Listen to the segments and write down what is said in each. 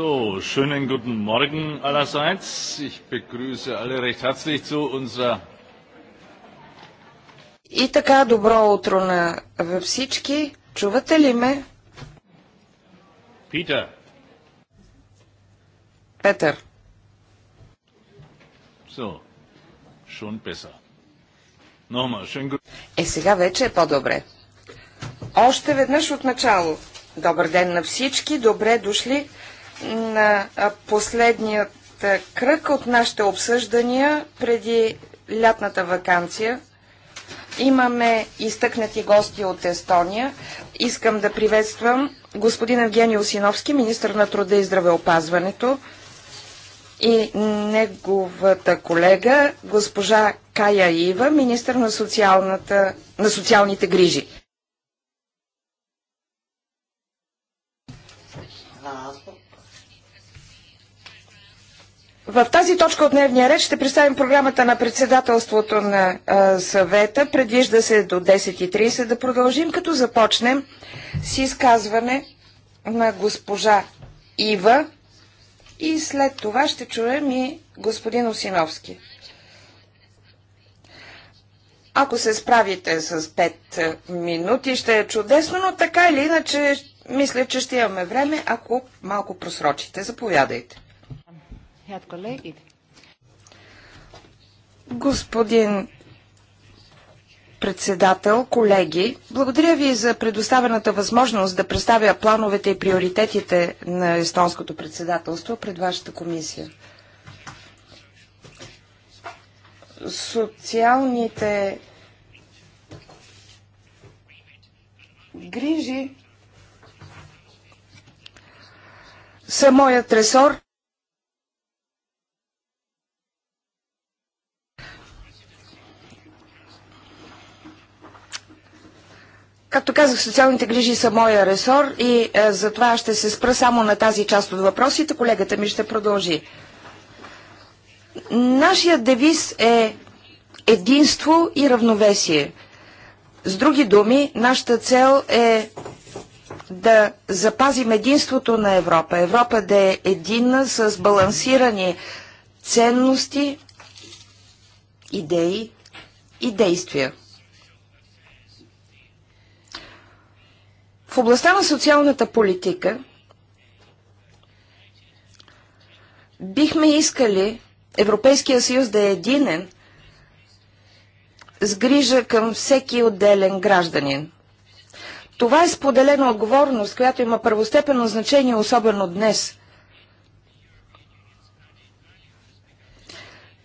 So, schönen guten Morgen allerseits. Ich begrüße alle recht herzlich zu unserer И така, добро утро на всички. Чувате ли ме? Питер. Петър. So, schon besser. Nochmal, schön gut. Е, сега вече е по-добре. Още веднъж от начало. Добър ден на всички, добре дошли на последният кръг от нашите обсъждания преди лятната вакансия. Имаме изтъкнати гости от Естония. Искам да приветствам господин Евгений Осиновски, министр на труда и здравеопазването и неговата колега, госпожа Кая Ива, министр на, на социалните грижи. В тази точка от дневния ред ще представим програмата на председателството на а, съвета. Предвижда се до 10.30 да продължим, като започнем с изказване на госпожа Ива и след това ще чуем и господин Осиновски. Ако се справите с 5 минути, ще е чудесно, но така или иначе мисля, че ще имаме време, ако малко просрочите. Заповядайте. Head colleague. Господин председател, колеги, благодаря ви за предоставената възможност да представя плановете и приоритетите на естонското председателство пред вашата комисия. Социалните грижи са моят ресор Както казах, социалните грижи са моя ресор и е, затова ще се спра само на тази част от въпросите. Колегата ми ще продължи. Нашия девиз е единство и равновесие. С други думи, нашата цел е да запазим единството на Европа. Европа да е единна с балансирани ценности, идеи и действия. В областта на социалната политика бихме искали Европейския съюз да е единен с грижа към всеки отделен гражданин. Това е споделена отговорност, която има първостепенно значение, особено днес.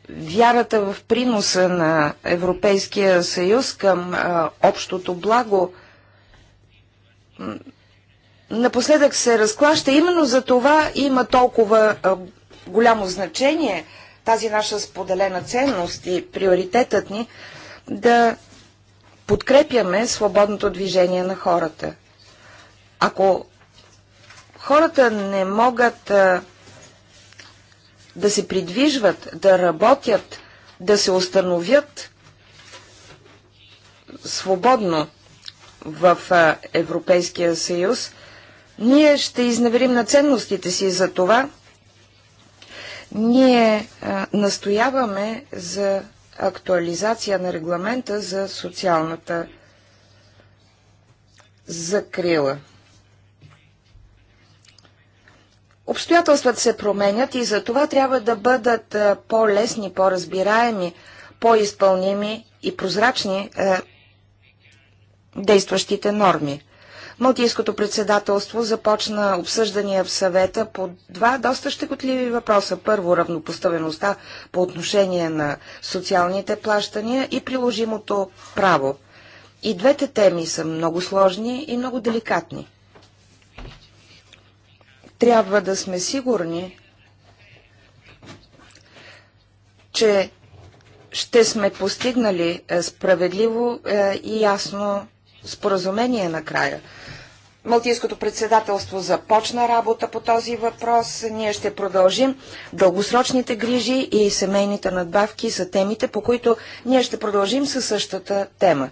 Вярата в приноса на Европейския съюз към а, общото благо – напоследък се разклаща. Именно за това има толкова а, голямо значение тази наша споделена ценност и приоритетът ни да подкрепяме свободното движение на хората. Ако хората не могат а, да се придвижват, да работят, да се установят свободно, в Европейския съюз, ние ще изневерим на ценностите си за това. Ние а, настояваме за актуализация на регламента за социалната закрила. Обстоятелствата се променят и за това трябва да бъдат по-лесни, по-разбираеми, по-изпълними и прозрачни действащите норми. Малтийското председателство започна обсъждания в съвета по два доста щекотливи въпроса. Първо, равнопоставеността по отношение на социалните плащания и приложимото право. И двете теми са много сложни и много деликатни. Трябва да сме сигурни, че ще сме постигнали е, справедливо е, и ясно споразумение накрая. Малтийското председателство започна работа по този въпрос. Ние ще продължим. Дългосрочните грижи и семейните надбавки са темите, по които ние ще продължим със същата тема.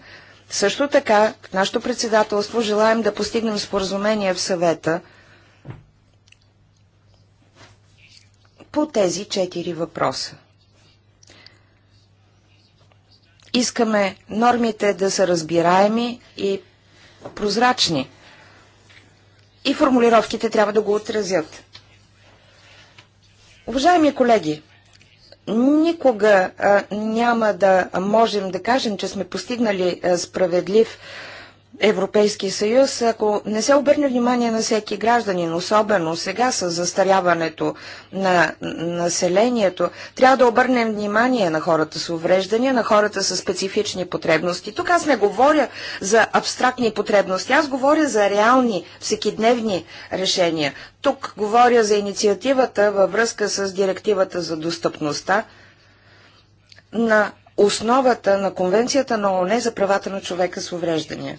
Също така, в нашето председателство желаем да постигнем споразумение в съвета по тези четири въпроса. Искаме нормите да са разбираеми и прозрачни. И формулировките трябва да го отразят. Уважаеми колеги, никога а, няма да можем да кажем, че сме постигнали а, справедлив Европейския съюз, ако не се обърне внимание на всеки гражданин, особено сега с застаряването на населението, трябва да обърнем внимание на хората с увреждания, на хората с специфични потребности. Тук аз не говоря за абстрактни потребности, аз говоря за реални, всекидневни решения. Тук говоря за инициативата във връзка с директивата за достъпността на основата на Конвенцията на ООН за правата на човека с увреждания.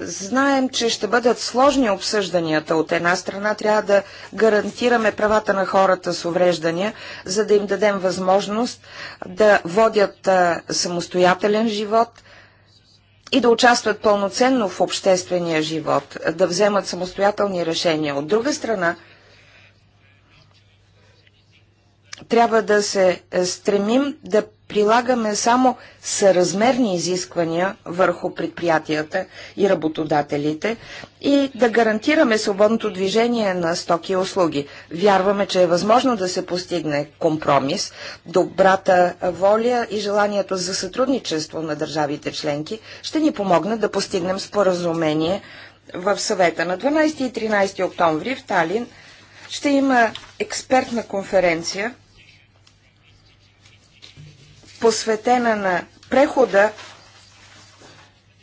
Знаем, че ще бъдат сложни обсъжданията. От една страна трябва да гарантираме правата на хората с увреждания, за да им дадем възможност да водят самостоятелен живот и да участват пълноценно в обществения живот, да вземат самостоятелни решения. От друга страна, трябва да се е, стремим да прилагаме само съразмерни изисквания върху предприятията и работодателите и да гарантираме свободното движение на стоки и услуги. Вярваме, че е възможно да се постигне компромис. Добрата воля и желанието за сътрудничество на държавите членки ще ни помогнат да постигнем споразумение в съвета. На 12 и 13 октомври в Талин ще има експертна конференция посветена на прехода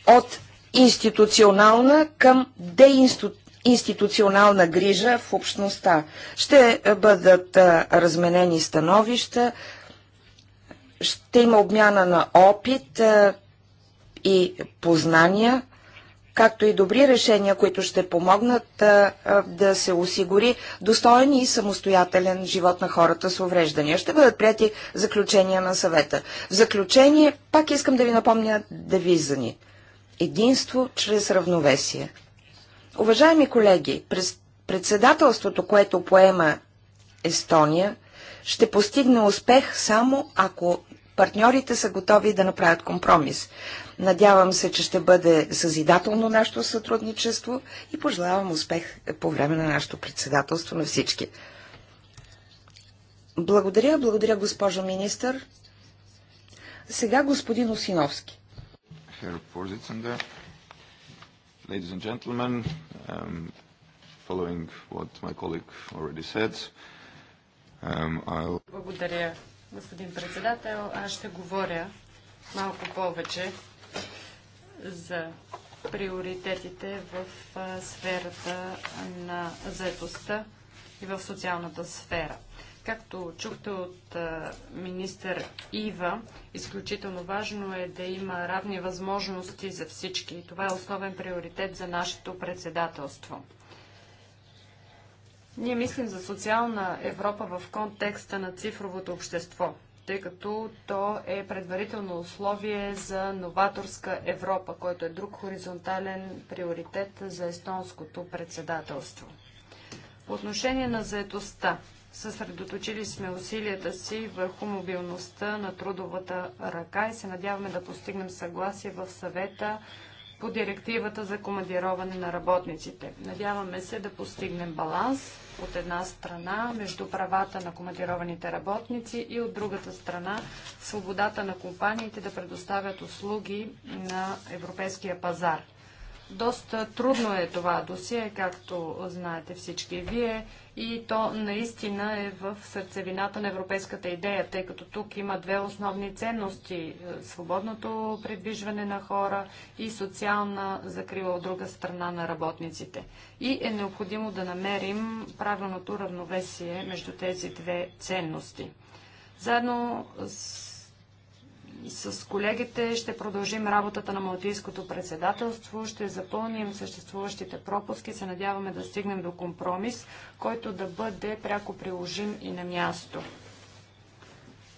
от институционална към деинституционална грижа в общността. Ще бъдат разменени становища, ще има обмяна на опит и познания – както и добри решения, които ще помогнат а, да се осигури достоен и самостоятелен живот на хората с увреждания. Ще бъдат прияти заключения на съвета. В заключение, пак искам да ви напомня девиза ни. Единство чрез равновесие. Уважаеми колеги, през председателството, което поема Естония, ще постигне успех само ако партньорите са готови да направят компромис. Надявам се, че ще бъде съзидателно нашето сътрудничество и пожелавам успех по време на нашето председателство на всички. Благодаря, благодаря, госпожо министър. Сега господин Осиновски. Ladies and gentlemen, um, following what my colleague already said, um, I'll... Благодаря, Господин председател, аз ще говоря малко повече за приоритетите в сферата на заетостта и в социалната сфера. Както чухте от министър Ива, изключително важно е да има равни възможности за всички. Това е основен приоритет за нашето председателство. Ние мислим за социална Европа в контекста на цифровото общество, тъй като то е предварително условие за новаторска Европа, който е друг хоризонтален приоритет за естонското председателство. По отношение на заетостта, съсредоточили сме усилията си върху мобилността на трудовата ръка и се надяваме да постигнем съгласие в съвета по директивата за командироване на работниците. Надяваме се да постигнем баланс от една страна между правата на командированите работници и от другата страна свободата на компаниите да предоставят услуги на европейския пазар. Доста трудно е това досие, както знаете всички вие и то наистина е в сърцевината на европейската идея, тъй като тук има две основни ценности – свободното придвижване на хора и социална закрила от друга страна на работниците. И е необходимо да намерим правилното равновесие между тези две ценности. Заедно с с колегите ще продължим работата на Малтийското председателство, ще запълним съществуващите пропуски, се надяваме да стигнем до компромис, който да бъде пряко приложим и на място.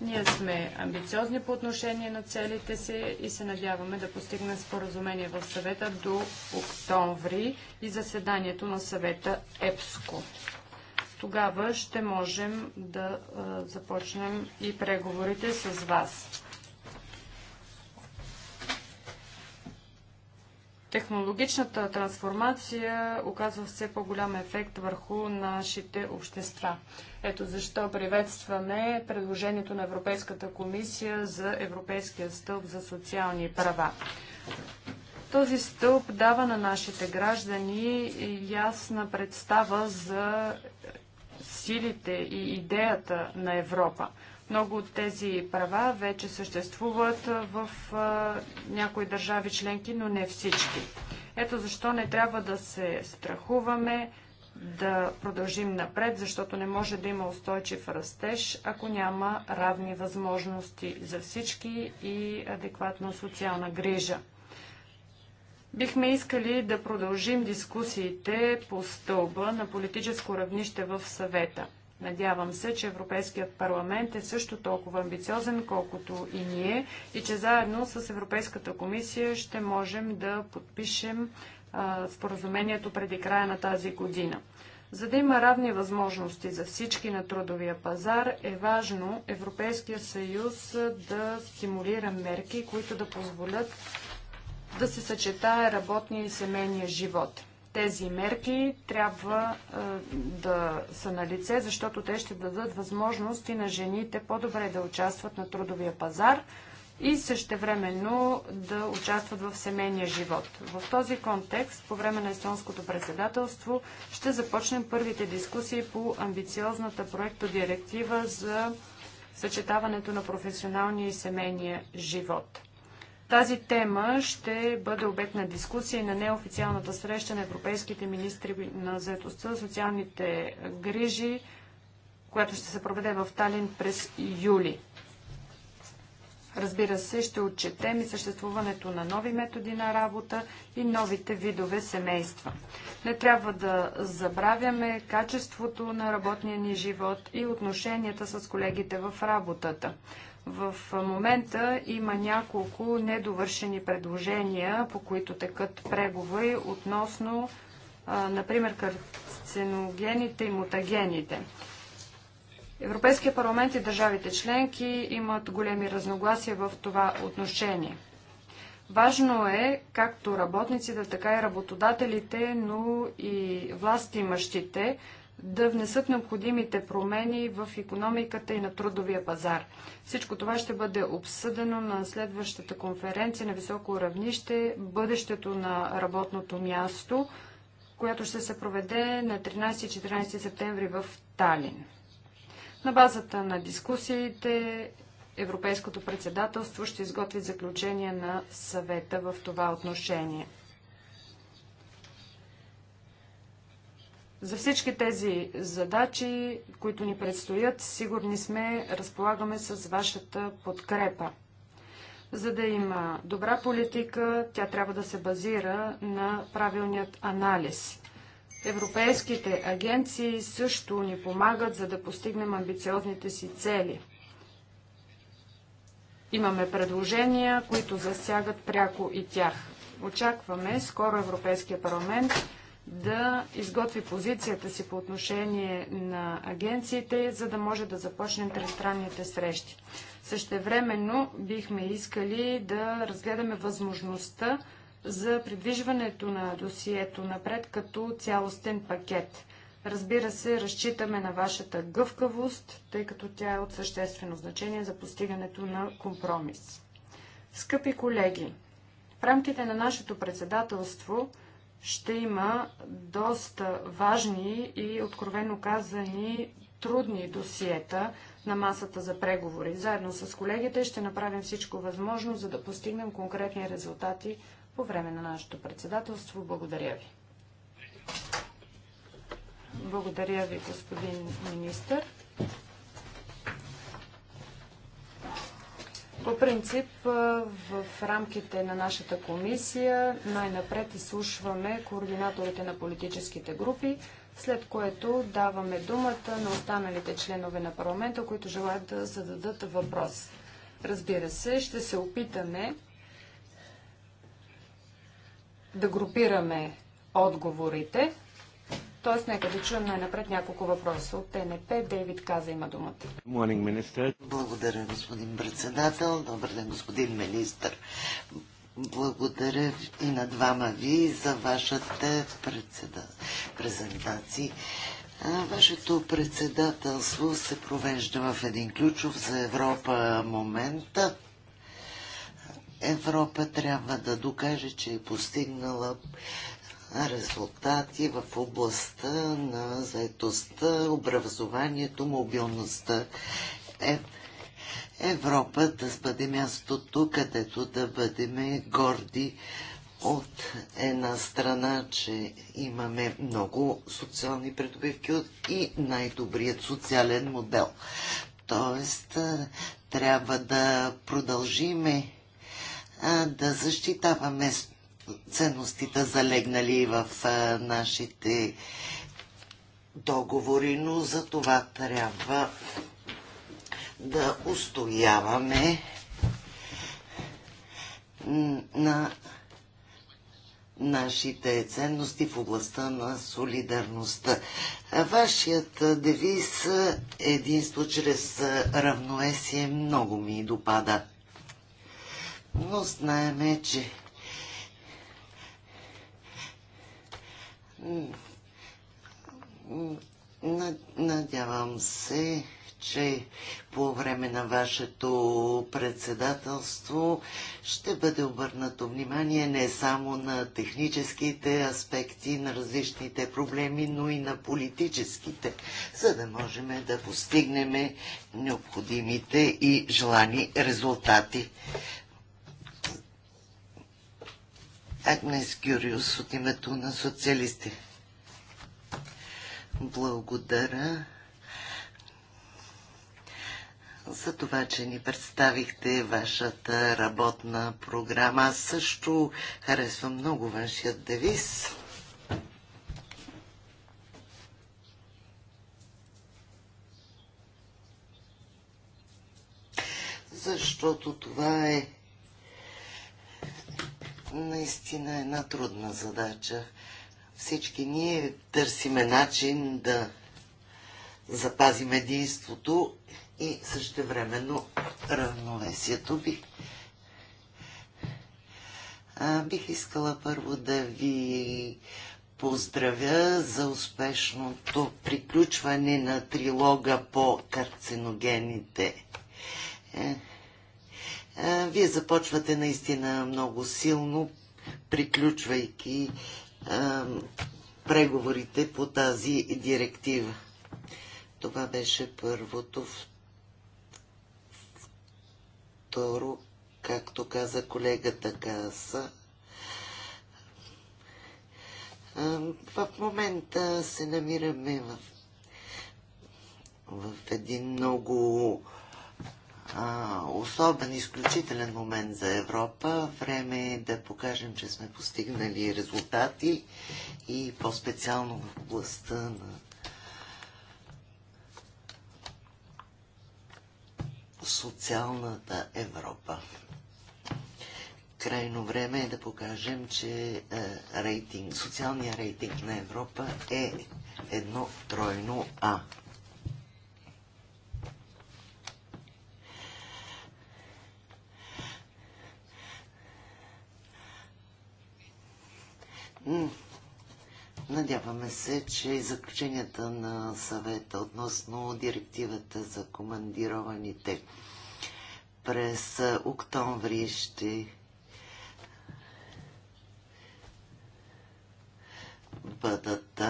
Ние сме амбициозни по отношение на целите си и се надяваме да постигнем споразумение в съвета до октомври и заседанието на съвета ЕПСКО. Тогава ще можем да започнем и преговорите с вас. Технологичната трансформация оказва все по-голям ефект върху нашите общества. Ето защо приветстваме предложението на Европейската комисия за Европейския стълб за социални права. Този стълб дава на нашите граждани ясна представа за силите и идеята на Европа. Много от тези права вече съществуват в някои държави членки, но не всички. Ето защо не трябва да се страхуваме да продължим напред, защото не може да има устойчив растеж, ако няма равни възможности за всички и адекватна социална грижа. Бихме искали да продължим дискусиите по стълба на политическо равнище в съвета. Надявам се, че Европейският парламент е също толкова амбициозен, колкото и ние, и че заедно с Европейската комисия ще можем да подпишем споразумението преди края на тази година. За да има равни възможности за всички на трудовия пазар, е важно Европейския съюз да стимулира мерки, които да позволят да се съчетае работния и семейния живот. Тези мерки трябва е, да са на лице, защото те ще дадат възможност и на жените по-добре да участват на трудовия пазар и същевременно да участват в семейния живот. В този контекст, по време на естонското председателство, ще започнем първите дискусии по амбициозната проектодиректива за съчетаването на професионалния и семейния живот. Тази тема ще бъде обект на дискусия и на неофициалната среща на европейските министри на заедостта, социалните грижи, която ще се проведе в Талин през юли. Разбира се, ще отчетем и съществуването на нови методи на работа и новите видове семейства. Не трябва да забравяме качеството на работния ни живот и отношенията с колегите в работата. В момента има няколко недовършени предложения, по които текат преговори относно, например, карциногените и мутагените. Европейския парламент и държавите членки имат големи разногласия в това отношение. Важно е както работниците, така и работодателите, но и властимащите да внесат необходимите промени в економиката и на трудовия пазар. Всичко това ще бъде обсъдено на следващата конференция на високо равнище Бъдещето на работното място, която ще се проведе на 13-14 септември в Талин. На базата на дискусиите Европейското председателство ще изготви заключение на съвета в това отношение. За всички тези задачи, които ни предстоят, сигурни сме, разполагаме с вашата подкрепа. За да има добра политика, тя трябва да се базира на правилният анализ. Европейските агенции също ни помагат, за да постигнем амбициозните си цели. Имаме предложения, които засягат пряко и тях. Очакваме скоро Европейския парламент да изготви позицията си по отношение на агенциите, за да може да започнем тристранните срещи. Същевременно бихме искали да разгледаме възможността за придвижването на досието напред като цялостен пакет. Разбира се, разчитаме на вашата гъвкавост, тъй като тя е от съществено значение за постигането на компромис. Скъпи колеги, в рамките на нашето председателство – ще има доста важни и откровено казани трудни досиета на масата за преговори. Заедно с колегите ще направим всичко възможно, за да постигнем конкретни резултати по време на нашето председателство. Благодаря ви. Благодаря ви, господин министър. По принцип, в рамките на нашата комисия най-напред изслушваме координаторите на политическите групи, след което даваме думата на останалите членове на парламента, които желаят да зададат въпрос. Разбира се, ще се опитаме да групираме отговорите. Тоест, нека да чуем най-напред няколко въпроса от ТНП. Дейвид Каза има думата. Morning, Благодаря, господин председател. Добър ден, господин министр. Благодаря и на двама ви за вашата председа... презентации. Вашето председателство се провежда в един ключов за Европа момент. Европа трябва да докаже, че е постигнала резултати в областта на заедостта, образованието, мобилността. Е, Европа да бъде мястото, където да бъдем горди от една страна, че имаме много социални придобивки и най-добрият социален модел. Тоест, трябва да продължиме да защитаваме ценностите залегнали в нашите договори, но за това трябва да устояваме на нашите ценности в областта на солидарността. Вашият девиз единство чрез равновесие много ми допада. Но знаеме, че Надявам се, че по време на вашето председателство ще бъде обърнато внимание не само на техническите аспекти на различните проблеми, но и на политическите, за да можем да постигнем необходимите и желани резултати. Агнес Кюриус от името на социалисти. Благодаря за това, че ни представихте вашата работна програма. Аз също харесвам много вашият девиз. Защото това е наистина е една трудна задача. Всички ние търсиме начин да запазим единството и същевременно равновесието би. А, бих искала първо да ви поздравя за успешното приключване на трилога по карциногените. Е, вие започвате наистина много силно, приключвайки преговорите по тази директива. Това беше първото. Второ, както каза колегата Каса, в момента се намираме в, в един много а, особен, изключителен момент за Европа. Време е да покажем, че сме постигнали резултати и по-специално в областта на социалната Европа. Крайно време е да покажем, че е, рейтинг, социалния рейтинг на Европа е едно тройно А. Надяваме се, че заключенията на съвета относно директивата за командированите през октомври ще бъдат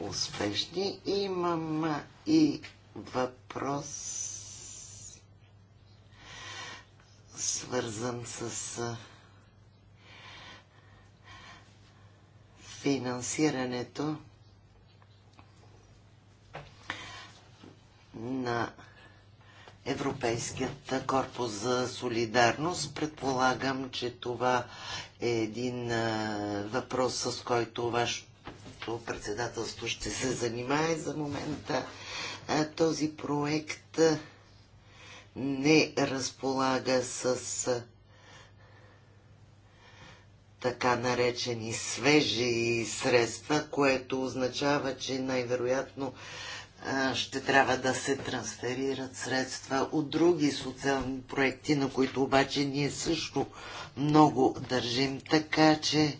успешни. Имам и въпрос свързан с финансирането на Европейският корпус за солидарност. Предполагам, че това е един въпрос, с който вашето председателство ще се занимае. За момента този проект не разполага с така наречени свежи средства, което означава, че най-вероятно ще трябва да се трансферират средства от други социални проекти, на които обаче ние също много държим. Така че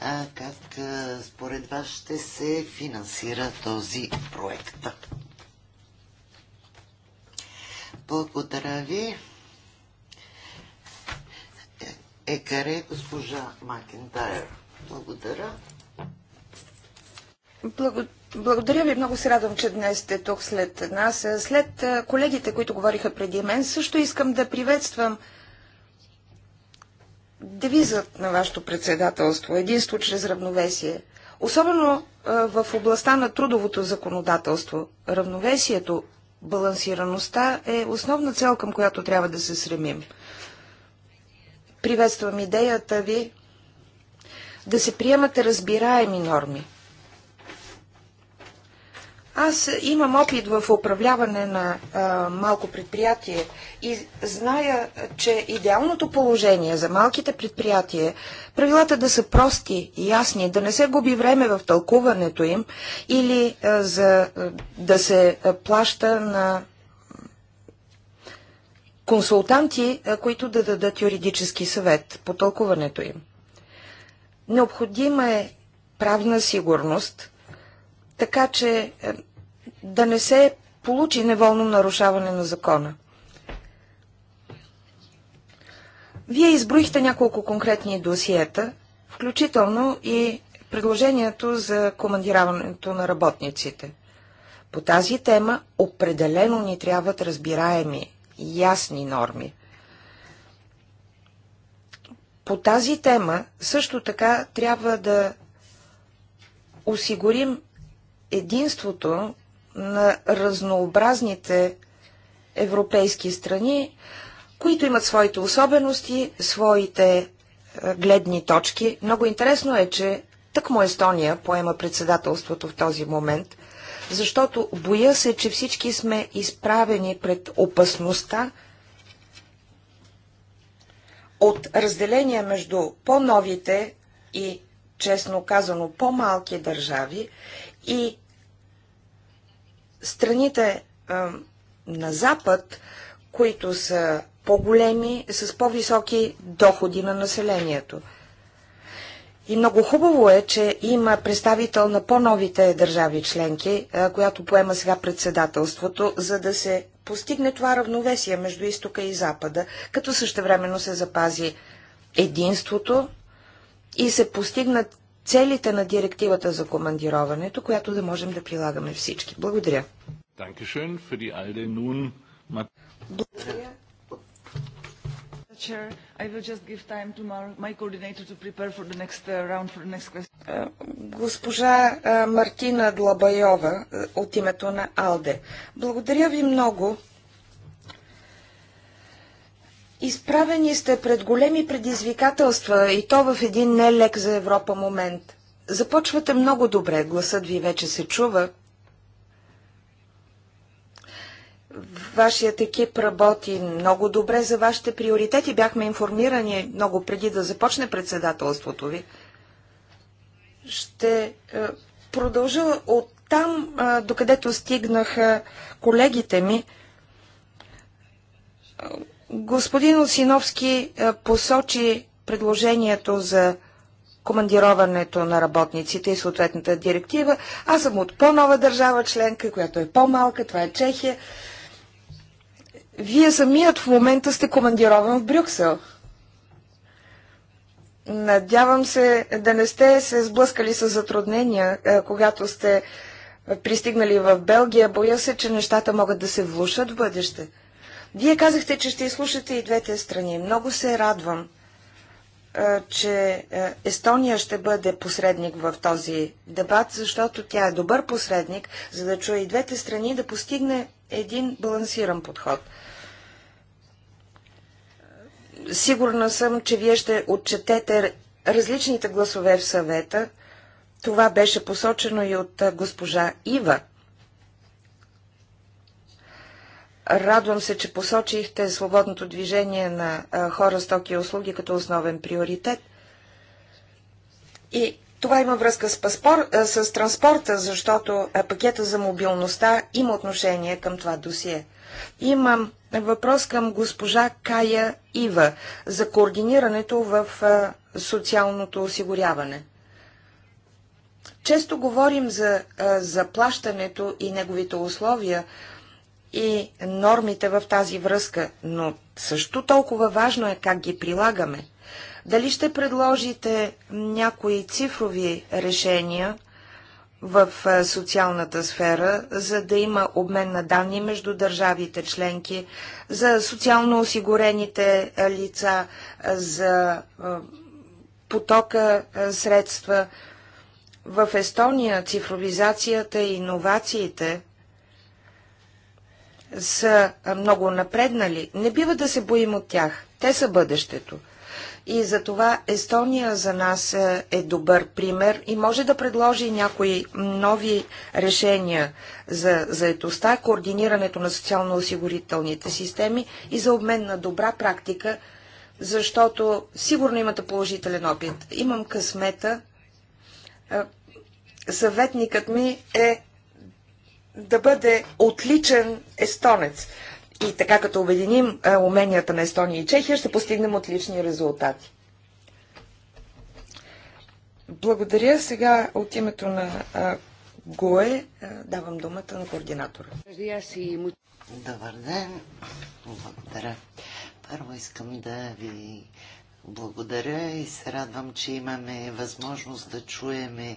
а, как а, според вас ще се финансира този проект? Благодаря ви. Екаре, госпожа Макентайр. Благодаря. Благодаря. Благодаря ви, много се радвам, че днес сте тук след нас. След колегите, които говориха преди мен, също искам да приветствам девизът на вашето председателство – единство чрез равновесие. Особено в областта на трудовото законодателство. Равновесието, балансираността е основна цел, към която трябва да се стремим – Приветствам идеята ви да се приемат разбираеми норми. Аз имам опит в управляване на а, малко предприятие и зная, че идеалното положение за малките предприятия, правилата да са прости и ясни, да не се губи време в тълкуването им или а, за, да се плаща на консултанти, които да дадат юридически съвет по тълкуването им. Необходима е правна сигурност, така че е, да не се получи неволно нарушаване на закона. Вие изброихте няколко конкретни досиета, включително и предложението за командираването на работниците. По тази тема определено ни трябват разбираеми ясни норми. По тази тема също така трябва да осигурим единството на разнообразните европейски страни, които имат своите особености, своите е, гледни точки. Много интересно е, че тъкмо Естония поема председателството в този момент защото боя се, че всички сме изправени пред опасността от разделение между по-новите и, честно казано, по-малки държави и страните а, на Запад, които са по-големи, с по-високи доходи на населението. И много хубаво е, че има представител на по-новите държави членки, която поема сега председателството, за да се постигне това равновесие между изтока и запада, като същевременно се запази единството и се постигнат целите на директивата за командироването, която да можем да прилагаме всички. Благодаря. Благодаря. Chair. I will just give time to my coordinator to prepare for the next uh, round, for the next question. Е, госпожа е, Мартина Длабайова е, от името на АЛДЕ. Благодаря ви много. Изправени сте пред големи предизвикателства и то в един нелек за Европа момент. Започвате много добре, гласът ви вече се чува, Вашият екип работи много добре за вашите приоритети. Бяхме информирани много преди да започне председателството ви. Ще е, продължа от там, е, докъдето стигнаха колегите ми. Господин Осиновски е, посочи предложението за командироването на работниците и съответната директива. Аз съм от по-нова държава членка, която е по-малка, това е Чехия. Вие самият в момента сте командирован в Брюксел. Надявам се да не сте се сблъскали с затруднения, е, когато сте е, пристигнали в Белгия. Боя се, че нещата могат да се влушат в бъдеще. Вие казахте, че ще изслушате и двете страни. Много се радвам, е, че Естония ще бъде посредник в този дебат, защото тя е добър посредник, за да чуе и двете страни да постигне един балансиран подход. Сигурна съм, че вие ще отчетете различните гласове в съвета. Това беше посочено и от госпожа Ива. Радвам се, че посочихте свободното движение на хора, стоки и услуги като основен приоритет. И това има връзка с, паспор, с транспорта, защото пакета за мобилността има отношение към това досие. Имам въпрос към госпожа Кая Ива за координирането в социалното осигуряване. Често говорим за заплащането и неговите условия и нормите в тази връзка, но също толкова важно е как ги прилагаме. Дали ще предложите някои цифрови решения – в социалната сфера, за да има обмен на данни между държавите членки, за социално осигурените лица, за потока средства. В Естония цифровизацията и иновациите са много напреднали. Не бива да се боим от тях. Те са бъдещето и затова Естония за нас е, е добър пример и може да предложи някои нови решения за заедостта, координирането на социално-осигурителните системи и за обмен на добра практика, защото сигурно имате положителен опит. Имам късмета. Е, съветникът ми е да бъде отличен естонец. И така като обединим уменията на Естония и Чехия, ще постигнем отлични резултати. Благодаря. Сега от името на ГОЕ давам думата на координатора. Добър ден. Благодаря. Първо искам да ви благодаря и се радвам, че имаме възможност да чуеме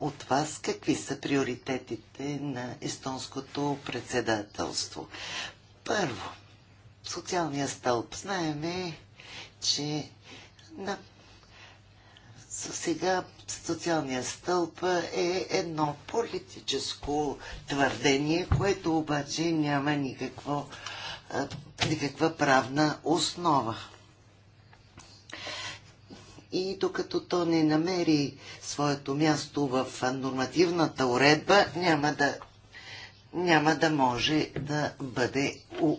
от вас какви са приоритетите на естонското председателство. Първо, социалния стълб. Знаеме, че на сега социалния стълб е едно политическо твърдение, което обаче няма никакво, никаква правна основа и докато то не намери своето място в нормативната уредба, няма да, няма да може да бъде у,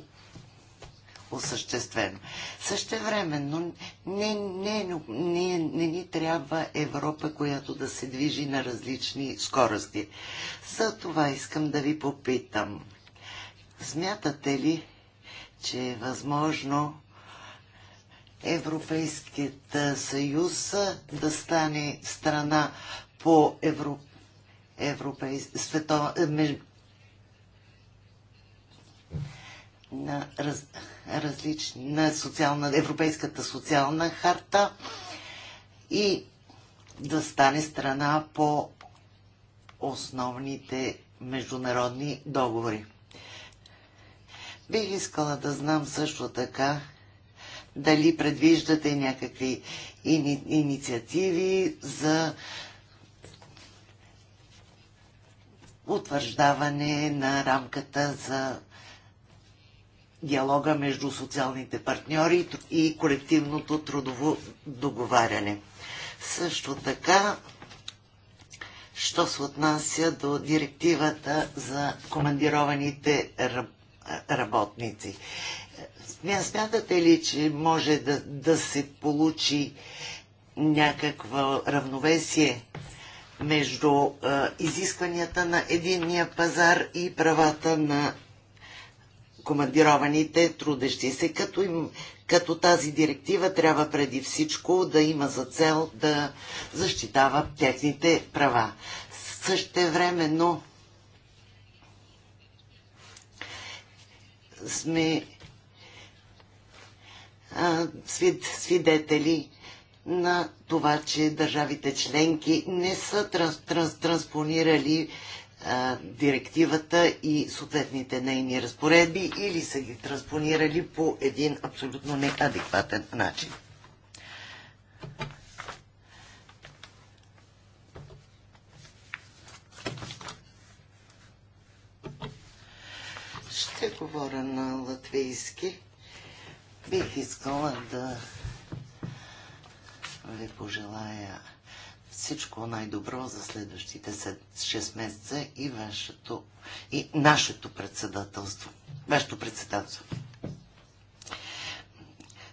осъществено. Същевременно не, не, не, не ни трябва Европа, която да се движи на различни скорости. За това искам да ви попитам. Смятате ли, че е възможно Европейският съюз да стане страна по евро, свето, на, раз, на социална, Европейската социална харта и да стане страна по основните международни договори. Бих искала да знам също така дали предвиждате някакви ини, инициативи за утвърждаване на рамката за диалога между социалните партньори и колективното трудово договаряне. Също така, що се отнася до директивата за командированите работници. Смятате ли, че може да, да се получи някакво равновесие между а, изискванията на единния пазар и правата на командированите трудещи се, като, им, като тази директива трябва преди всичко да има за цел да защитава техните права. Същевременно сме свидетели на това, че държавите членки не са транс, транс, транспонирали а, директивата и съответните нейни разпоредби или са ги транспонирали по един абсолютно неадекватен начин. Ще говоря на латвийски. Бих искала да ви пожелая всичко най-добро за следващите 6 месеца и вашето и нашето председателство. Вашето председателство.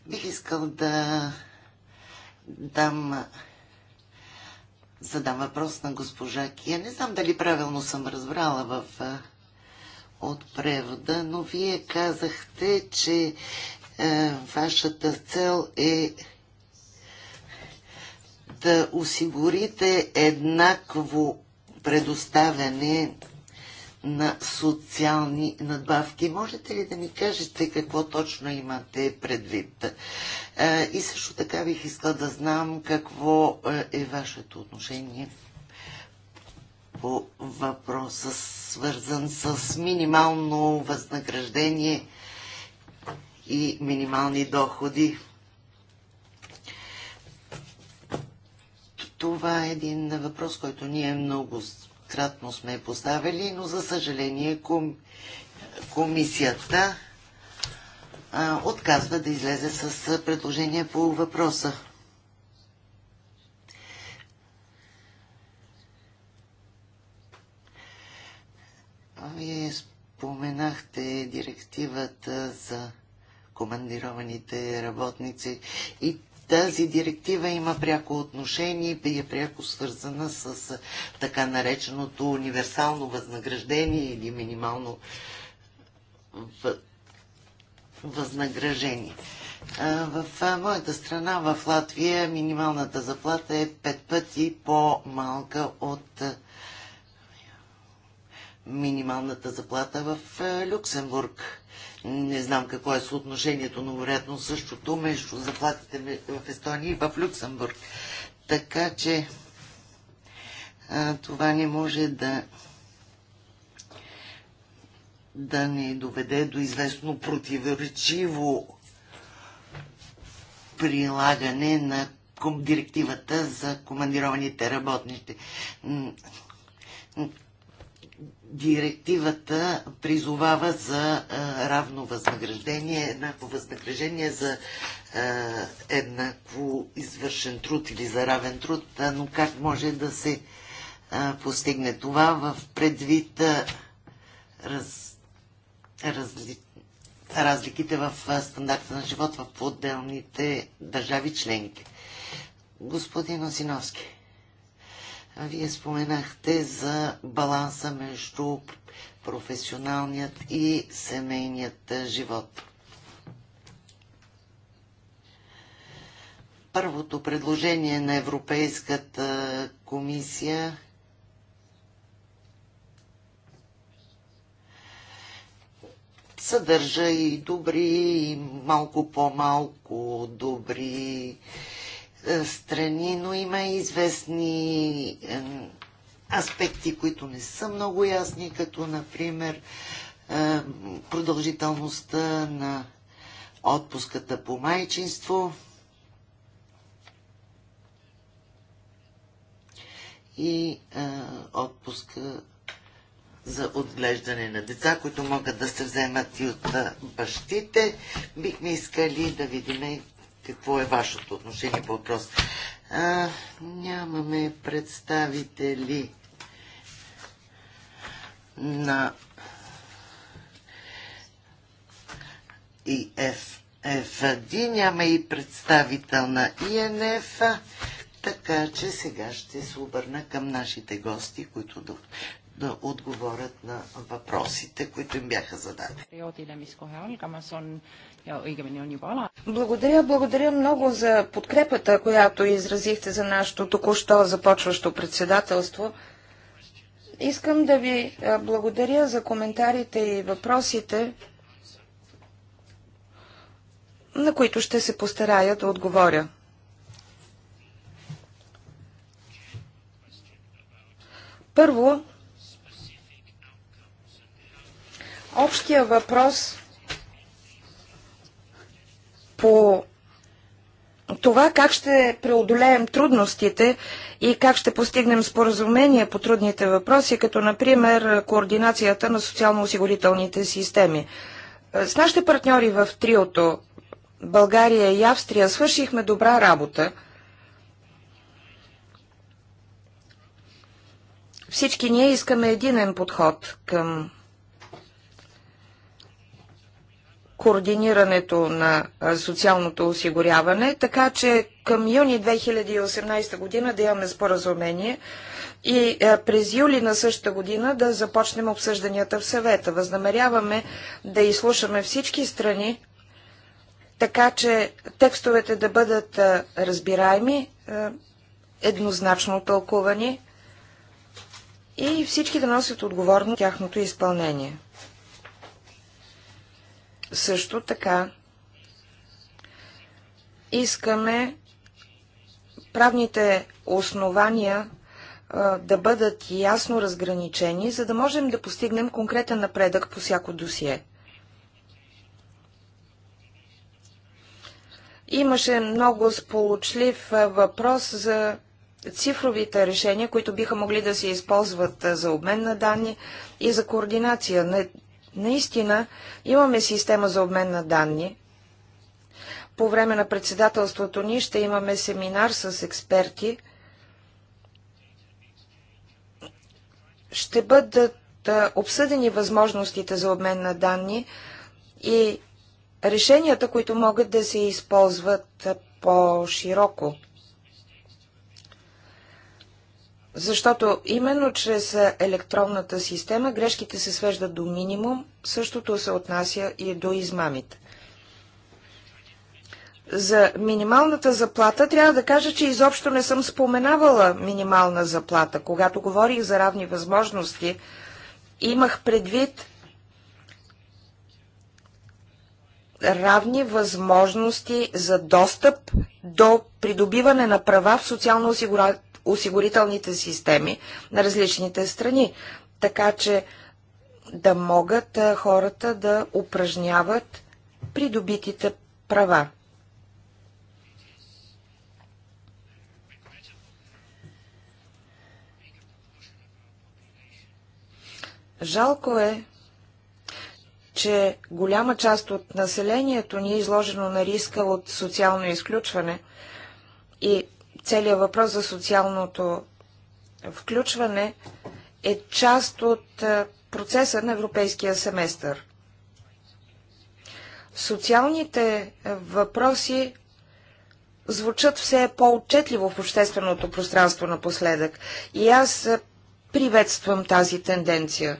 Бих искал да дам задам въпрос на госпожа Кия. Не знам дали правилно съм разбрала в от превода, но вие казахте, че е, вашата цел е да осигурите еднакво предоставяне на социални надбавки. Можете ли да ми кажете какво точно имате предвид? Е, и също така бих искал да знам какво е, е вашето отношение по въпроса, свързан с минимално възнаграждение и минимални доходи. Това е един въпрос, който ние много кратно сме поставили, но за съжаление ком... комисията а, отказва да излезе с предложение по въпроса. Вие споменахте директивата за командированите работници. И тази директива има пряко отношение и е пряко свързана с така нареченото универсално възнаграждение или минимално възнаграждение. В моята страна, в Латвия, минималната заплата е пет пъти по-малка от минималната заплата в Люксембург. Не знам какво е съотношението, но вероятно същото между заплатите в Естония и в Люксембург. Така че а, това не може да да ни доведе до известно противоречиво прилагане на директивата за командированите работници директивата призовава за равно възнаграждение, еднакво възнаграждение за еднакво извършен труд или за равен труд, но как може да се постигне това в предвид раз, разли, разликите в стандарта на живот в отделните държави членки. Господин Осиновски. Вие споменахте за баланса между професионалният и семейният живот. Първото предложение на Европейската комисия съдържа и добри, и малко по-малко добри е, страни, но има и известни е, аспекти, които не са много ясни, като например е, продължителността на отпуската по майчинство и отпуска за отглеждане на деца, които могат да се вземат и от бащите. Бихме искали да видим какво е вашето отношение по въпрос. А, нямаме представители на ИФ-1, няма и представител на ИНФ, така че сега ще се обърна към нашите гости, които да, да отговорят на въпросите, които им бяха зададени. Благодаря, благодаря много за подкрепата, която изразихте за нашето току-що започващо председателство. Искам да ви благодаря за коментарите и въпросите, на които ще се постарая да отговоря. Първо, общия въпрос по това как ще преодолеем трудностите и как ще постигнем споразумение по трудните въпроси, като например координацията на социално-осигурителните системи. С нашите партньори в триото България и Австрия свършихме добра работа. Всички ние искаме единен подход към координирането на социалното осигуряване, така че към юни 2018 година да имаме споразумение и през юли на същата година да започнем обсъжданията в съвета. Възнамеряваме да изслушаме всички страни, така че текстовете да бъдат разбираеми, еднозначно тълкувани и всички да носят отговорно тяхното изпълнение. Също така искаме правните основания да бъдат ясно разграничени, за да можем да постигнем конкретен напредък по всяко досие. Имаше много сполучлив въпрос за цифровите решения, които биха могли да се използват за обмен на данни и за координация. Наистина имаме система за обмен на данни. По време на председателството ни ще имаме семинар с експерти. Ще бъдат обсъдени възможностите за обмен на данни и решенията, които могат да се използват по-широко. Защото именно чрез електронната система грешките се свеждат до минимум, същото се отнася и до измамите. За минималната заплата трябва да кажа, че изобщо не съм споменавала минимална заплата. Когато говорих за равни възможности, имах предвид равни възможности за достъп до придобиване на права в социално-осигурителната осигурителните системи на различните страни, така че да могат хората да упражняват придобитите права. Жалко е, че голяма част от населението ни е изложено на риска от социално изключване и целият въпрос за социалното включване е част от е, процеса на европейския семестър. Социалните въпроси звучат все по-отчетливо в общественото пространство напоследък. И аз е, приветствам тази тенденция.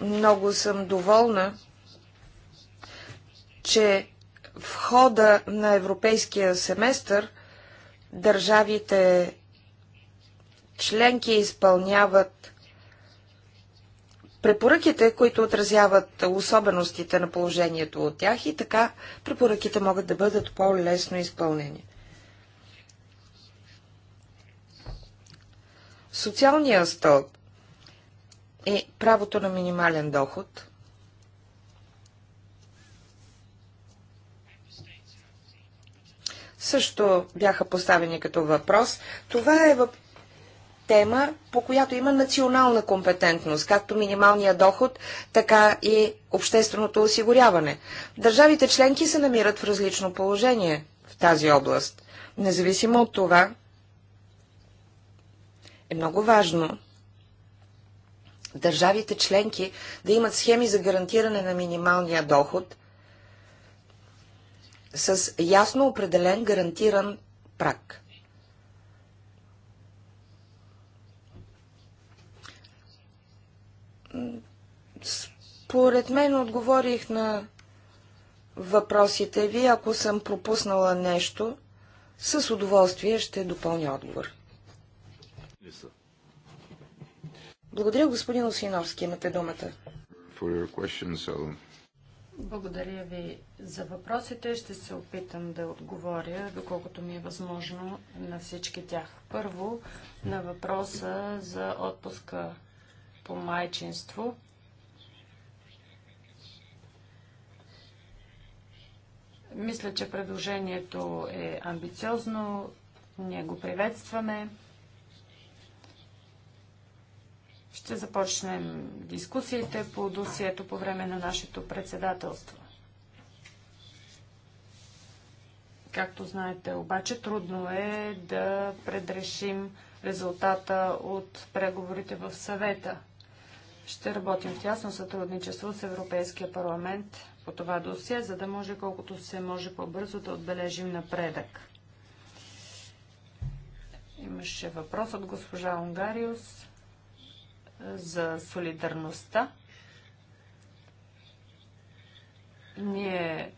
Много съм доволна, че в хода на европейския семестър държавите членки изпълняват препоръките, които отразяват особеностите на положението от тях и така препоръките могат да бъдат по-лесно изпълнени. Социалният стълб е правото на минимален доход – също бяха поставени като въпрос. Това е въп... тема, по която има национална компетентност, както минималния доход, така и общественото осигуряване. Държавите членки се намират в различно положение в тази област. Независимо от това, е много важно държавите членки да имат схеми за гарантиране на минималния доход, с ясно определен гарантиран прак. Според мен отговорих на въпросите ви. Ако съм пропуснала нещо, с удоволствие ще допълня отговор. Благодаря, господин Осиновски. Имате думата. Благодаря ви за въпросите. Ще се опитам да отговоря, доколкото ми е възможно, на всички тях. Първо, на въпроса за отпуска по майчинство. Мисля, че предложението е амбициозно. Ние го приветстваме. Ще започнем дискусиите по досието по време на нашето председателство. Както знаете, обаче трудно е да предрешим резултата от преговорите в съвета. Ще работим в тясно сътрудничество с Европейския парламент по това досие, за да може колкото се може по-бързо да отбележим напредък. Имаше въпрос от госпожа Унгариус за солидарността. Ние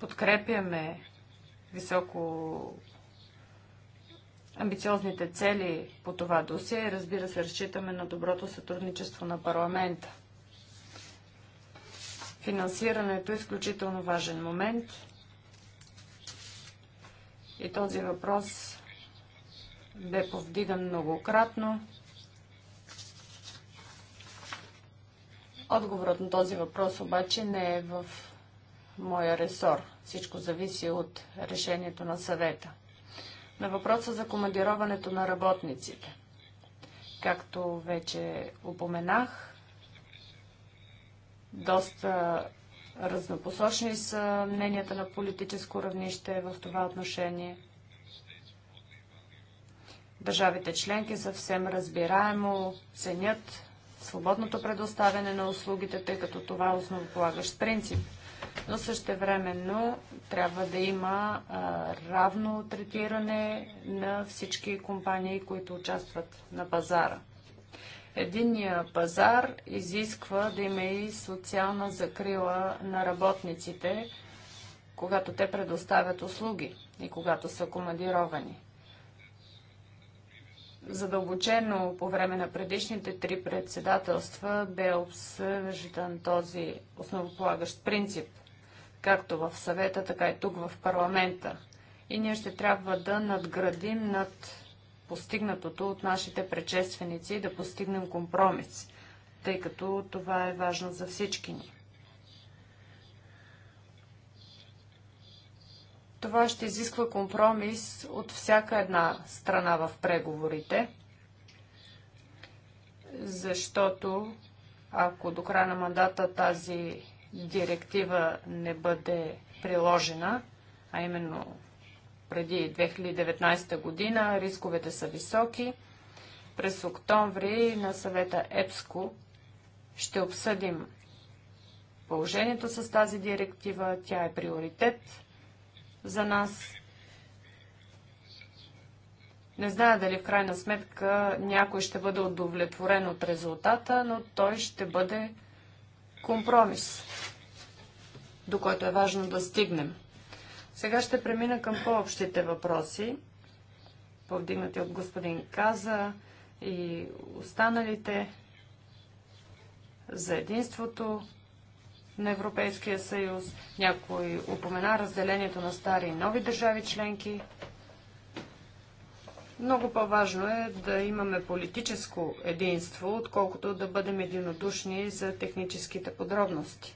подкрепяме високо амбициозните цели по това досие и разбира се, разчитаме на доброто сътрудничество на парламента. Финансирането е изключително важен момент и този въпрос бе повдиган многократно. Отговорът на този въпрос обаче не е в моя ресор. Всичко зависи от решението на съвета. На въпроса за командироването на работниците. Както вече упоменах, доста разнопосочни са мненията на политическо равнище в това отношение. Държавите членки съвсем разбираемо ценят свободното предоставяне на услугите, тъй като това е основополагащ принцип. Но същевременно трябва да има а, равно третиране на всички компании, които участват на пазара. Единният пазар изисква да има и социална закрила на работниците, когато те предоставят услуги и когато са командировани задълбочено по време на предишните три председателства бе обсъждан този основополагащ принцип, както в съвета, така и тук в парламента. И ние ще трябва да надградим над постигнатото от нашите предшественици и да постигнем компромис, тъй като това е важно за всички ни. Това ще изисква компромис от всяка една страна в преговорите, защото ако до края на мандата тази директива не бъде приложена, а именно преди 2019 година, рисковете са високи. През октомври на съвета ЕПСКО ще обсъдим положението с тази директива. Тя е приоритет за нас. Не зная дали в крайна сметка някой ще бъде удовлетворен от резултата, но той ще бъде компромис, до който е важно да стигнем. Сега ще премина към по-общите въпроси, повдигнати от господин Каза и останалите за единството, на Европейския съюз. Някой упомена разделението на стари и нови държави членки. Много по-важно е да имаме политическо единство, отколкото да бъдем единодушни за техническите подробности.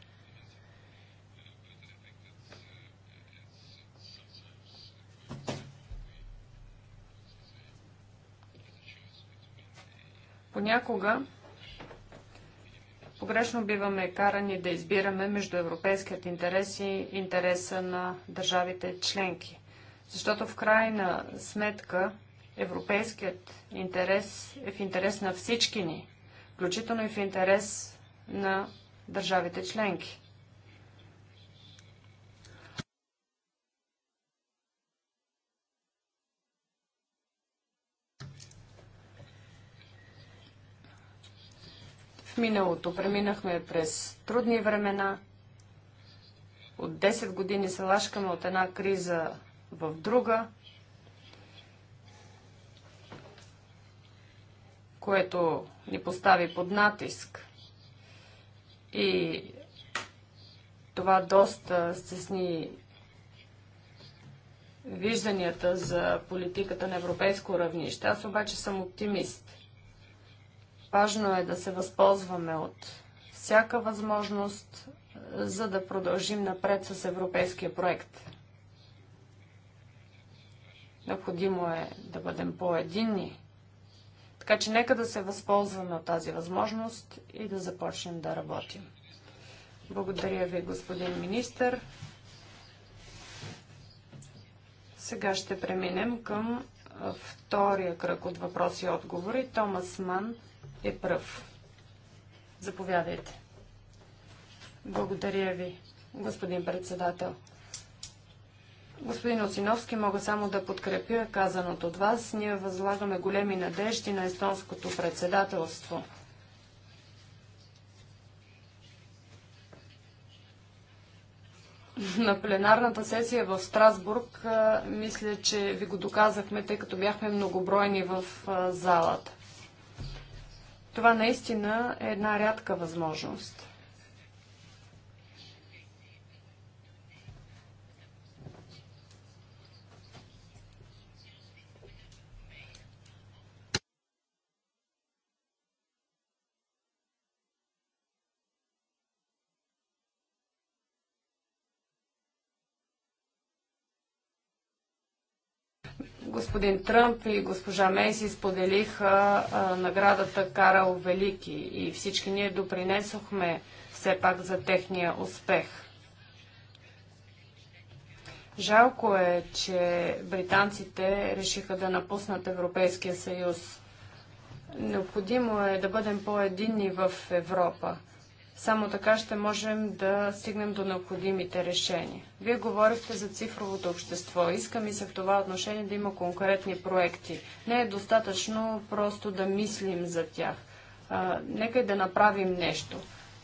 Понякога Погрешно биваме карани да избираме между европейският интерес и интереса на държавите членки. Защото в крайна сметка европейският интерес е в интерес на всички ни, включително и в интерес на държавите членки. миналото. Преминахме през трудни времена. От 10 години се лашкаме от една криза в друга, което ни постави под натиск. И това доста стесни вижданията за политиката на европейско равнище. Аз обаче съм оптимист. Важно е да се възползваме от всяка възможност, е, за да продължим напред с европейския проект. Необходимо е да бъдем по-единни. Така че нека да се възползваме от тази възможност и да започнем да работим. Благодаря ви, господин министър. Сега ще преминем към е, втория кръг от въпроси и отговори. Томас Ман е пръв. Заповядайте. Благодаря ви, господин председател. Господин Осиновски, мога само да подкрепя казаното от вас. Ние възлагаме големи надежди на естонското председателство. на пленарната сесия в Страсбург, мисля, че ви го доказахме, тъй като бяхме многобройни в залата. Това наистина е една рядка възможност. господин Тръмп и госпожа Мейси споделиха а, наградата Карал Велики и всички ние допринесохме все пак за техния успех. Жалко е, че британците решиха да напуснат Европейския съюз. Необходимо е да бъдем по-единни в Европа. Само така ще можем да стигнем до необходимите решения. Вие говорихте за цифровото общество. Искам и се в това отношение да има конкретни проекти. Не е достатъчно просто да мислим за тях. А, нека и да направим нещо.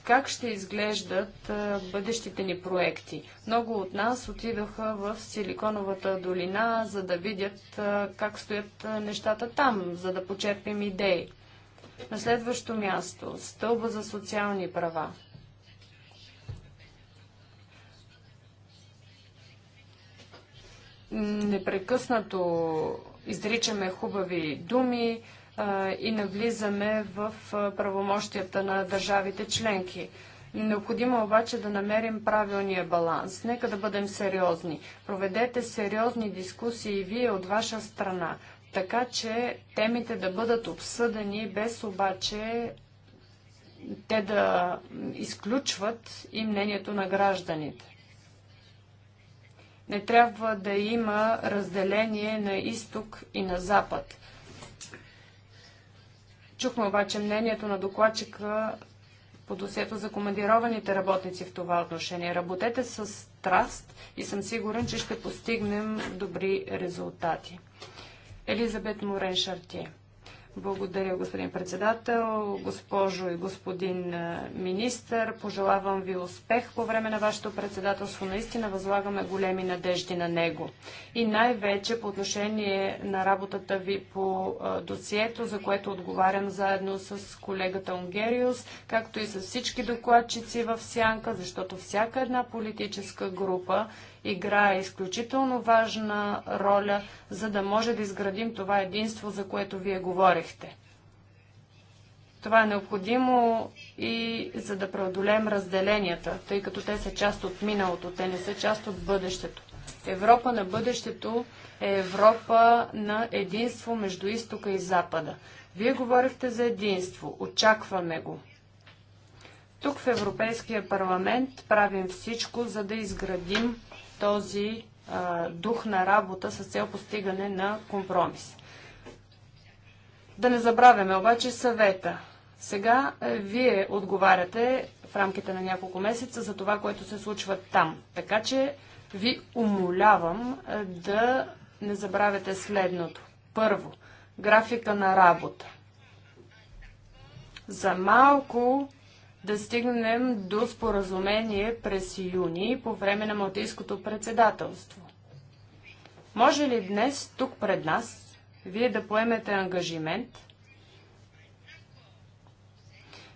Как ще изглеждат а, бъдещите ни проекти? Много от нас отидоха в Силиконовата долина, за да видят а, как стоят нещата там, за да почерпим идеи. На следващо място, стълба за социални права. Непрекъснато изричаме хубави думи а, и навлизаме в правомощията на държавите членки. Необходимо е обаче да намерим правилния баланс. Нека да бъдем сериозни. Проведете сериозни дискусии вие от ваша страна така че темите да бъдат обсъдени без обаче те да изключват и мнението на гражданите. Не трябва да има разделение на изток и на запад. Чухме обаче мнението на докладчика по досието за командированите работници в това отношение. Работете с страст и съм сигурен, че ще постигнем добри резултати. Елизабет Морен Шартие. Благодаря, господин председател, госпожо и господин министър. Пожелавам ви успех по време на вашето председателство. Наистина възлагаме големи надежди на него. И най-вече по отношение на работата ви по досието, за което отговарям заедно с колегата Унгериус, както и с всички докладчици в Сянка, защото всяка една политическа група играе изключително важна роля, за да може да изградим това единство, за което вие говорихте. Това е необходимо и за да преодолеем разделенията, тъй като те са част от миналото, те не са част от бъдещето. Европа на бъдещето е Европа на единство между изтока и запада. Вие говорихте за единство, очакваме го. Тук в Европейския парламент правим всичко, за да изградим този а, дух на работа с цел постигане на компромис. Да не забравяме обаче съвета. Сега е, вие отговаряте в рамките на няколко месеца за това, което се случва там. Така че ви умолявам е, да не забравяте следното. Първо, графика на работа. За малко да стигнем до споразумение през юни по време на Малтийското председателство. Може ли днес, тук пред нас, вие да поемете ангажимент,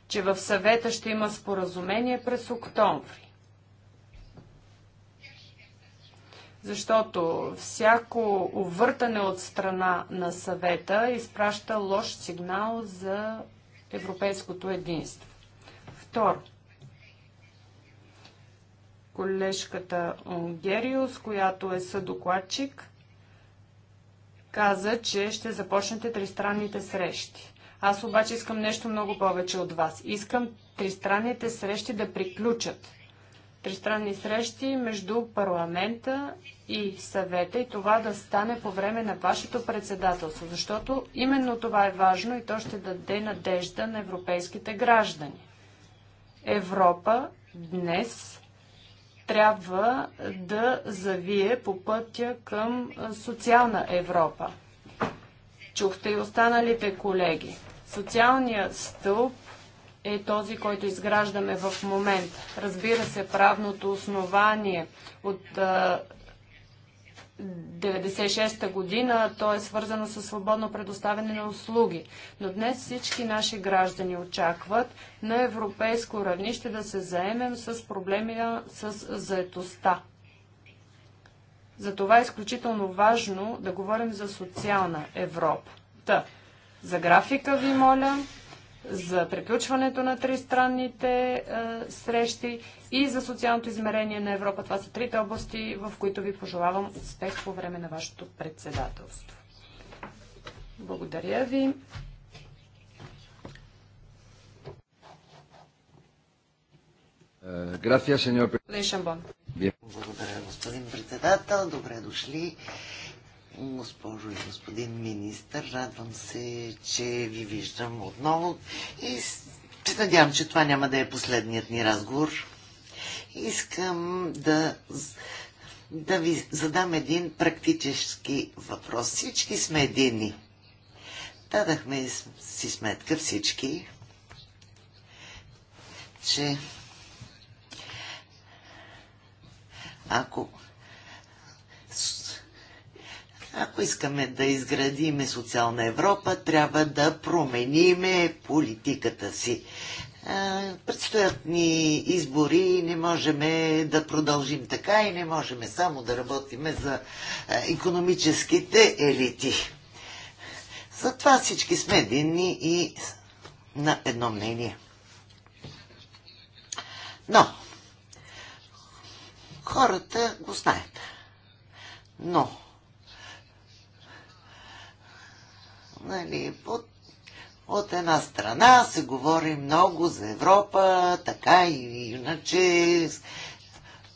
че в съвета ще има споразумение през октомври? Защото всяко увъртане от страна на съвета изпраща лош сигнал за европейското единство. Второ, колежката Гериус, която е съдокладчик, каза, че ще започнете тристранните срещи. Аз обаче искам нещо много повече от вас. Искам тристранните срещи да приключат. Тристранни срещи между парламента и съвета и това да стане по време на вашето председателство, защото именно това е важно и то ще даде надежда на европейските граждани. Европа днес трябва да завие по пътя към социална Европа. Чухте и останалите колеги. Социалният стълб е този, който изграждаме в момента. Разбира се, правното основание от 96-та година, то е свързано с свободно предоставяне на услуги. Но днес всички наши граждани очакват на европейско равнище да се заемем с проблеми с заетостта. Затова е изключително важно да говорим за социална Европа. Та, за графика ви моля, за приключването на тристранните а, е, срещи и за социалното измерение на Европа. Това са трите области, в които ви пожелавам успех по време на вашето председателство. Благодаря ви. Е, Благодаря, господин председател. Добре дошли госпожо и господин министър. Радвам се, че ви виждам отново и се надявам, че това няма да е последният ни разговор. Искам да, да ви задам един практически въпрос. Всички сме едини. Дадахме си сметка всички, че ако ако искаме да изградиме социална Европа, трябва да промениме политиката си. Е, предстоят ни избори и не можем да продължим така и не можем само да работиме за економическите елити. Затова всички сме единни и на едно мнение. Но, хората го знаят. Но, нали, от, от една страна се говори много за Европа, така и иначе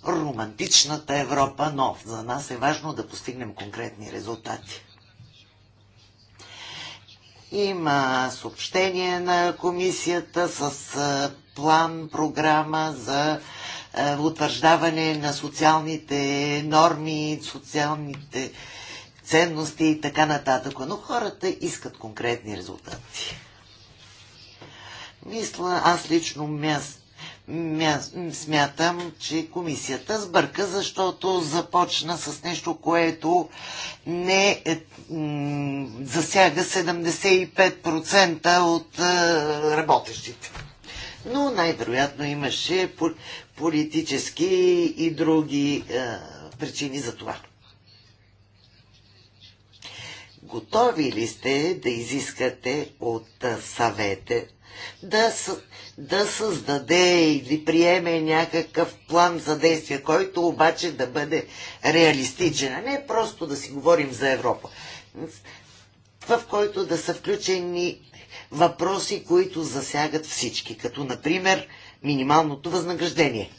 романтичната Европа, но за нас е важно да постигнем конкретни резултати. Има съобщение на комисията с план, програма за утвърждаване на социалните норми, социалните ценности и така нататък. Но хората искат конкретни резултати. Мисля, аз лично мяс, мяс, смятам, че комисията сбърка, защото започна с нещо, което не е, засяга 75% от е, работещите. Но най-вероятно имаше политически и други е, причини за това готови ли сте да изискате от съвете да, да създаде или приеме някакъв план за действие, който обаче да бъде реалистичен, а не просто да си говорим за Европа, в който да са включени въпроси, които засягат всички, като например минималното възнаграждение,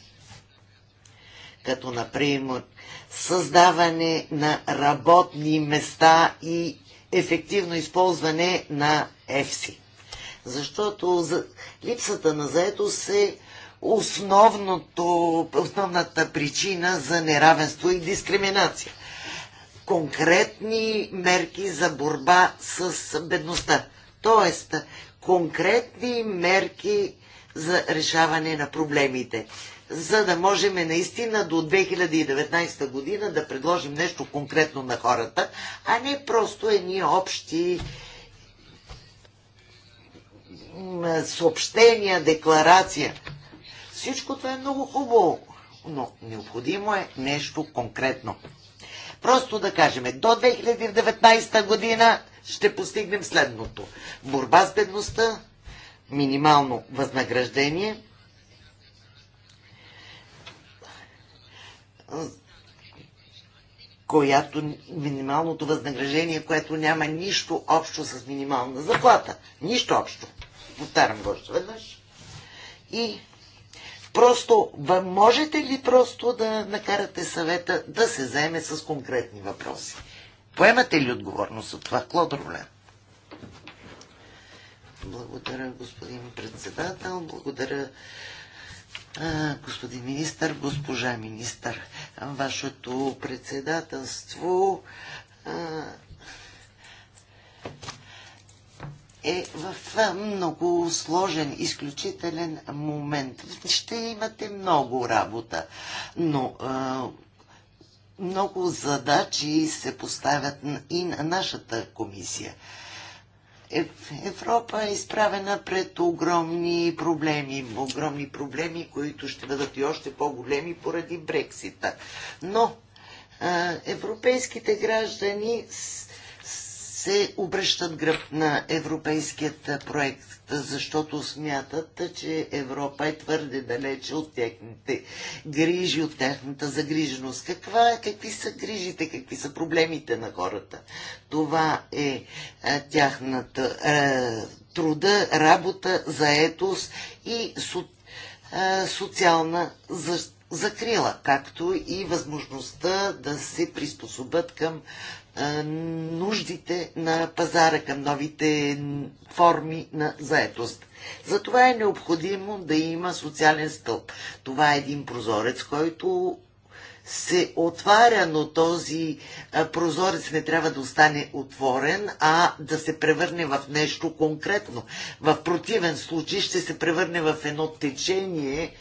като например създаване на работни места и ефективно използване на ЕФСИ. Защото за липсата на заетост е основното, основната причина за неравенство и дискриминация. Конкретни мерки за борба с бедността. Тоест, конкретни мерки за решаване на проблемите за да можем наистина до 2019 година да предложим нещо конкретно на хората, а не просто едни общи съобщения, декларация. Всичко това е много хубаво, но необходимо е нещо конкретно. Просто да кажем, до 2019 година ще постигнем следното. Борба с бедността, минимално възнаграждение – която минималното възнаграждение, което няма нищо общо с минимална заплата. Нищо общо. Повтарям го още веднъж. И просто можете ли просто да накарате съвета да се заеме с конкретни въпроси? Поемате ли отговорност от това? Клод е Рулен. Благодаря, господин председател. Благодаря господин министър, госпожа министър, вашето председателство е в много сложен, изключителен момент. Ще имате много работа, но много задачи се поставят и на нашата комисия. Е, Европа е изправена пред огромни проблеми, огромни проблеми, които ще бъдат и още по-големи поради Брексита. Но европейските граждани се обръщат гръб на европейският проект, защото смятат, че Европа е твърде далече от техните грижи, от тяхната загриженост. Каква, е, какви са грижите, какви са проблемите на хората? Това е а, е, тяхната а, е, труда, работа, заетост и со, а, социална защита закрила, както и възможността да се приспособят към нуждите на пазара към новите форми на заетост. Затова е необходимо да има социален стълб. Това е един прозорец, който се отваря, но този прозорец не трябва да остане отворен, а да се превърне в нещо конкретно. В противен случай ще се превърне в едно течение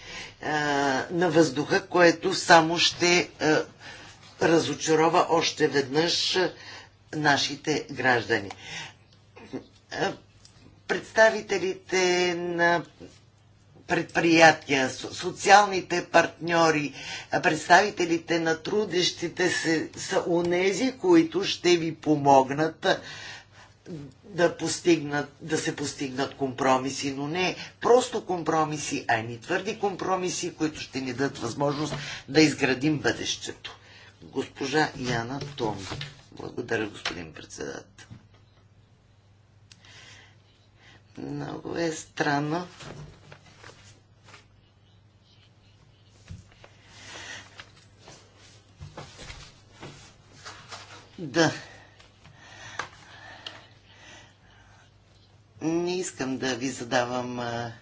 а, на въздуха, което само ще а, разочарова още веднъж нашите граждани. Представителите на предприятия, социалните партньори, представителите на трудещите се, са унези, които ще ви помогнат да, постигнат, да се постигнат компромиси, но не просто компромиси, а и твърди компромиси, които ще ни дадат възможност да изградим бъдещето госпожа Яна Том. Благодаря, господин председател. Много е странно. Да. Не искам да ви задавам а,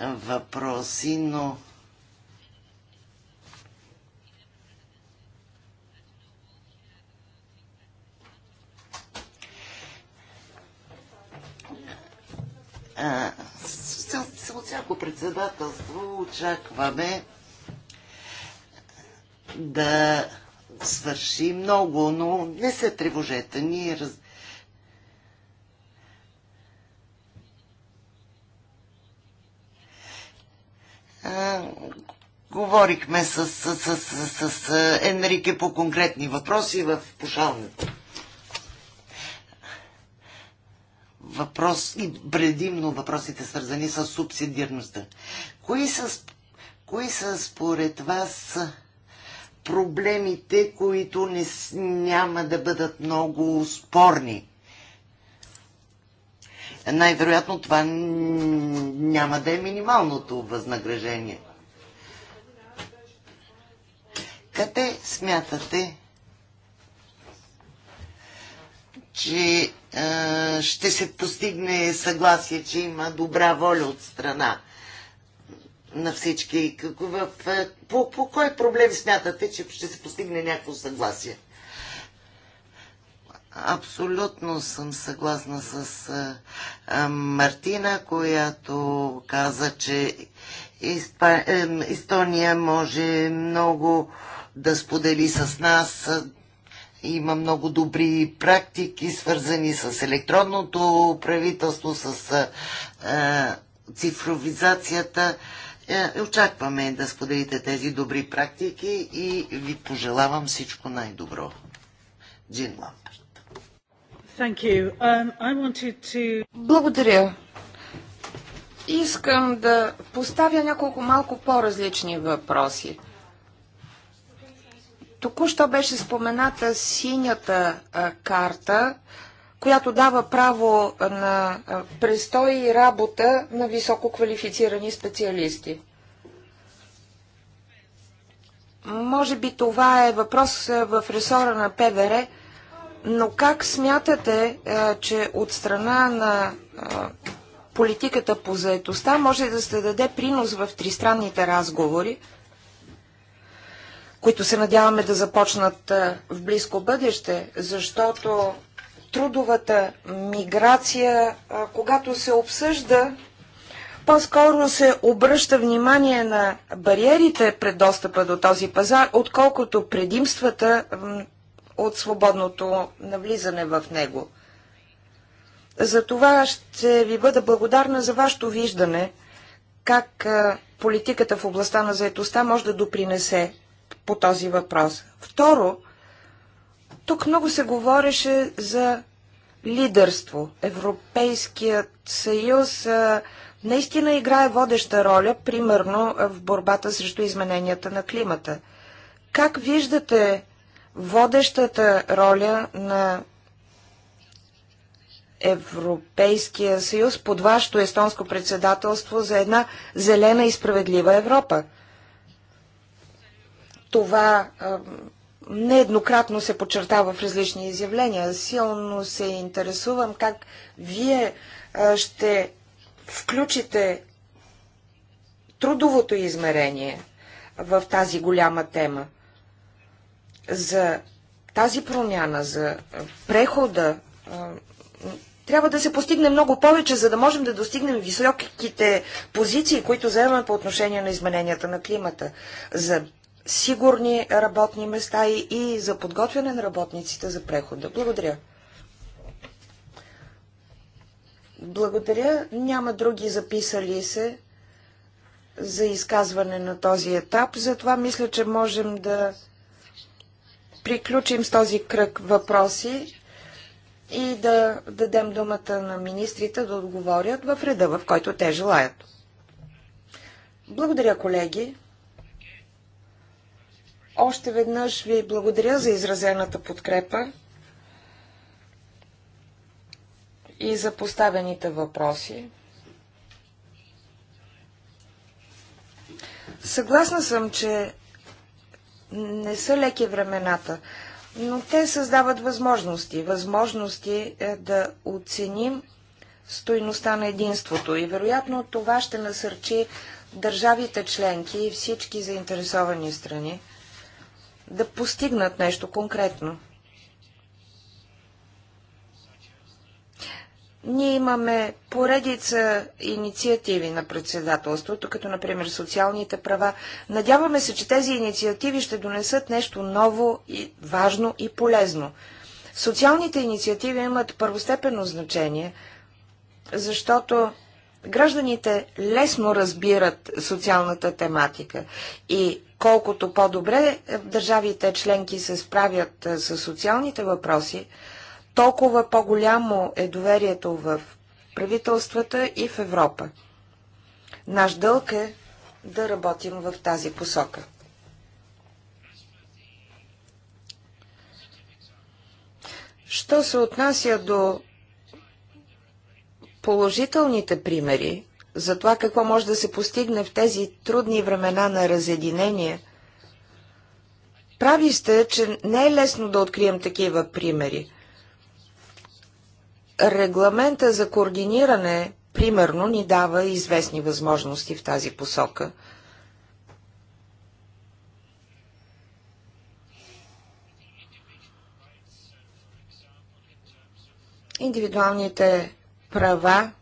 въпроси, но всяко председателство очакваме да свърши много, но не се тревожете. Ние раз... А, говорихме с, с, с, с, с Енрике по конкретни въпроси в пошалната въпрос и предимно въпросите свързани с субсидирността. Кои са, кои са според вас проблемите, които не, няма да бъдат много спорни? Най-вероятно това няма да е минималното възнаграждение. Къде смятате, че а, ще се постигне съгласие, че има добра воля от страна на всички. В, по, по кой проблем смятате, че ще се постигне някакво съгласие? Абсолютно съм съгласна с а, Мартина, която каза, че Испа, е, Естония може много да сподели с нас има много добри практики, свързани с електронното правителство, с цифровизацията. Е, очакваме да споделите тези добри практики и ви пожелавам всичко най-добро. Джин Ламберт. Um, to... Благодаря. Искам да поставя няколко малко по-различни въпроси. Току-що беше спомената синята а, карта, която дава право на престой и работа на високо квалифицирани специалисти. Може би това е въпрос в ресора на ПВР, но как смятате, че от страна на политиката по заетостта може да се даде принос в тристранните разговори? които се надяваме да започнат в близко бъдеще, защото трудовата миграция, когато се обсъжда, по-скоро се обръща внимание на бариерите пред достъпа до този пазар, отколкото предимствата от свободното навлизане в него. За това ще ви бъда благодарна за вашето виждане как политиката в областта на заетостта може да допринесе по този въпрос. Второ, тук много се говореше за лидерство. Европейският съюз а, наистина играе водеща роля, примерно в борбата срещу измененията на климата. Как виждате водещата роля на Европейския съюз под вашето естонско председателство за една зелена и справедлива Европа? Това нееднократно се подчертава в различни изявления. Силно се интересувам как вие ще включите трудовото измерение в тази голяма тема. За тази промяна, за прехода, трябва да се постигне много повече, за да можем да достигнем високите позиции, които заемаме по отношение на измененията на климата. За сигурни работни места и, и за подготвяне на работниците за прехода. Благодаря. Благодаря. Няма други записали се за изказване на този етап. Затова мисля, че можем да приключим с този кръг въпроси и да дадем думата на министрите да отговорят в реда, в който те желаят. Благодаря, колеги. Още веднъж ви благодаря за изразената подкрепа и за поставените въпроси. Съгласна съм, че не са леки времената, но те създават възможности. Възможности е да оценим стойността на единството и вероятно това ще насърчи държавите членки и всички заинтересовани страни – да постигнат нещо конкретно. Ние имаме поредица инициативи на председателството, като например социалните права. Надяваме се, че тези инициативи ще донесат нещо ново и важно и полезно. Социалните инициативи имат първостепенно значение, защото гражданите лесно разбират социалната тематика и колкото по-добре е, държавите членки се справят е, с социалните въпроси, толкова по-голямо е доверието в правителствата и в Европа. Наш дълг е да работим в тази посока. Що се отнася до положителните примери, за това какво може да се постигне в тези трудни времена на разединение. Прави сте, че не е лесно да открием такива примери. Регламента за координиране, примерно, ни дава известни възможности в тази посока. Индивидуалните права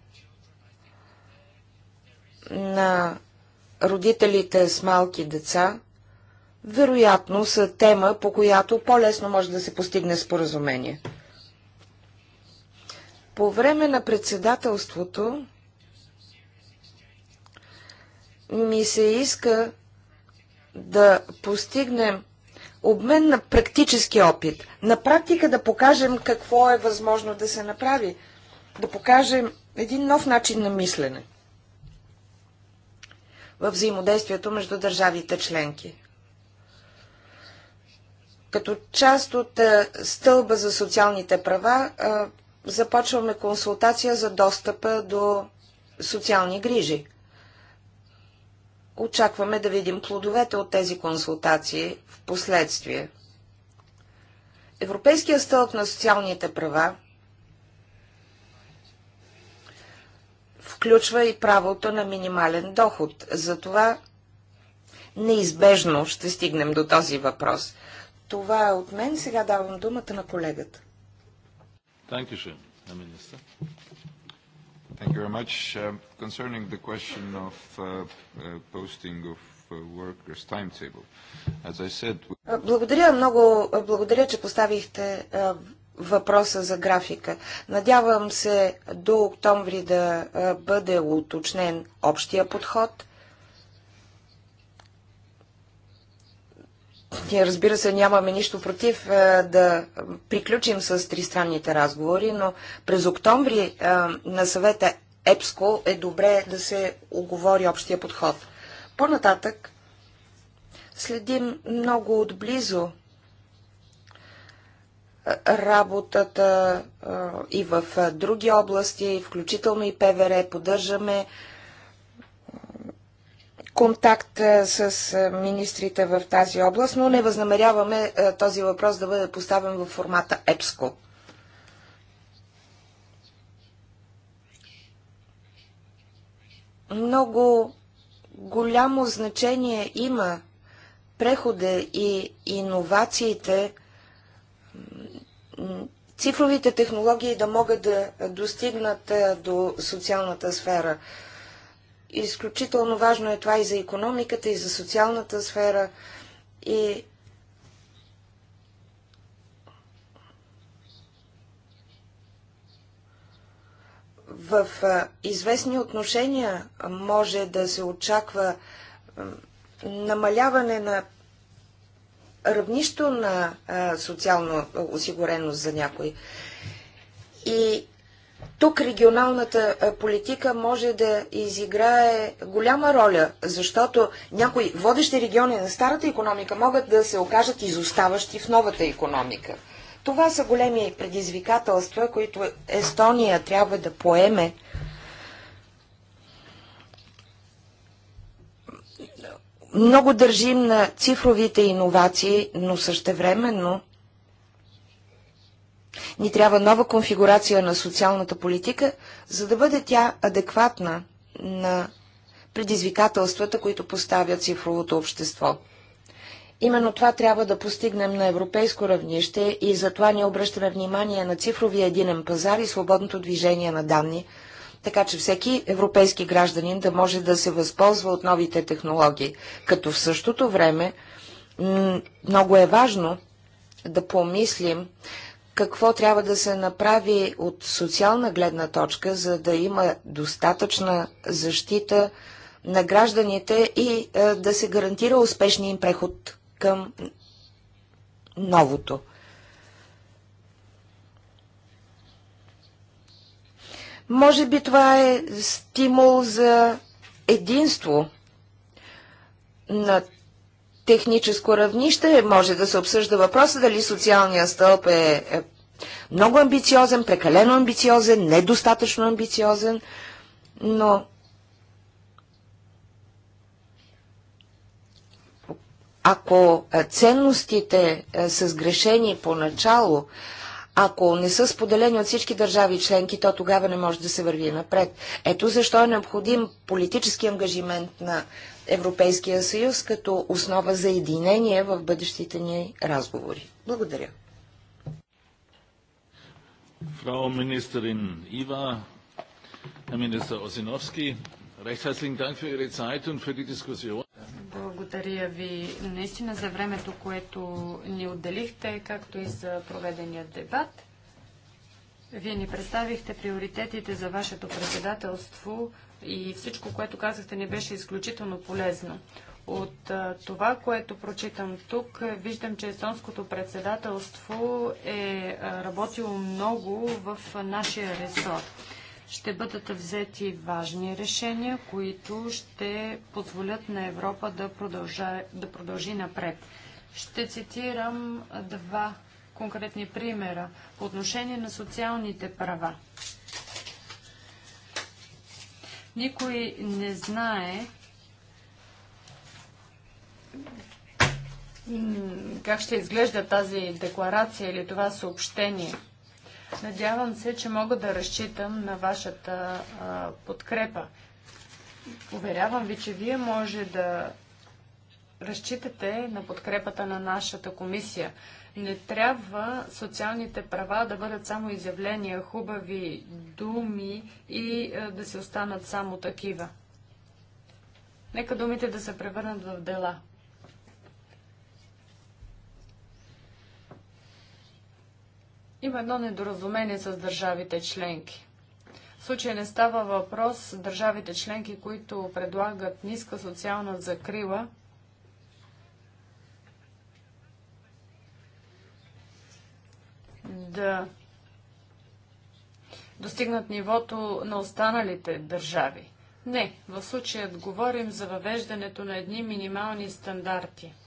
на родителите с малки деца, вероятно са тема, по която по-лесно може да се постигне споразумение. По време на председателството ми се иска да постигнем обмен на практически опит. На практика да покажем какво е възможно да се направи. Да покажем един нов начин на мислене в взаимодействието между държавите членки. Като част от стълба за социалните права започваме консултация за достъпа до социални грижи. Очакваме да видим плодовете от тези консултации в последствие. Европейския стълб на социалните права включва и правото на минимален доход. Затова неизбежно ще стигнем до този въпрос. Това е от мен. Сега давам думата на колегата. Thank you very much. Uh, concerning the question of uh, uh, posting of uh, workers' timetable, as I said... We... Благодаря много, благодаря, че поставихте uh, въпроса за графика. Надявам се до октомври да бъде уточнен общия подход. Ние, разбира се, нямаме нищо против да приключим с тристранните разговори, но през октомври на съвета ЕПСКО е добре да се оговори общия подход. По-нататък следим много отблизо работата и в други области, включително и ПВР. Поддържаме контакт с министрите в тази област, но не възнамеряваме този въпрос да бъде поставен в формата ЕПСКО. Много голямо значение има прехода и иновациите – цифровите технологии да могат да достигнат до социалната сфера. Изключително важно е това и за економиката, и за социалната сфера. И в известни отношения може да се очаква намаляване на равнището на а, социална осигуреност за някой. И тук регионалната политика може да изиграе голяма роля, защото някои водещи региони на старата економика могат да се окажат изоставащи в новата економика. Това са големи предизвикателства, които Естония трябва да поеме Много държим на цифровите иновации, но същевременно ни трябва нова конфигурация на социалната политика, за да бъде тя адекватна на предизвикателствата, които поставя цифровото общество. Именно това трябва да постигнем на европейско равнище и затова ни обръщаме внимание на цифровия единен пазар и свободното движение на данни – така че всеки европейски гражданин да може да се възползва от новите технологии. Като в същото време много е важно да помислим какво трябва да се направи от социална гледна точка, за да има достатъчна защита на гражданите и е, да се гарантира успешния им преход към новото. Може би това е стимул за единство на техническо равнище. Може да се обсъжда въпроса дали социалния стълб е, е много амбициозен, прекалено амбициозен, недостатъчно амбициозен, но ако ценностите са сгрешени поначало, ако не са споделени от всички държави членки, то тогава не може да се върви напред. Ето защо е необходим политически ангажимент на Европейския съюз като основа за единение в бъдещите ни разговори. Благодаря. Фрау министрин Ива, Herr Осиновски, Osinovski, recht herzlichen Dank и Ihre дискусион. Благодаря ви наистина за времето, което ни отделихте, както и за проведения дебат. Вие ни представихте приоритетите за вашето председателство и всичко, което казахте, ни беше изключително полезно. От това, което прочитам тук, виждам, че естонското председателство е работило много в нашия ресор ще бъдат взети важни решения, които ще позволят на Европа да, продължа, да продължи напред. Ще цитирам два конкретни примера по отношение на социалните права. Никой не знае как ще изглежда тази декларация или това съобщение – Надявам се, че мога да разчитам на вашата а, подкрепа. Уверявам ви, че вие може да разчитате на подкрепата на нашата комисия. Не трябва социалните права да бъдат само изявления, хубави думи и а, да се останат само такива. Нека думите да се превърнат в дела. Има едно недоразумение с държавите членки. В случай не става въпрос държавите членки, които предлагат ниска социална закрила, да достигнат нивото на останалите държави. Не, в случаят говорим за въвеждането на едни минимални стандарти –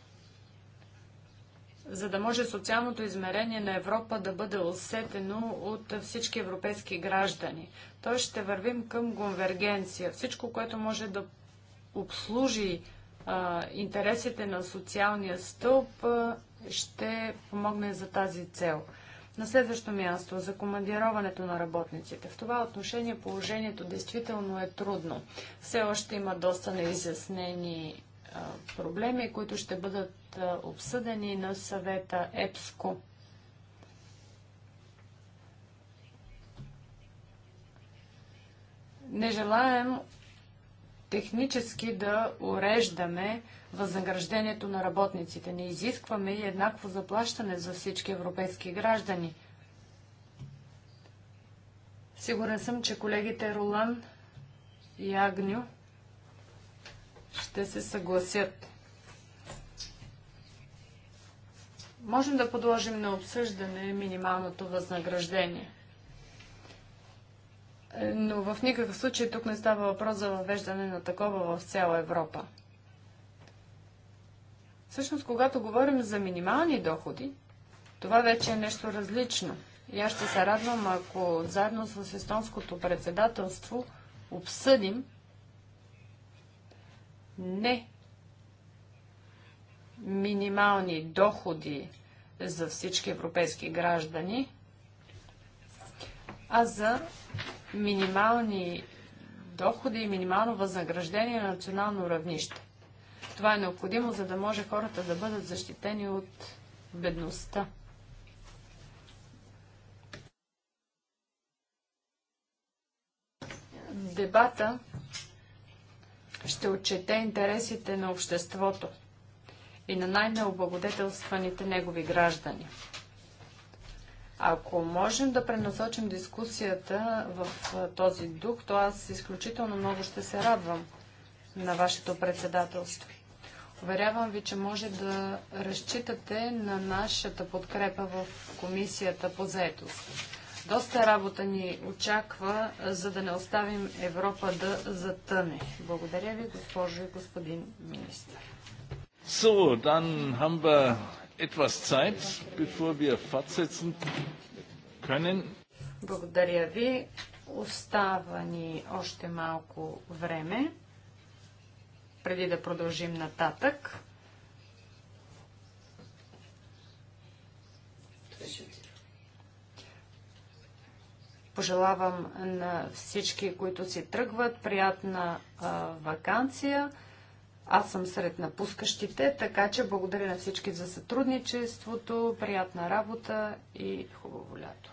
за да може социалното измерение на Европа да бъде усетено от всички европейски граждани. Той ще вървим към конвергенция. Всичко, което може да обслужи а, интересите на социалния стълб, а, ще помогне за тази цел. На следващо място, за командироването на работниците. В това отношение положението действително е трудно. Все още има доста неизяснени проблеми, които ще бъдат обсъдени на съвета ЕПСКО. Не желаем технически да уреждаме възнаграждението на работниците. Не изискваме и еднакво заплащане за всички европейски граждани. Сигурен съм, че колегите Ролан и Агню ще се съгласят. Можем да подложим на обсъждане минималното възнаграждение. Е, но в никакъв случай тук не става въпрос за въвеждане на такова в цяла Европа. Всъщност, когато говорим за минимални доходи, това вече е нещо различно. И аз ще се радвам, ако заедно с естонското председателство обсъдим не минимални доходи за всички европейски граждани, а за минимални доходи и минимално възнаграждение на национално равнище. Това е необходимо, за да може хората да бъдат защитени от бедността. Дебата ще отчете интересите на обществото и на най-необлагодетелстваните негови граждани. Ако можем да пренасочим дискусията в този дух, то аз изключително много ще се радвам на вашето председателство. Уверявам ви, че може да разчитате на нашата подкрепа в Комисията по заетост. Доста работа ни очаква, за да не оставим Европа да затъне. Благодаря ви, госпожо и господин министр. So, dann haben wir etwas Zeit, bevor wir fortsetzen können. Благодаря ви. Остава ни още малко време, преди да продължим нататък. Пожелавам на всички, които си тръгват, приятна а, вакансия. Аз съм сред напускащите, така че благодаря на всички за сътрудничеството, приятна работа и хубаво лято.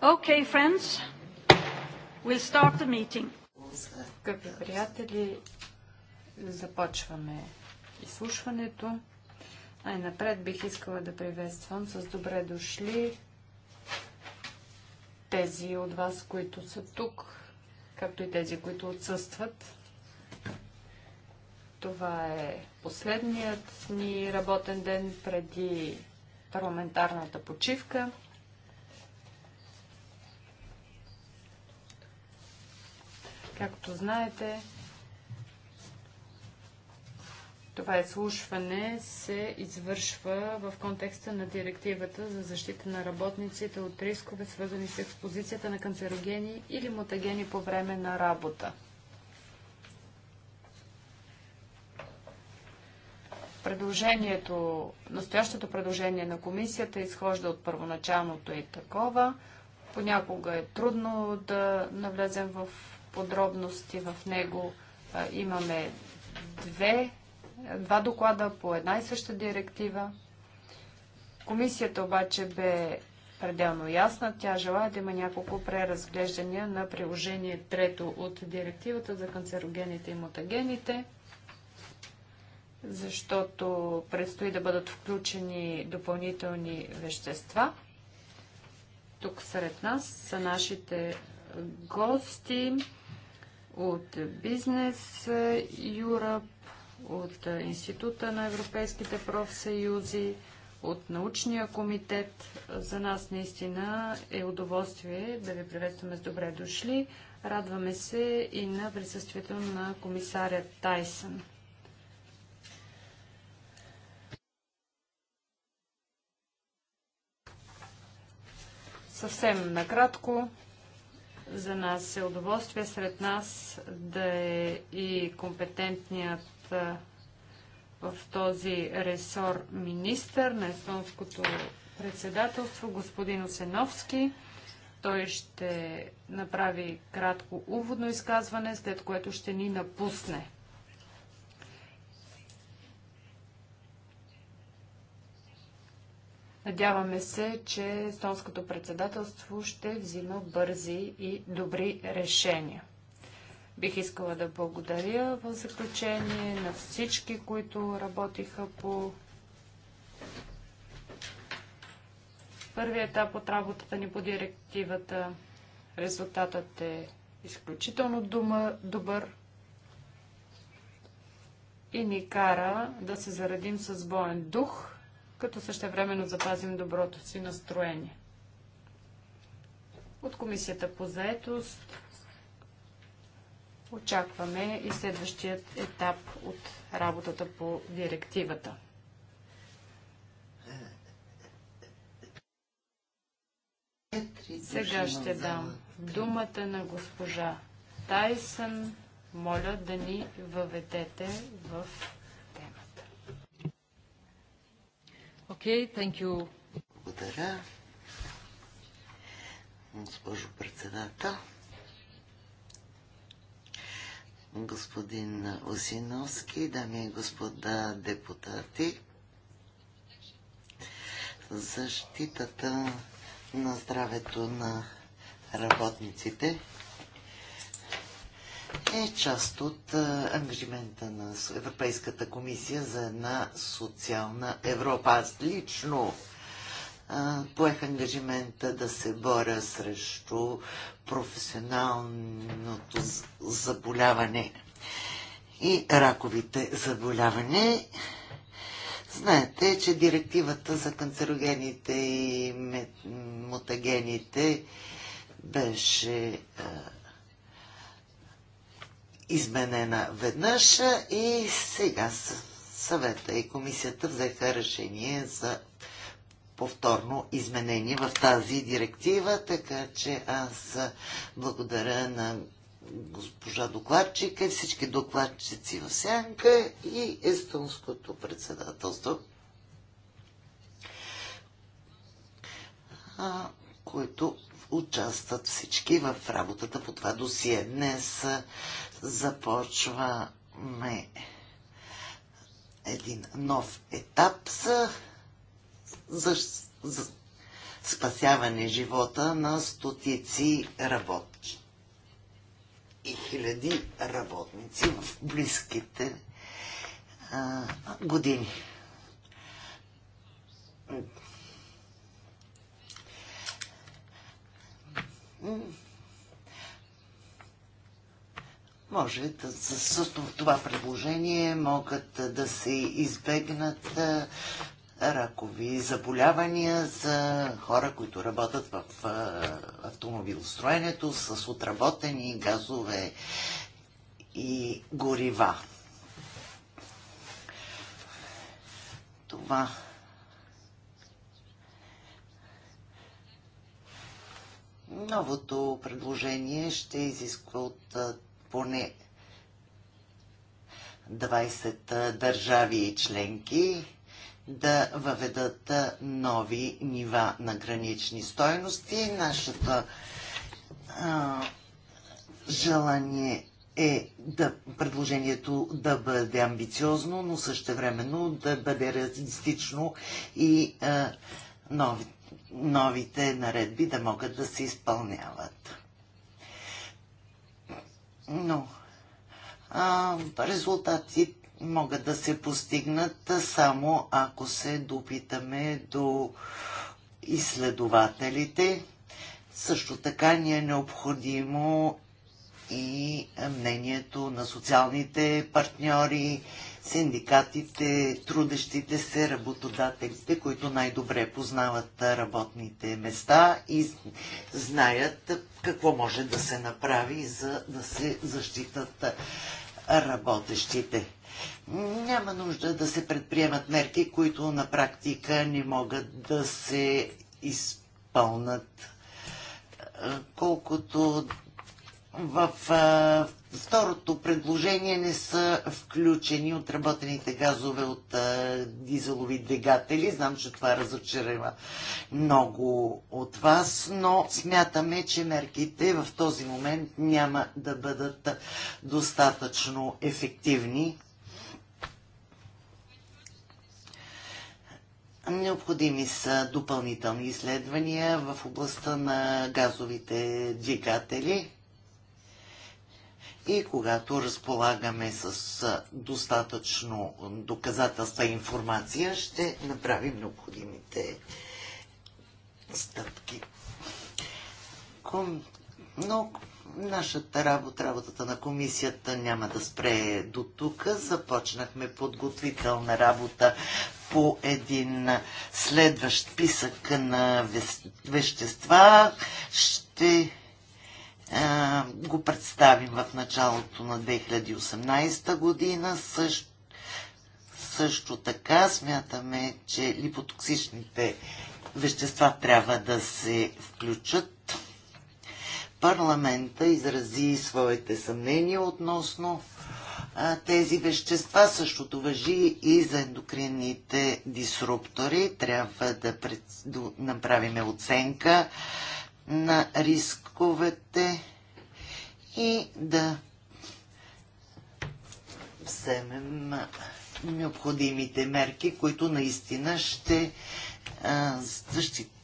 Okay, friends, we'll start the meeting. Скъпи приятели, започваме изслушването. Най-напред бих искала да приветствам с добре дошли тези от вас, които са тук, както и тези, които отсъстват. Това е последният ни работен ден преди парламентарната почивка. Както знаете, това изслушване се извършва в контекста на директивата за защита на работниците от рискове, свързани с експозицията на канцерогени или мутагени по време на работа. Предложението, настоящото предложение на комисията изхожда от първоначалното и е такова. Понякога е трудно да навлезем в подробности в него. Имаме две, два доклада по една и съща директива. Комисията обаче бе пределно ясна. Тя желая да има няколко преразглеждания на приложение трето от директивата за канцерогените и мутагените, защото предстои да бъдат включени допълнителни вещества. Тук сред нас са нашите гости от Бизнес Юрап, от Института на европейските профсъюзи, от научния комитет. За нас наистина е удоволствие да ви приветстваме с добре дошли. Радваме се и на присъствието на комисаря Тайсън. Съвсем накратко за нас е удоволствие сред нас да е и компетентният в този ресор министър на естонското председателство, господин Осеновски. Той ще направи кратко уводно изказване, след което ще ни напусне. Надяваме се, че естонското председателство ще взима бързи и добри решения. Бих искала да благодаря в заключение на всички, които работиха по първия етап от работата ни по директивата. Резултатът е изключително дума, добър и ни кара да се зарадим с боен дух – като същевременно запазим доброто си настроение. От Комисията по заетост очакваме и следващият етап от работата по директивата. Сега ще дам думата на госпожа Тайсън. Моля да ни въведете в Okay, thank you. Благодаря. Госпожо председател. Господин Осиновски, дами и господа депутати, защитата на здравето на работниците е част от е, ангажимента на Европейската комисия за една социална Европа. Аз лично е, поех ангажимента да се боря срещу професионалното заболяване и раковите заболяване. Знаете, че директивата за канцерогените и мутагените беше е, изменена веднъж и сега съвета и комисията взеха решение за повторно изменение в тази директива, така че аз благодаря на госпожа докладчика и всички докладчици в Сянка и естонското председателство, които участват всички в работата по това досие. Днес започваме един нов етап за, за, за спасяване живота на стотици работки и хиляди работници в близките а, години. Mm може да, с, с това предложение могат да се избегнат ракови заболявания за хора, които работят в автомобилостроенето с отработени газове и горива. Това новото предложение ще изисква от поне 20 държави и членки да въведат нови нива на гранични стойности. Нашето желание е да, предложението да бъде амбициозно, но времено да бъде реалистично и а, нови, новите наредби да могат да се изпълняват. Но а, резултати могат да се постигнат само ако се допитаме до изследователите. Също така ни е необходимо и мнението на социалните партньори, синдикатите, трудещите се, работодателите, които най-добре познават работните места и знаят какво може да се направи, за да се защитат работещите. Няма нужда да се предприемат мерки, които на практика не могат да се изпълнат. Колкото в а, второто предложение не са включени отработените газове от а, дизелови двигатели. Знам, че това разочарева много от вас, но смятаме, че мерките в този момент няма да бъдат достатъчно ефективни. Необходими са допълнителни изследвания в областта на газовите двигатели и когато разполагаме с достатъчно доказателства и информация, ще направим необходимите стъпки. Ком... Но нашата работа, работата на комисията няма да спре до тук. Започнахме подготвителна работа по един следващ писък на вещества. Ще е, го представим в началото на 2018 година. Също, също така смятаме, че липотоксичните вещества трябва да се включат. Парламента изрази своите съмнения относно а, тези вещества. Същото въжи и за ендокринните дисруптори. Трябва да пред... направим оценка на рисковете и да вземем необходимите мерки, които наистина ще,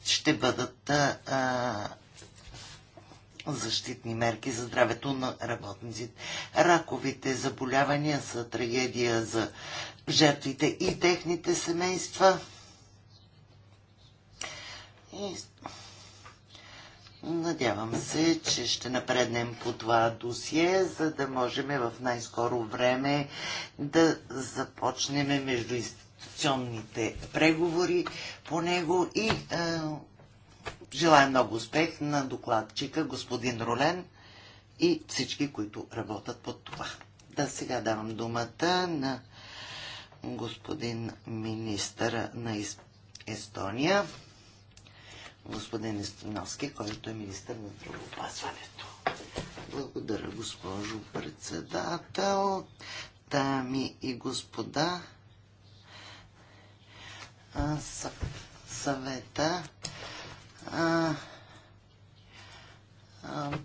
ще бъдат защитни мерки за здравето на работниците. Раковите заболявания са трагедия за жертвите и техните семейства. И Надявам се, че ще напреднем по това досие, за да можем в най-скоро време да започнем междуинституционните преговори по него и е, желая много успех на докладчика господин Ролен и всички, които работят под това. Да, сега давам думата на господин министър на Естония господин Истиновски, който е министър на здравеопазването. Благодаря, госпожо председател, дами и господа. съвета а, а,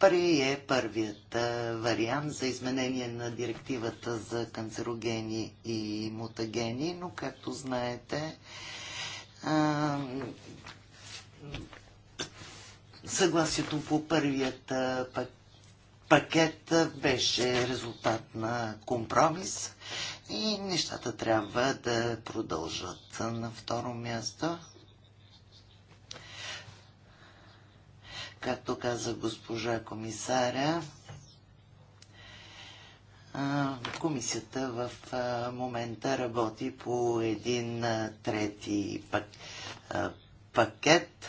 прие първият вариант за изменение на директивата за канцерогени и мутагени, но както знаете, съгласието по първият пакет беше резултат на компромис и нещата трябва да продължат. На второ място, както каза госпожа комисаря, Комисията в момента работи по един трети пак, пакет.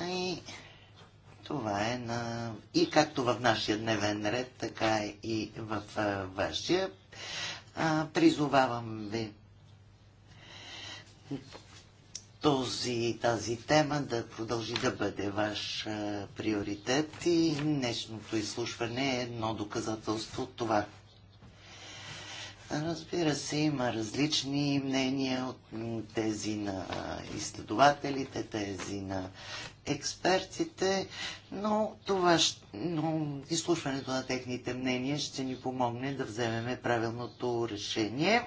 И това е на... И както в нашия дневен ред, така и в вашия. Призовавам ви този, тази тема да продължи да бъде ваш приоритет и днешното изслушване е едно доказателство от това. Разбира се, има различни мнения от тези на изследователите, тези на експертите, но, това, но изслушването на техните мнения ще ни помогне да вземеме правилното решение.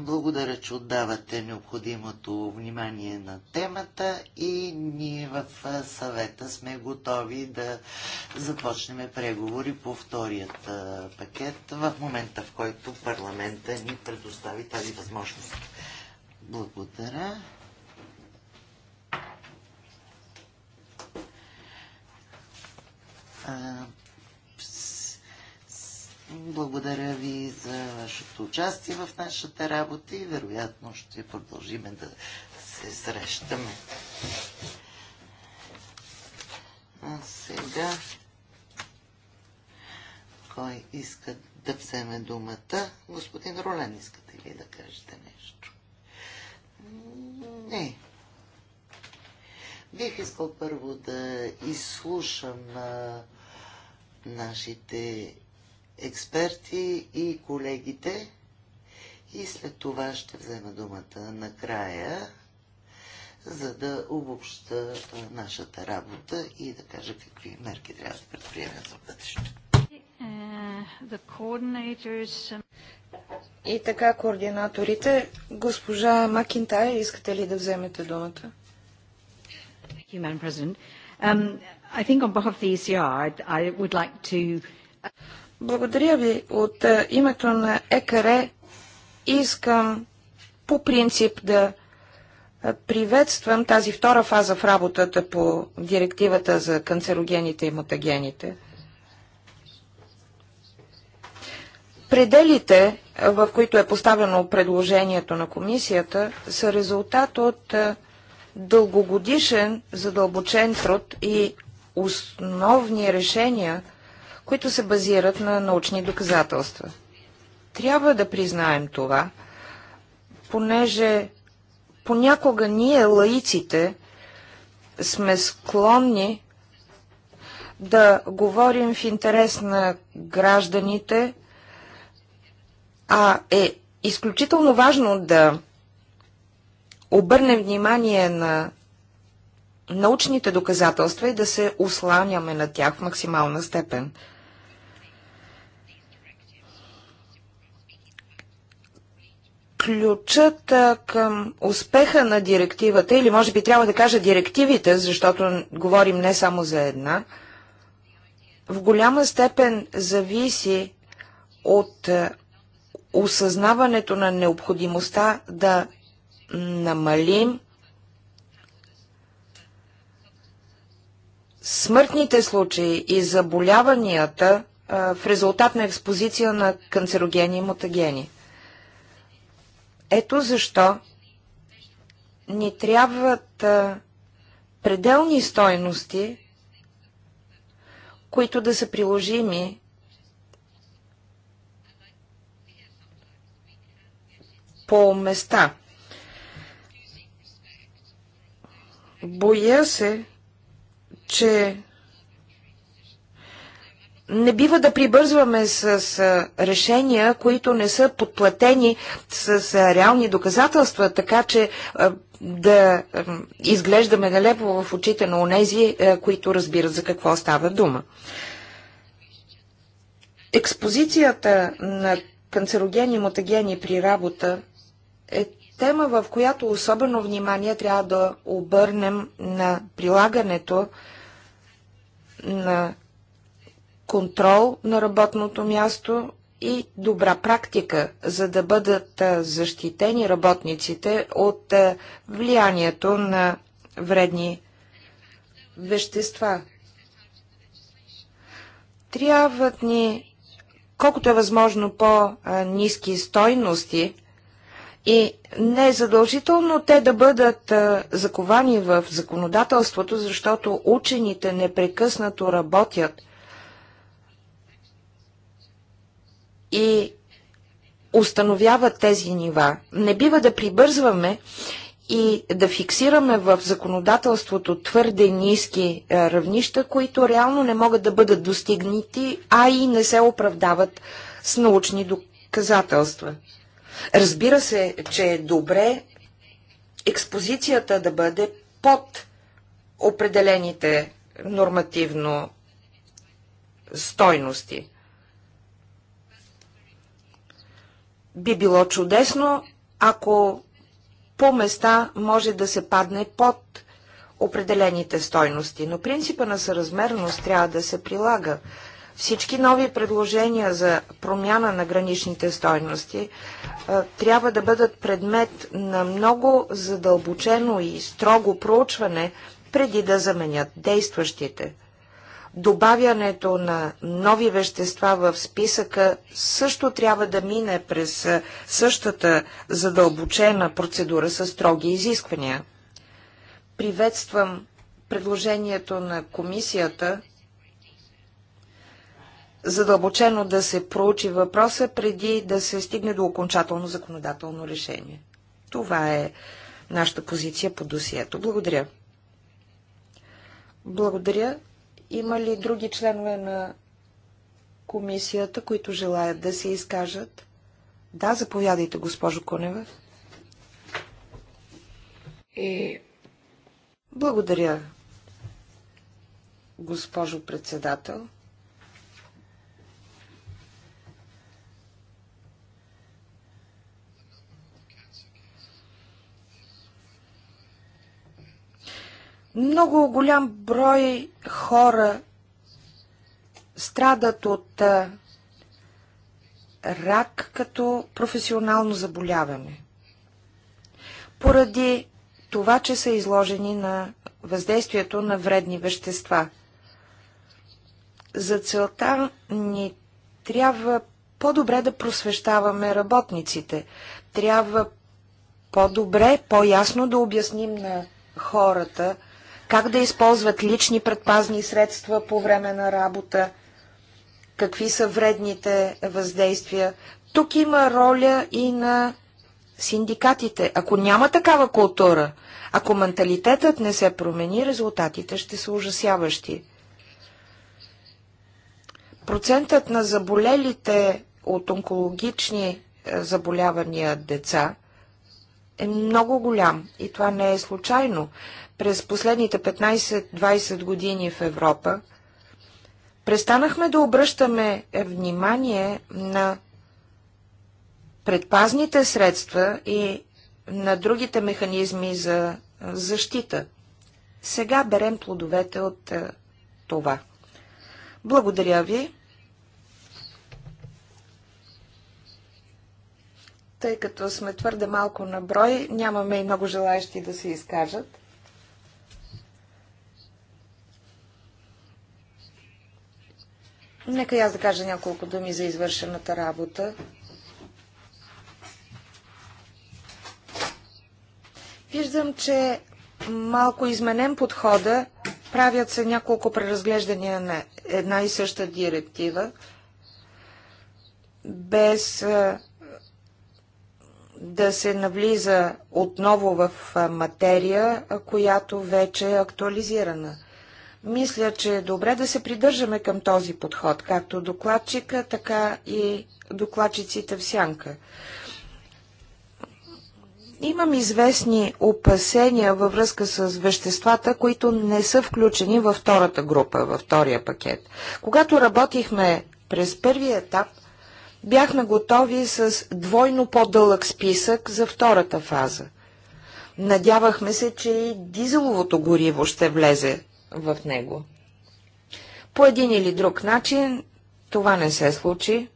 Благодаря, че отдавате необходимото внимание на темата и ние в съвета сме готови да започнем преговори по вторият пакет в момента, в който парламента ни предостави тази възможност. Благодаря. Благодаря ви за вашето участие в нашата работа и вероятно ще продължим да се срещаме. А сега кой иска да вземе думата? Господин Ролен, искате ли да кажете нещо? Не. Бих искал първо да изслушам а, нашите експерти и колегите. И след това ще взема думата накрая, за да обобща нашата работа и да кажа какви мерки трябва да предприемем за бъдеще. Uh, um, и така, координаторите, госпожа Макинтай, искате ли да вземете думата? You, благодаря ви. От е, името на ЕКР искам по принцип да е, приветствам тази втора фаза в работата по директивата за канцерогените и мутагените. Пределите, е, в които е поставено предложението на комисията, са резултат от дългогодишен задълбочен труд и основни решения – които се базират на научни доказателства. Трябва да признаем това, понеже понякога ние, лаиците, сме склонни да говорим в интерес на гражданите, а е изключително важно да обърнем внимание на научните доказателства и да се осланяме на тях в максимална степен. ключът а, към успеха на директивата, или може би трябва да кажа директивите, защото говорим не само за една, в голяма степен зависи от а, осъзнаването на необходимостта да намалим смъртните случаи и заболяванията а, в резултат на експозиция на канцерогени и мутагени. Ето защо ни трябват пределни стойности, които да са приложими по места. Боя се, че не бива да прибързваме с решения, които не са подплатени с реални доказателства, така че да изглеждаме налепо в очите на онези, които разбират за какво става дума. Експозицията на канцерогени и мутагени при работа е тема, в която особено внимание трябва да обърнем на прилагането на контрол на работното място и добра практика, за да бъдат защитени работниците от влиянието на вредни вещества. Трябват ни колкото е възможно по-низки стойности и не е задължително те да бъдат заковани в законодателството, защото учените непрекъснато работят – и установяват тези нива. Не бива да прибързваме и да фиксираме в законодателството твърде ниски е, равнища, които реално не могат да бъдат достигнати, а и не се оправдават с научни доказателства. Разбира се, че е добре експозицията да бъде под определените нормативно стойности. Би било чудесно, ако по места може да се падне под определените стойности, но принципа на съразмерност трябва да се прилага. Всички нови предложения за промяна на граничните стойности е, трябва да бъдат предмет на много задълбочено и строго проучване, преди да заменят действащите добавянето на нови вещества в списъка също трябва да мине през същата задълбочена процедура с строги изисквания. Приветствам предложението на комисията задълбочено да се проучи въпроса преди да се стигне до окончателно законодателно решение. Това е нашата позиция по досието. Благодаря. Благодаря. Има ли други членове на комисията, които желаят да се изкажат? Да, заповядайте, госпожо Конева. И... Благодаря, госпожо председател. Много голям брой хора страдат от рак като професионално заболяване. Поради това, че са изложени на въздействието на вредни вещества. За целта ни трябва по-добре да просвещаваме работниците. Трябва по-добре, по-ясно да обясним на хората как да използват лични предпазни средства по време на работа, какви са вредните въздействия. Тук има роля и на синдикатите. Ако няма такава култура, ако менталитетът не се промени, резултатите ще са ужасяващи. Процентът на заболелите от онкологични е, заболявания деца е много голям и това не е случайно през последните 15-20 години в Европа, престанахме да обръщаме внимание на предпазните средства и на другите механизми за защита. Сега берем плодовете от е, това. Благодаря ви. Тъй като сме твърде малко на брой, нямаме и много желаящи да се изкажат. Нека и аз да кажа няколко думи за извършената работа. Виждам, че малко изменен подхода, правят се няколко преразглеждания на една и съща директива, без да се навлиза отново в материя, която вече е актуализирана. Мисля, че е добре да се придържаме към този подход, както докладчика, така и докладчиците в сянка. Имам известни опасения във връзка с веществата, които не са включени във втората група, във втория пакет. Когато работихме през първия етап, бяхме готови с двойно по-дълъг списък за втората фаза. Надявахме се, че и дизеловото гориво ще влезе в него. По един или друг начин това не се случи.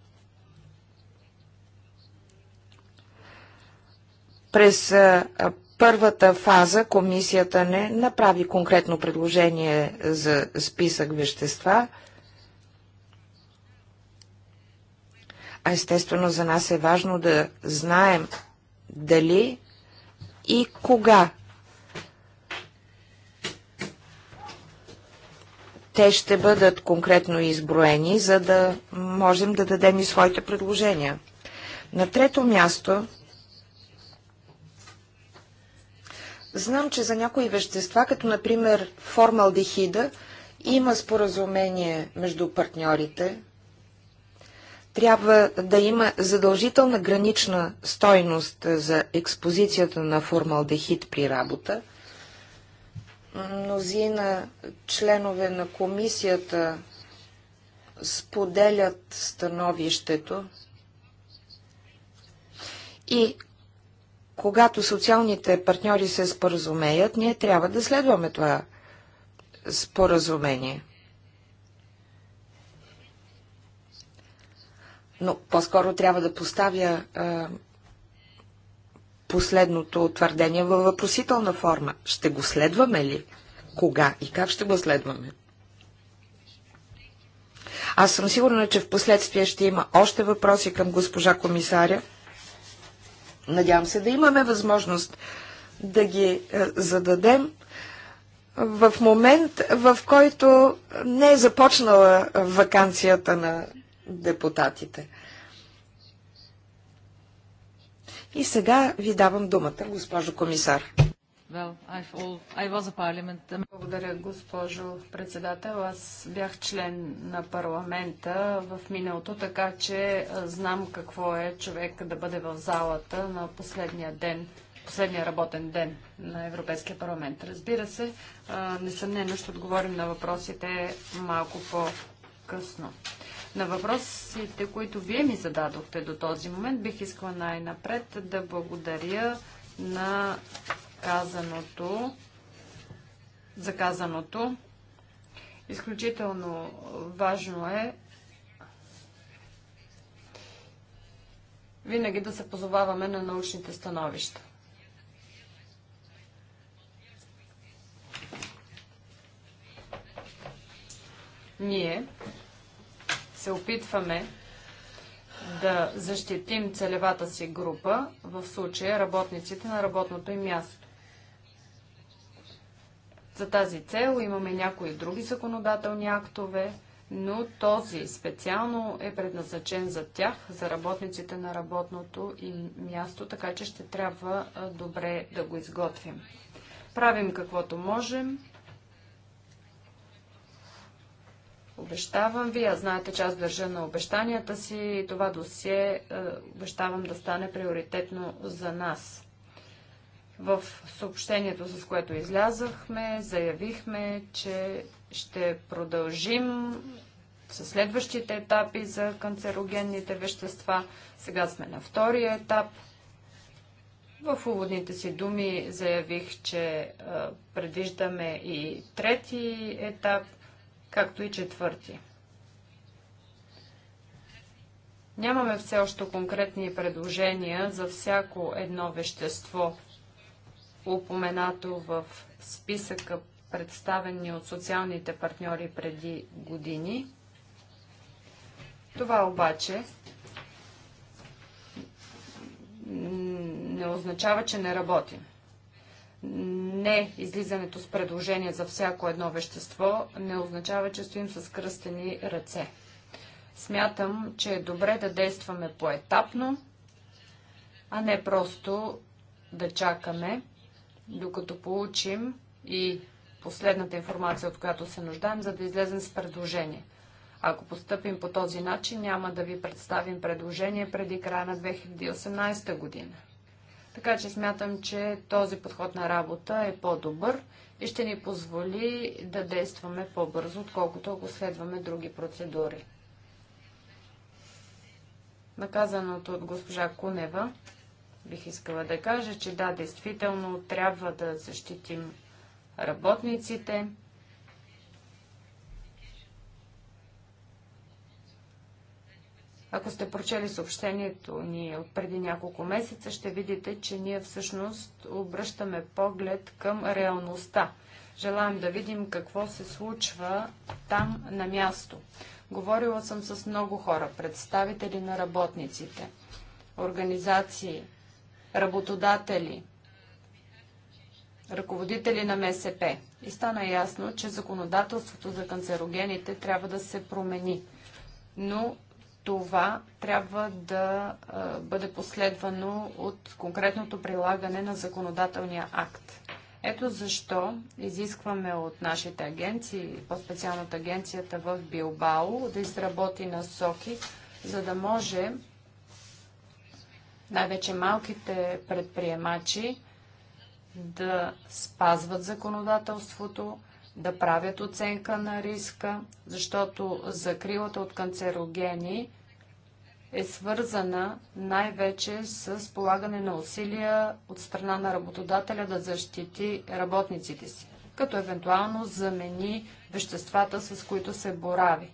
През първата фаза комисията не направи конкретно предложение за списък вещества, а естествено за нас е важно да знаем дали и кога те ще бъдат конкретно изброени, за да можем да дадем и своите предложения. На трето място, знам, че за някои вещества, като например формалдехида, има споразумение между партньорите. Трябва да има задължителна гранична стойност за експозицията на формалдехид при работа – Мнозина членове на комисията споделят становището и когато социалните партньори се споразумеят, ние трябва да следваме това споразумение. Но по-скоро трябва да поставя а, последното твърдение във въпросителна форма. Ще го следваме ли? Кога и как ще го следваме? Аз съм сигурна, че в последствие ще има още въпроси към госпожа комисаря. Надявам се да имаме възможност да ги е, зададем в момент, в който не е започнала вакансията на депутатите. И сега ви давам думата, госпожо комисар. Благодаря, госпожо председател. Аз бях член на парламента в миналото, така че знам какво е човек да бъде в залата на последния ден последния работен ден на Европейския парламент. Разбира се, несъмнено ще отговорим на въпросите малко по-късно. На въпросите, които вие ми зададохте до този момент, бих искала най-напред да благодаря на казаното, за казаното. Изключително важно е винаги да се позоваваме на научните становища. Ние се опитваме да защитим целевата си група, в случая работниците на работното им място. За тази цел имаме някои други законодателни актове, но този специално е предназначен за тях, за работниците на работното им място, така че ще трябва добре да го изготвим. Правим каквото можем Обещавам ви, а знаете, че аз държа на обещанията си, това досие е, обещавам да стане приоритетно за нас. В съобщението, с което излязахме, заявихме, че ще продължим със следващите етапи за канцерогенните вещества. Сега сме на втория етап. В уводните си думи заявих, че е, предвиждаме и трети етап – както и четвърти. Нямаме все още конкретни предложения за всяко едно вещество, упоменато в списъка, представени от социалните партньори преди години. Това обаче не означава, че не работим не излизането с предложение за всяко едно вещество не означава, че стоим с кръстени ръце. Смятам, че е добре да действаме поетапно, а не просто да чакаме, докато получим и последната информация, от която се нуждаем, за да излезем с предложение. Ако постъпим по този начин, няма да ви представим предложение преди края на 2018 година. Така че смятам, че този подход на работа е по-добър и ще ни позволи да действаме по-бързо, отколкото ако следваме други процедури. Наказаното от госпожа Кунева бих искала да кажа, че да, действително трябва да защитим работниците. Ако сте прочели съобщението ни от преди няколко месеца, ще видите, че ние всъщност обръщаме поглед към реалността. Желаем да видим какво се случва там на място. Говорила съм с много хора, представители на работниците, организации, работодатели, ръководители на МСП. И стана ясно, че законодателството за канцерогените трябва да се промени. Но това трябва да бъде последвано от конкретното прилагане на законодателния акт. Ето защо изискваме от нашите агенции, по-специално от агенцията в Билбао, да изработи насоки, за да може най-вече малките предприемачи да спазват законодателството, да правят оценка на риска, защото закрилата от канцерогени е свързана най-вече с полагане на усилия от страна на работодателя да защити работниците си, като евентуално замени веществата, с които се борави.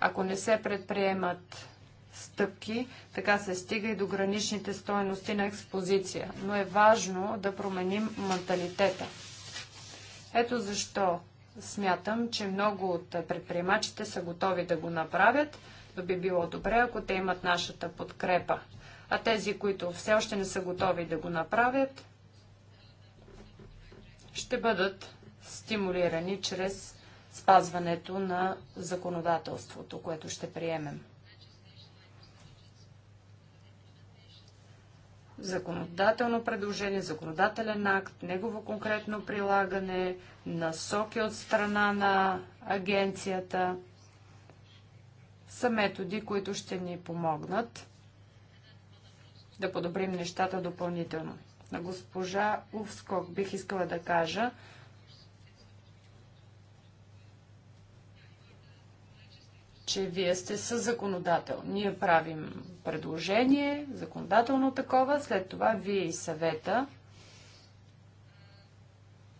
Ако не се предприемат стъпки, така се стига и до граничните стоености на експозиция. Но е важно да променим менталитета. Ето защо смятам, че много от предприемачите са готови да го направят – би било добре, ако те имат нашата подкрепа. А тези, които все още не са готови да го направят, ще бъдат стимулирани чрез спазването на законодателството, което ще приемем. законодателно предложение, законодателен акт, негово конкретно прилагане, насоки от страна на агенцията – са методи, които ще ни помогнат да подобрим нещата допълнително. На госпожа Увскок бих искала да кажа, че вие сте със законодател. Ние правим предложение, законодателно такова, след това вие и съвета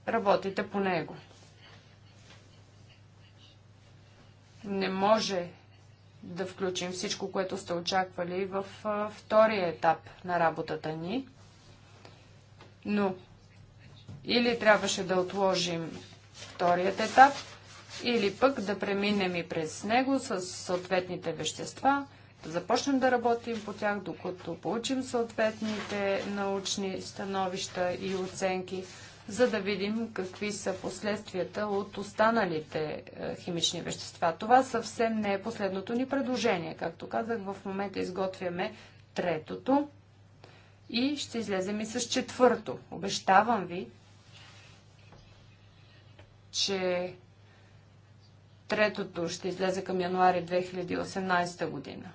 работите по него. Не може да включим всичко, което сте очаквали в втория етап на работата ни. Но или трябваше да отложим вторият етап, или пък да преминем и през него с съответните вещества, да започнем да работим по тях, докато получим съответните научни становища и оценки, за да видим какви са последствията от останалите е, химични вещества. Това съвсем не е последното ни предложение. Както казах, в момента изготвяме третото и ще излезем и с четвърто. Обещавам ви, че третото ще излезе към януари 2018 година.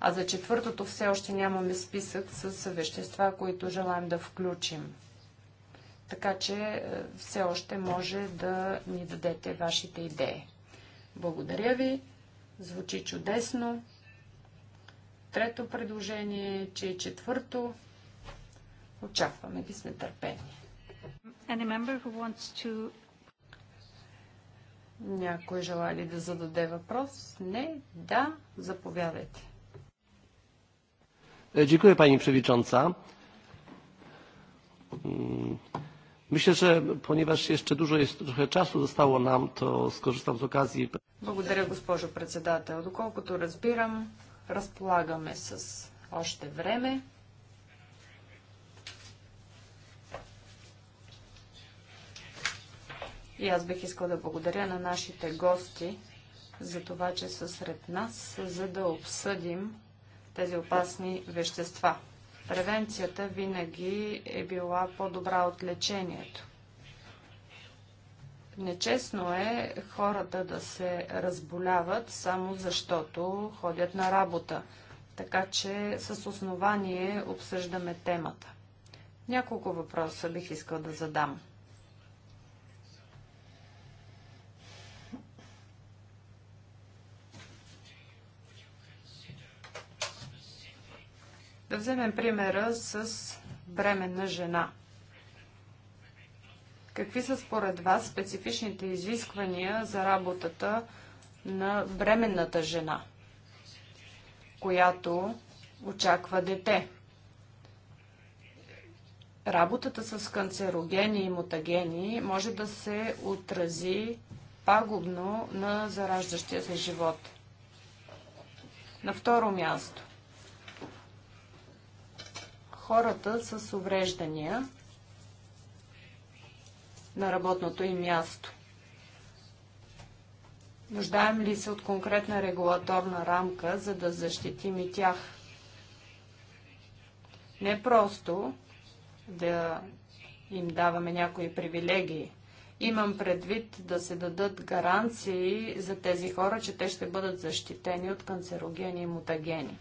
А за четвъртото все още нямаме списък с вещества, които желаем да включим. Така че е, все още може да ни дадете вашите идеи. Благодаря ви. Звучи чудесно. Трето предложение, че и четвърто. Очакваме ги с нетърпение. Някой желая ли да зададе въпрос? Не? Да? Заповядайте. Дякую, е, пани Przewodnicząca. Myślę, że ponieważ jeszcze dużo jest, trochę czasu zostało nam, to skorzystam z okazji. Благодаря, госпожо председател. Доколкото разбирам, разполагаме с още време. И аз бих искал да благодаря на нашите гости за това, че са сред нас, за да обсъдим тези опасни вещества превенцията винаги е била по-добра от лечението. Нечестно е хората да се разболяват само защото ходят на работа, така че с основание обсъждаме темата. Няколко въпроса бих искал да задам. Да вземем примера с бременна жена. Какви са според вас специфичните изисквания за работата на бременната жена, която очаква дете? Работата с канцерогени и мутагени може да се отрази пагубно на зараждащия се живот. На второ място, хората с увреждания на работното им място. Нуждаем ли се от конкретна регулаторна рамка, за да защитим и тях? Не просто да им даваме някои привилегии. Имам предвид да се дадат гаранции за тези хора, че те ще бъдат защитени от канцерогени и мутагени.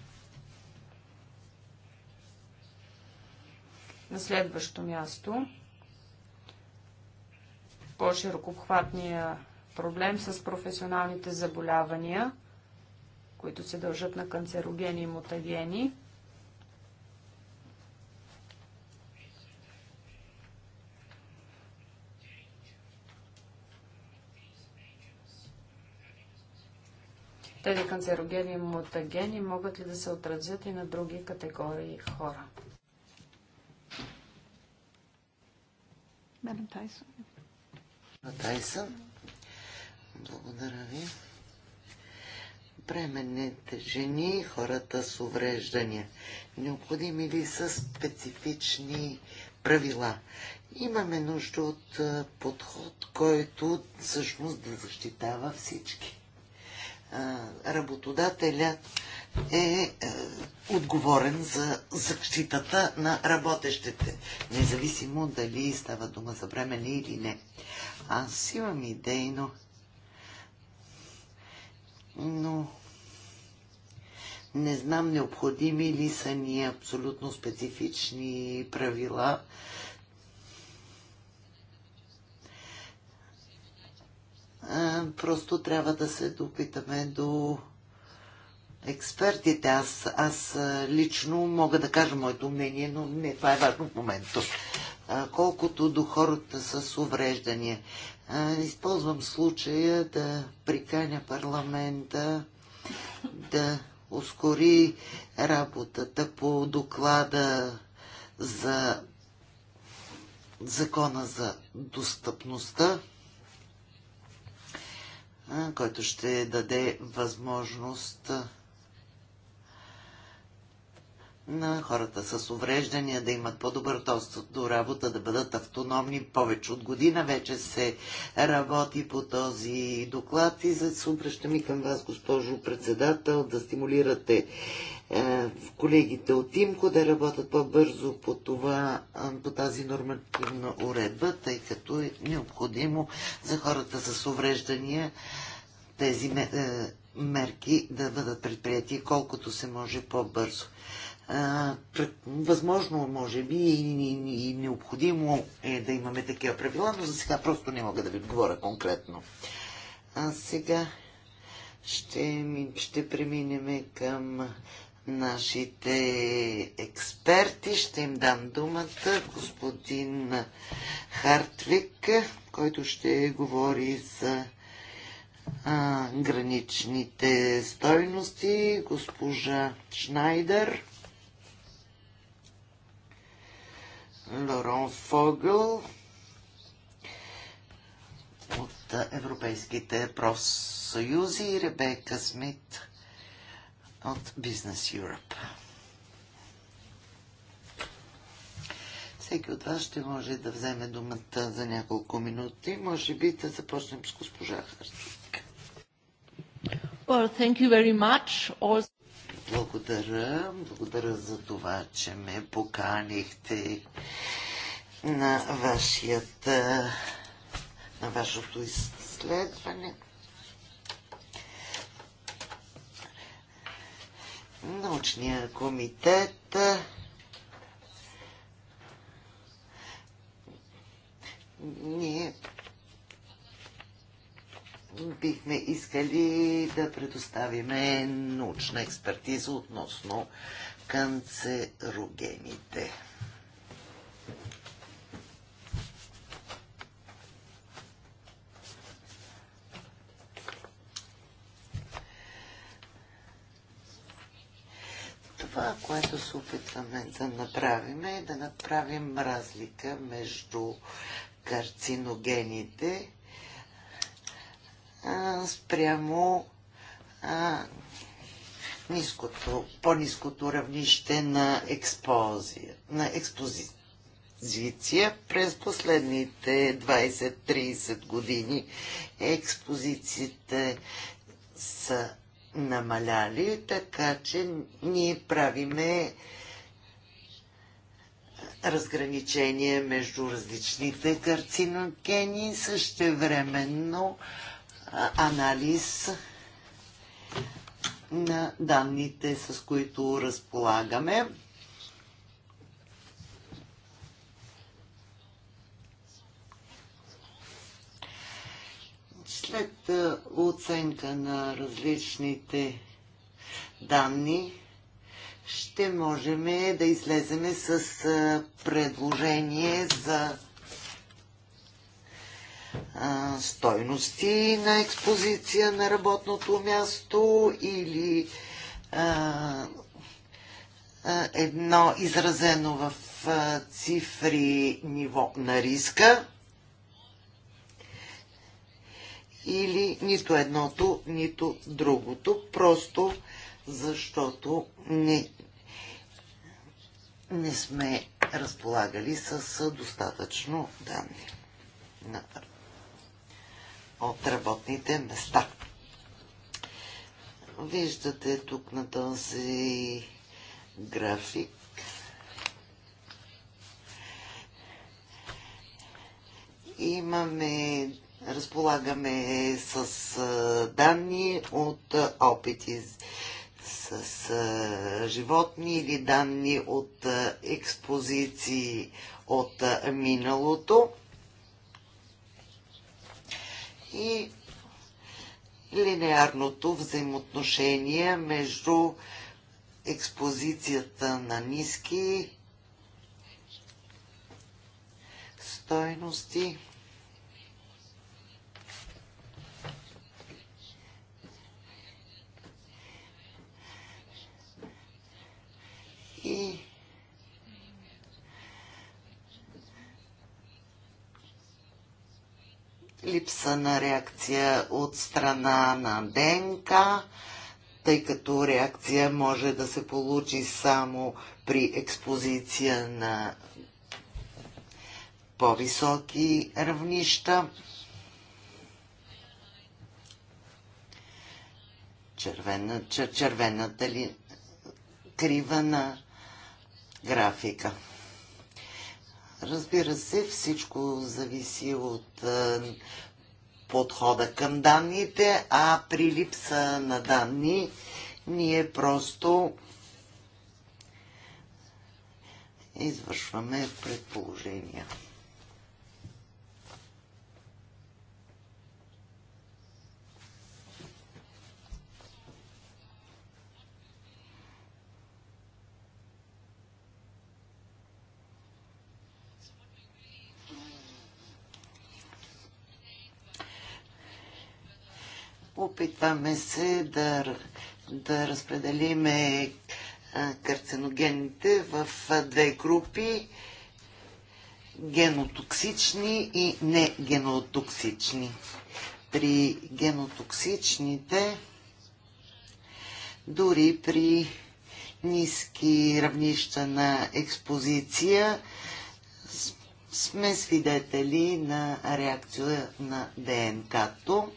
На следващо място по-широко обхватния проблем с професионалните заболявания, които се дължат на канцерогени и мутагени. Тези канцерогени и мутагени могат ли да се отразят и на други категории хора? Мадам Мадам Тайсон, Благодаря ви. Бременните жени, хората с увреждания. Необходими ли са специфични правила? Имаме нужда от подход, който всъщност да защитава всички. Работодателят е, е отговорен за защитата на работещите, независимо дали става дума за бремени или не. Аз имам идейно, но не знам необходими ли са ни абсолютно специфични правила. А, просто трябва да се допитаме до експертите. Аз, аз лично мога да кажа моето мнение, но не, това е важно в момента. Колкото до хората с увреждания, използвам случая да приканя парламента да ускори работата по доклада за закона за достъпността, който ще даде възможност на хората с увреждания да имат по-добър достъп до работа, да бъдат автономни. Повече от година вече се работи по този доклад и за да се обръщам и към вас, госпожо председател, да стимулирате е, колегите от ИМКО да работят по-бързо по, това, е, по тази нормативна уредба, тъй като е необходимо за хората с увреждания тези е, мерки да бъдат предприяти колкото се може по-бързо възможно, може би, и, необходимо е да имаме такива правила, но за сега просто не мога да ви отговоря конкретно. А сега ще, ще преминем към нашите експерти. Ще им дам думата господин Хартвик, който ще говори за а, граничните стойности, госпожа Шнайдер Лорон Фогъл от Европейските профсъюзи и Ребека Смит от Бизнес Europe. Всеки от вас ще може да вземе думата за няколко минути. Може би да започнем с госпожа Хартик. Well, thank you very much. Also... Благодаря. Благодаря за това, че ме поканихте на вашият е, на вашето изследване. Научния комитет е, ние бихме искали да предоставиме научна експертиза относно канцерогените. Това, което се опитваме да направим е да направим разлика между карциногените а, спрямо а, ниското, по низкото равнище на, експозия, на експозиция. През последните 20-30 години експозициите са намаляли, така че ние правиме разграничение между различните карциногени, същевременно временно анализ на данните, с които разполагаме. След оценка на различните данни, ще можем да излеземе с предложение за а, стойности на експозиция на работното място или а, а, едно изразено в а, цифри ниво на риска или нито едното, нито другото, просто защото не, не сме разполагали с достатъчно данни на от работните места. Виждате тук на този график имаме, разполагаме с данни от опити с, животни или данни от експозиции от миналото и линеарното взаимоотношение между експозицията на ниски стойности и липса на реакция от страна на ДНК, тъй като реакция може да се получи само при експозиция на по-високи равнища. Червена, червената ли крива на графика. Разбира се, всичко зависи от е, подхода към данните, а при липса на данни ние просто извършваме предположения. Опитваме се да, да разпределиме карциногените в две групи генотоксични и негенотоксични. При генотоксичните дори при ниски равнища на експозиция сме свидетели на реакция на ДНК-то.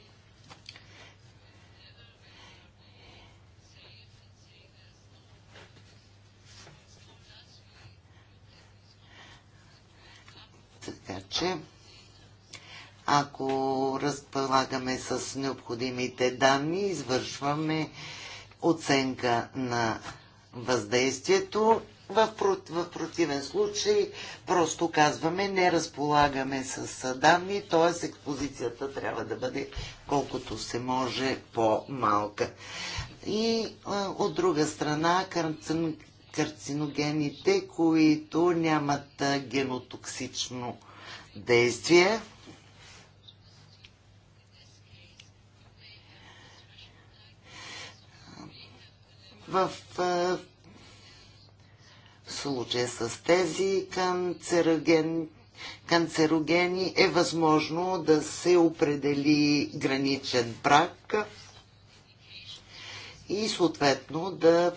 Така че, ако разполагаме с необходимите данни, извършваме оценка на въздействието. В, в противен случай просто казваме, не разполагаме с данни, т.е. експозицията трябва да бъде колкото се може по-малка. И от друга страна, карциногените, които нямат генотоксично действие. В случая с тези канцероген, канцерогени е възможно да се определи граничен прак и съответно да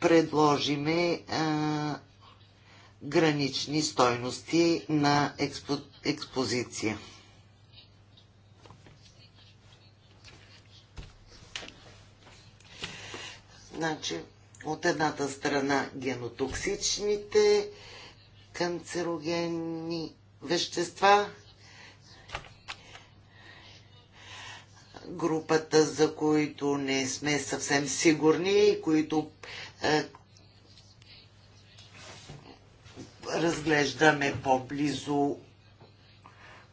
предложиме а, гранични стойности на експо, експозиция. Значи, от едната страна генотоксичните канцерогенни вещества, групата, за които не сме съвсем сигурни и които е, разглеждаме по-близо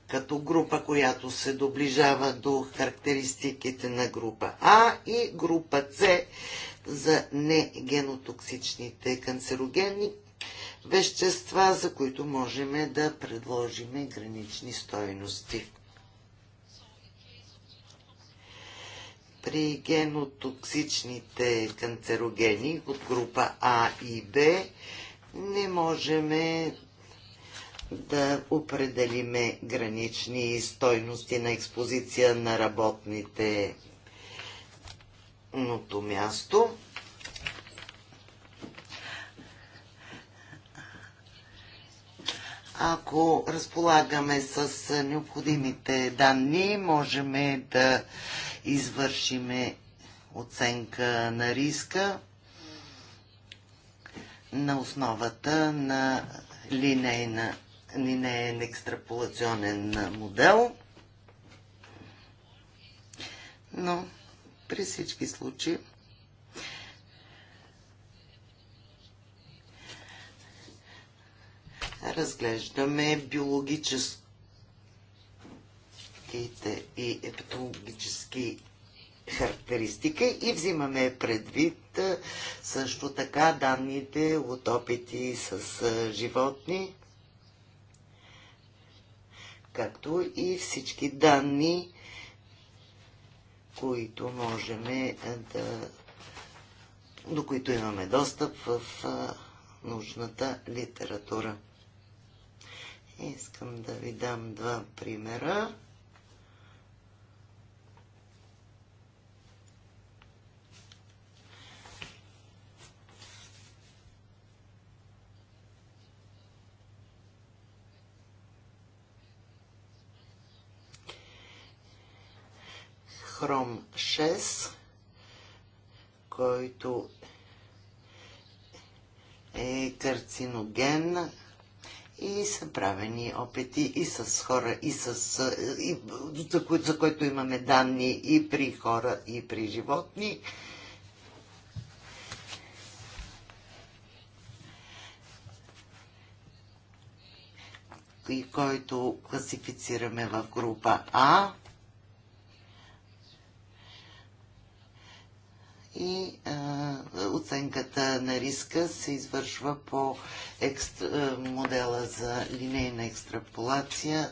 като група, която се доближава до характеристиките на група А и група С за негенотоксичните канцерогени вещества, за които можем да предложим гранични стойности. При генотоксичните канцерогени от група А и Б не можем да определиме гранични стойности на експозиция на работните ното място. Ако разполагаме с необходимите данни, можем да извършиме оценка на риска на основата на линейна, линейен екстраполационен модел. Но при всички случаи разглеждаме биологическите и епитологически характеристика и взимаме предвид също така данните от опити с животни, както и всички данни, които можем да до които имаме достъп в нужната литература. Искам да ви дам два примера. Хром 6, който е карциноген и са правени опити и с хора, и с... И, за, кои, за което имаме данни и при хора, и при животни. и който класифицираме в група А. и а, оценката на риска се извършва по модела за линейна екстраполация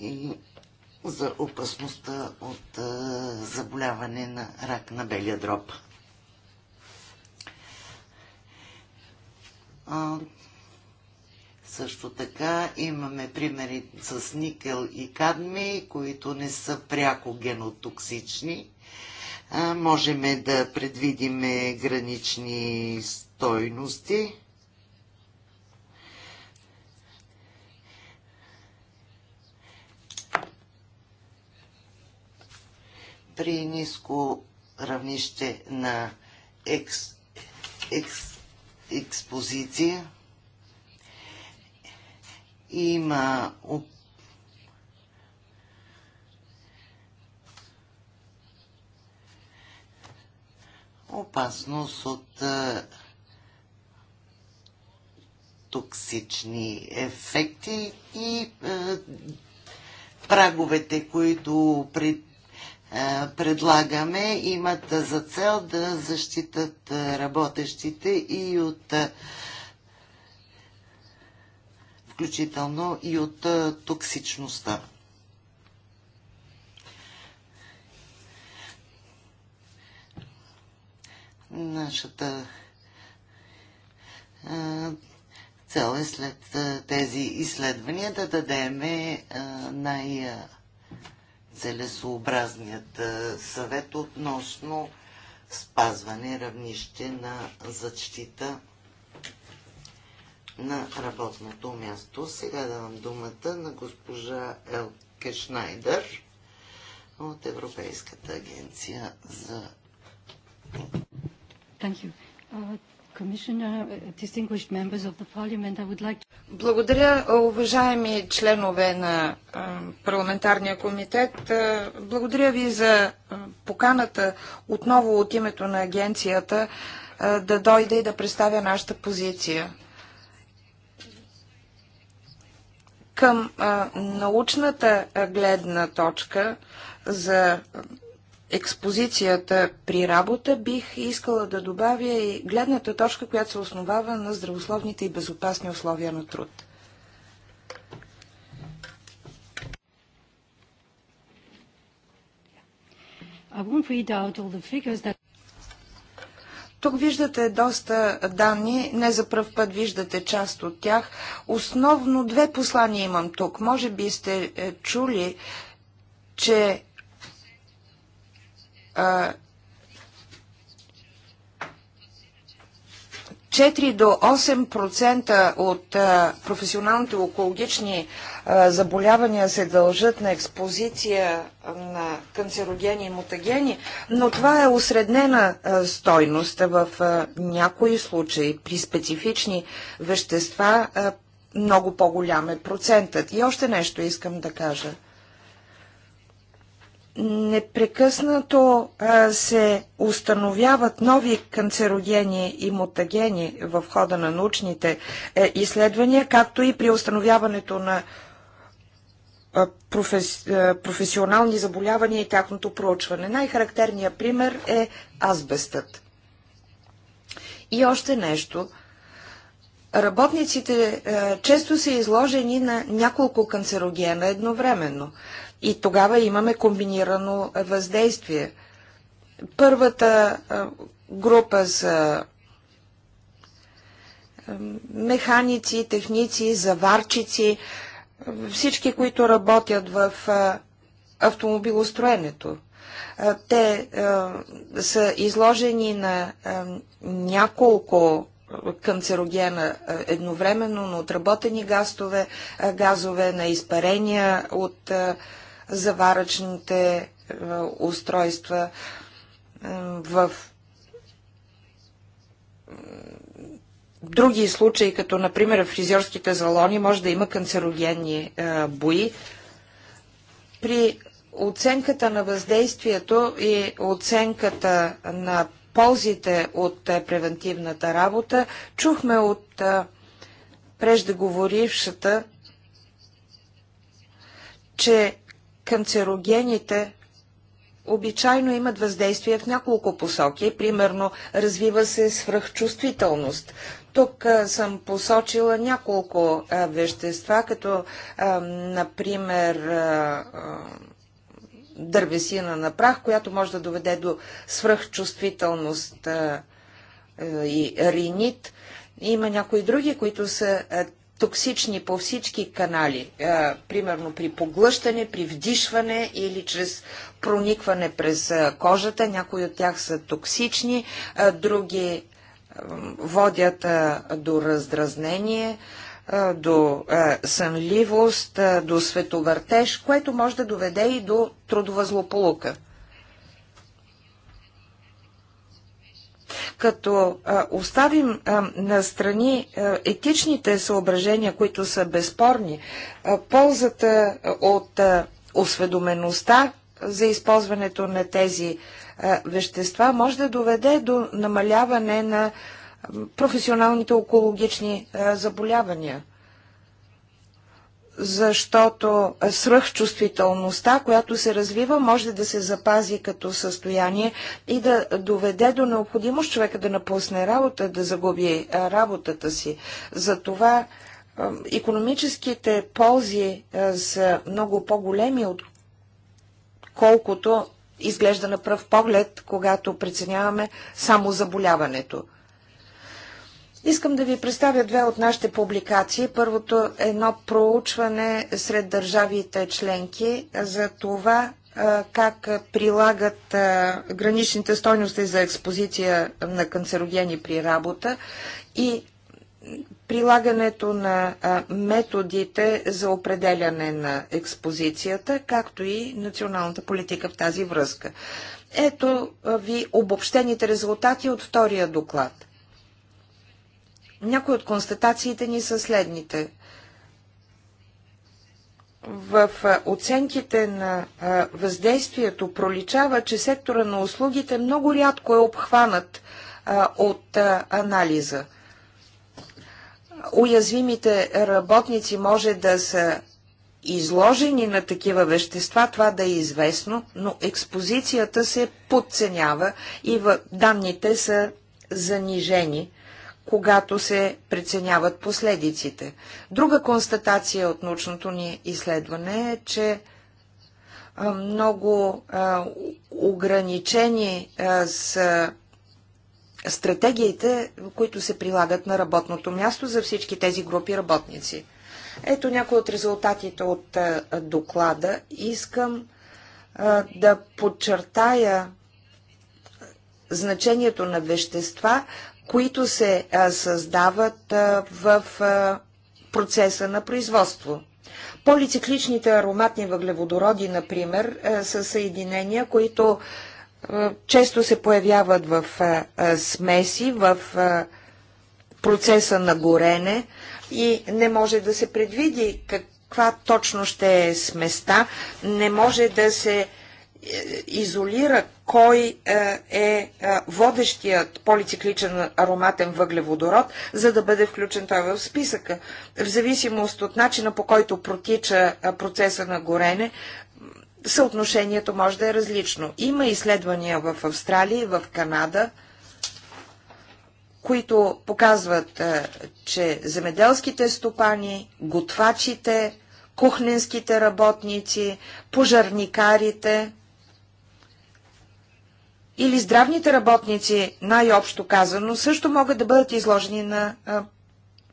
и за опасността от а, заболяване на рак на белия дроб. Също така имаме примери с никел и кадми, които не са пряко генотоксични. Можеме да предвидиме гранични стойности. при ниско равнище на екс, екс, експозиция има опасност от токсични ефекти и праговете, които предлагаме, имат за цел да защитат работещите и от включително и от токсичността. Нашата цел е след тези изследвания да дадеме най-целесообразният съвет относно спазване равнище на защита на работното място. Сега давам думата на госпожа Елке Шнайдер от Европейската агенция за... Thank you. Uh, uh, благодаря, уважаеми членове на парламентарния комитет. Благодаря ви за поканата отново от името на агенцията да дойде и да представя нашата позиция. към а, научната гледна точка за експозицията при работа, бих искала да добавя и гледната точка, която се основава на здравословните и безопасни условия на труд. I won't read out all the figures that тук виждате доста данни, не за пръв път виждате част от тях. Основно две послания имам тук. Може би сте е, чули, че 4 до 8% от а, професионалните окологични заболявания се дължат на експозиция на канцерогени и мутагени, но това е осреднена а, стойност в а, някои случаи при специфични вещества много по-голям е процентът. И още нещо искам да кажа – непрекъснато а, се установяват нови канцерогени и мутагени в хода на научните е, изследвания, както и при установяването на професионални заболявания и тяхното проучване. Най-характерният пример е азбестът. И още нещо. Работниците е, често са изложени на няколко канцерогена едновременно. И тогава имаме комбинирано въздействие. Първата група са механици, техници, заварчици, всички, които работят в автомобилостроенето. Те са изложени на няколко канцерогена едновременно, на отработени газове, газове на изпарения от Заварачните е, устройства е, в други случаи, като например в фризьорските залони, може да има канцерогенни е, бои. При оценката на въздействието и оценката на ползите от превентивната работа, чухме от преждеговорившата, че канцерогените обичайно имат въздействие в няколко посоки. Примерно, развива се свръхчувствителност. Тук а, съм посочила няколко а, вещества, като, а, например, дървесина на прах, която може да доведе до свръхчувствителност и ринит. Има някои други, които са токсични по всички канали, а, е, примерно при поглъщане, при вдишване или чрез проникване през е, кожата. Някои от тях са токсични, а, е, други а, водят а, до раздразнение, а, до а, сънливост, а, до световъртеж, което може да доведе и до трудова злополука. като оставим на страни етичните съображения, които са безспорни, ползата от осведомеността за използването на тези вещества може да доведе до намаляване на професионалните окологични заболявания защото свръхчувствителността, която се развива, може да се запази като състояние и да доведе до необходимост човека да напусне работа, да загуби работата си. Затова економическите ползи са много по-големи, отколкото изглежда на пръв поглед, когато преценяваме само заболяването. Искам да ви представя две от нашите публикации. Първото е едно проучване сред държавите членки за това как прилагат граничните стойности за експозиция на канцерогени при работа и прилагането на методите за определяне на експозицията, както и националната политика в тази връзка. Ето ви обобщените резултати от втория доклад. Някои от констатациите ни са следните. В оценките на въздействието проличава, че сектора на услугите много рядко е обхванат от анализа. Уязвимите работници може да са изложени на такива вещества, това да е известно, но експозицията се подценява и данните са занижени когато се преценяват последиците. Друга констатация от научното ни изследване е, че много а, ограничени а, с стратегиите, които се прилагат на работното място за всички тези групи работници. Ето някои от резултатите от а, доклада. Искам да подчертая значението на вещества, които се създават в процеса на производство. Полицикличните ароматни въглеводороди, например, са съединения, които често се появяват в смеси, в процеса на горене и не може да се предвиди каква точно ще е сместа, не може да се изолира кой е, е, е водещият полицикличен ароматен въглеводород, за да бъде включен той в списъка. В зависимост от начина по който протича е, процеса на горене, съотношението може да е различно. Има изследвания в Австралия и в Канада, които показват, че земеделските стопани, готвачите, кухненските работници, пожарникарите – или здравните работници, най-общо казано, също могат да бъдат изложени на а,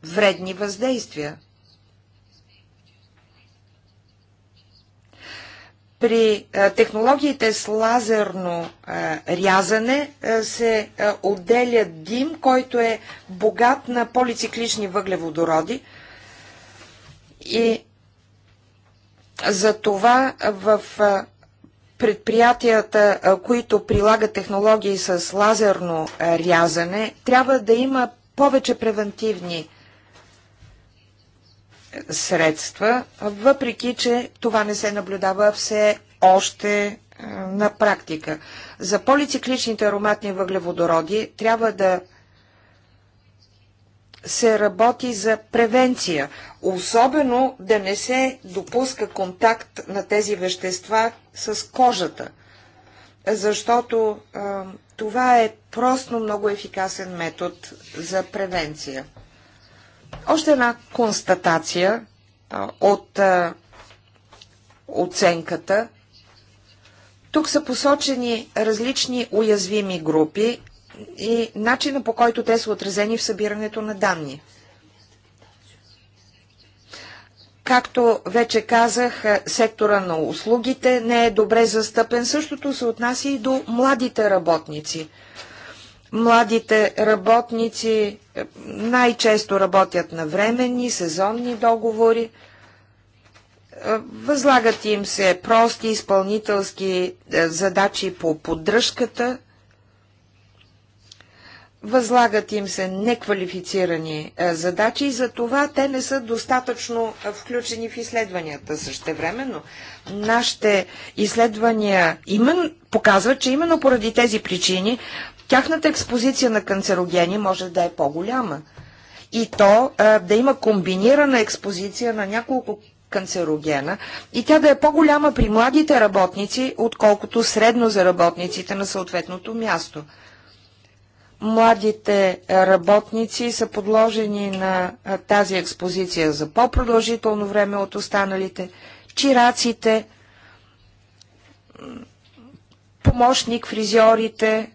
вредни въздействия. При а, технологиите с лазерно а, рязане а, се а, отделя дим, който е богат на полициклични въглеводороди и за това в а, предприятията, които прилагат технологии с лазерно рязане, трябва да има повече превентивни средства, въпреки че това не се наблюдава все още на практика. За полицикличните ароматни въглеводороди трябва да се работи за превенция, особено да не се допуска контакт на тези вещества с кожата, защото а, това е просто много ефикасен метод за превенция. Още една констатация а, от а, оценката. Тук са посочени различни уязвими групи, и начина по който те са отразени в събирането на данни. Както вече казах, е, сектора на услугите не е добре застъпен. Същото се отнася и до младите работници. Младите работници е, най-често работят на временни, сезонни договори. Е, възлагат им се прости изпълнителски задачи по поддръжката – Възлагат им се неквалифицирани е, задачи и за това те не са достатъчно е, включени в изследванията същевременно. Нашите изследвания именно, показват, че именно поради тези причини тяхната експозиция на канцерогени може да е по-голяма. И то е, да има комбинирана експозиция на няколко канцерогена и тя да е по-голяма при младите работници, отколкото средно за работниците на съответното място – младите работници са подложени на тази експозиция за по-продължително време от останалите, чираците, помощник, фризьорите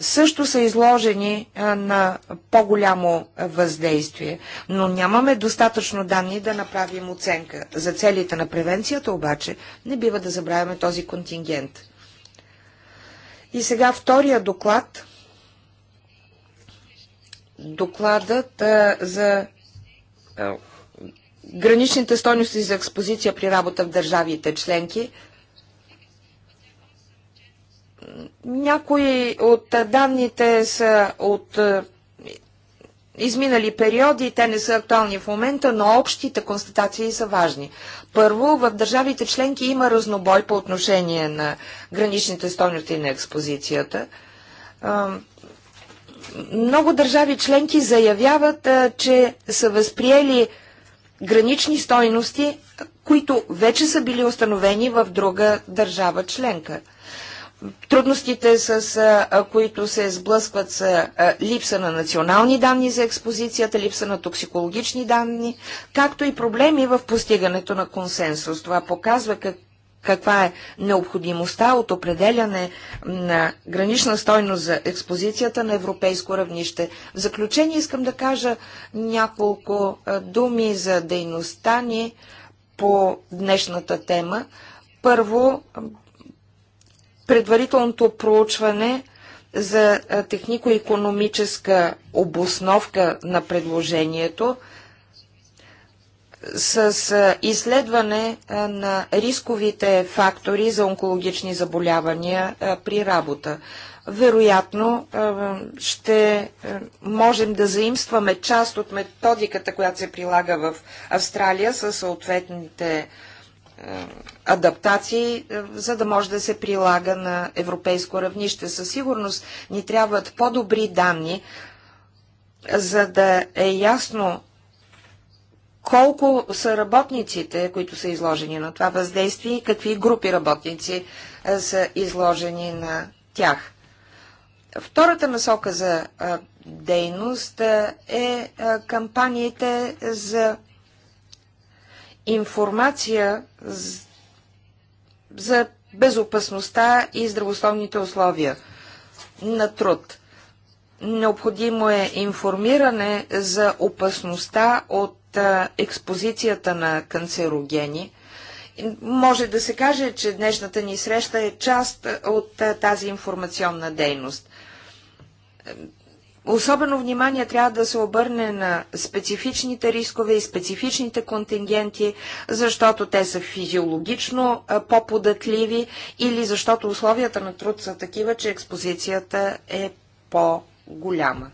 също са изложени на по-голямо въздействие, но нямаме достатъчно данни да направим оценка. За целите на превенцията обаче не бива да забравяме този контингент – и сега втория доклад. Докладът а, за а, граничните стойности за експозиция при работа в държавите членки. Някои от данните са от изминали периоди и те не са актуални в момента, но общите констатации са важни. Първо, в държавите членки има разнобой по отношение на граничните стойности на експозицията. Много държави членки заявяват, че са възприели гранични стойности, които вече са били установени в друга държава членка. Трудностите, с които се сблъскват са липса на национални данни за експозицията, липса на токсикологични данни, както и проблеми в постигането на консенсус. Това показва как, каква е необходимостта от определяне на гранична стойност за експозицията на европейско равнище. В заключение искам да кажа няколко думи за дейността ни по днешната тема. Първо, предварителното проучване за технико-економическа обосновка на предложението с изследване на рисковите фактори за онкологични заболявания при работа. Вероятно ще можем да заимстваме част от методиката, която се прилага в Австралия със съответните е, адаптации, е, за да може да се прилага на европейско равнище. Със сигурност ни трябват по-добри данни, за да е ясно колко са работниците, които са изложени на това въздействие и какви групи работници е, са изложени на тях. Втората насока за дейност е кампаниите за информация за безопасността и здравословните условия на труд. Необходимо е информиране за опасността от експозицията на канцерогени. Може да се каже, че днешната ни среща е част от тази информационна дейност Особено внимание трябва да се обърне на специфичните рискове и специфичните контингенти, защото те са физиологично по-податливи или защото условията на труд са такива, че експозицията е по-голяма.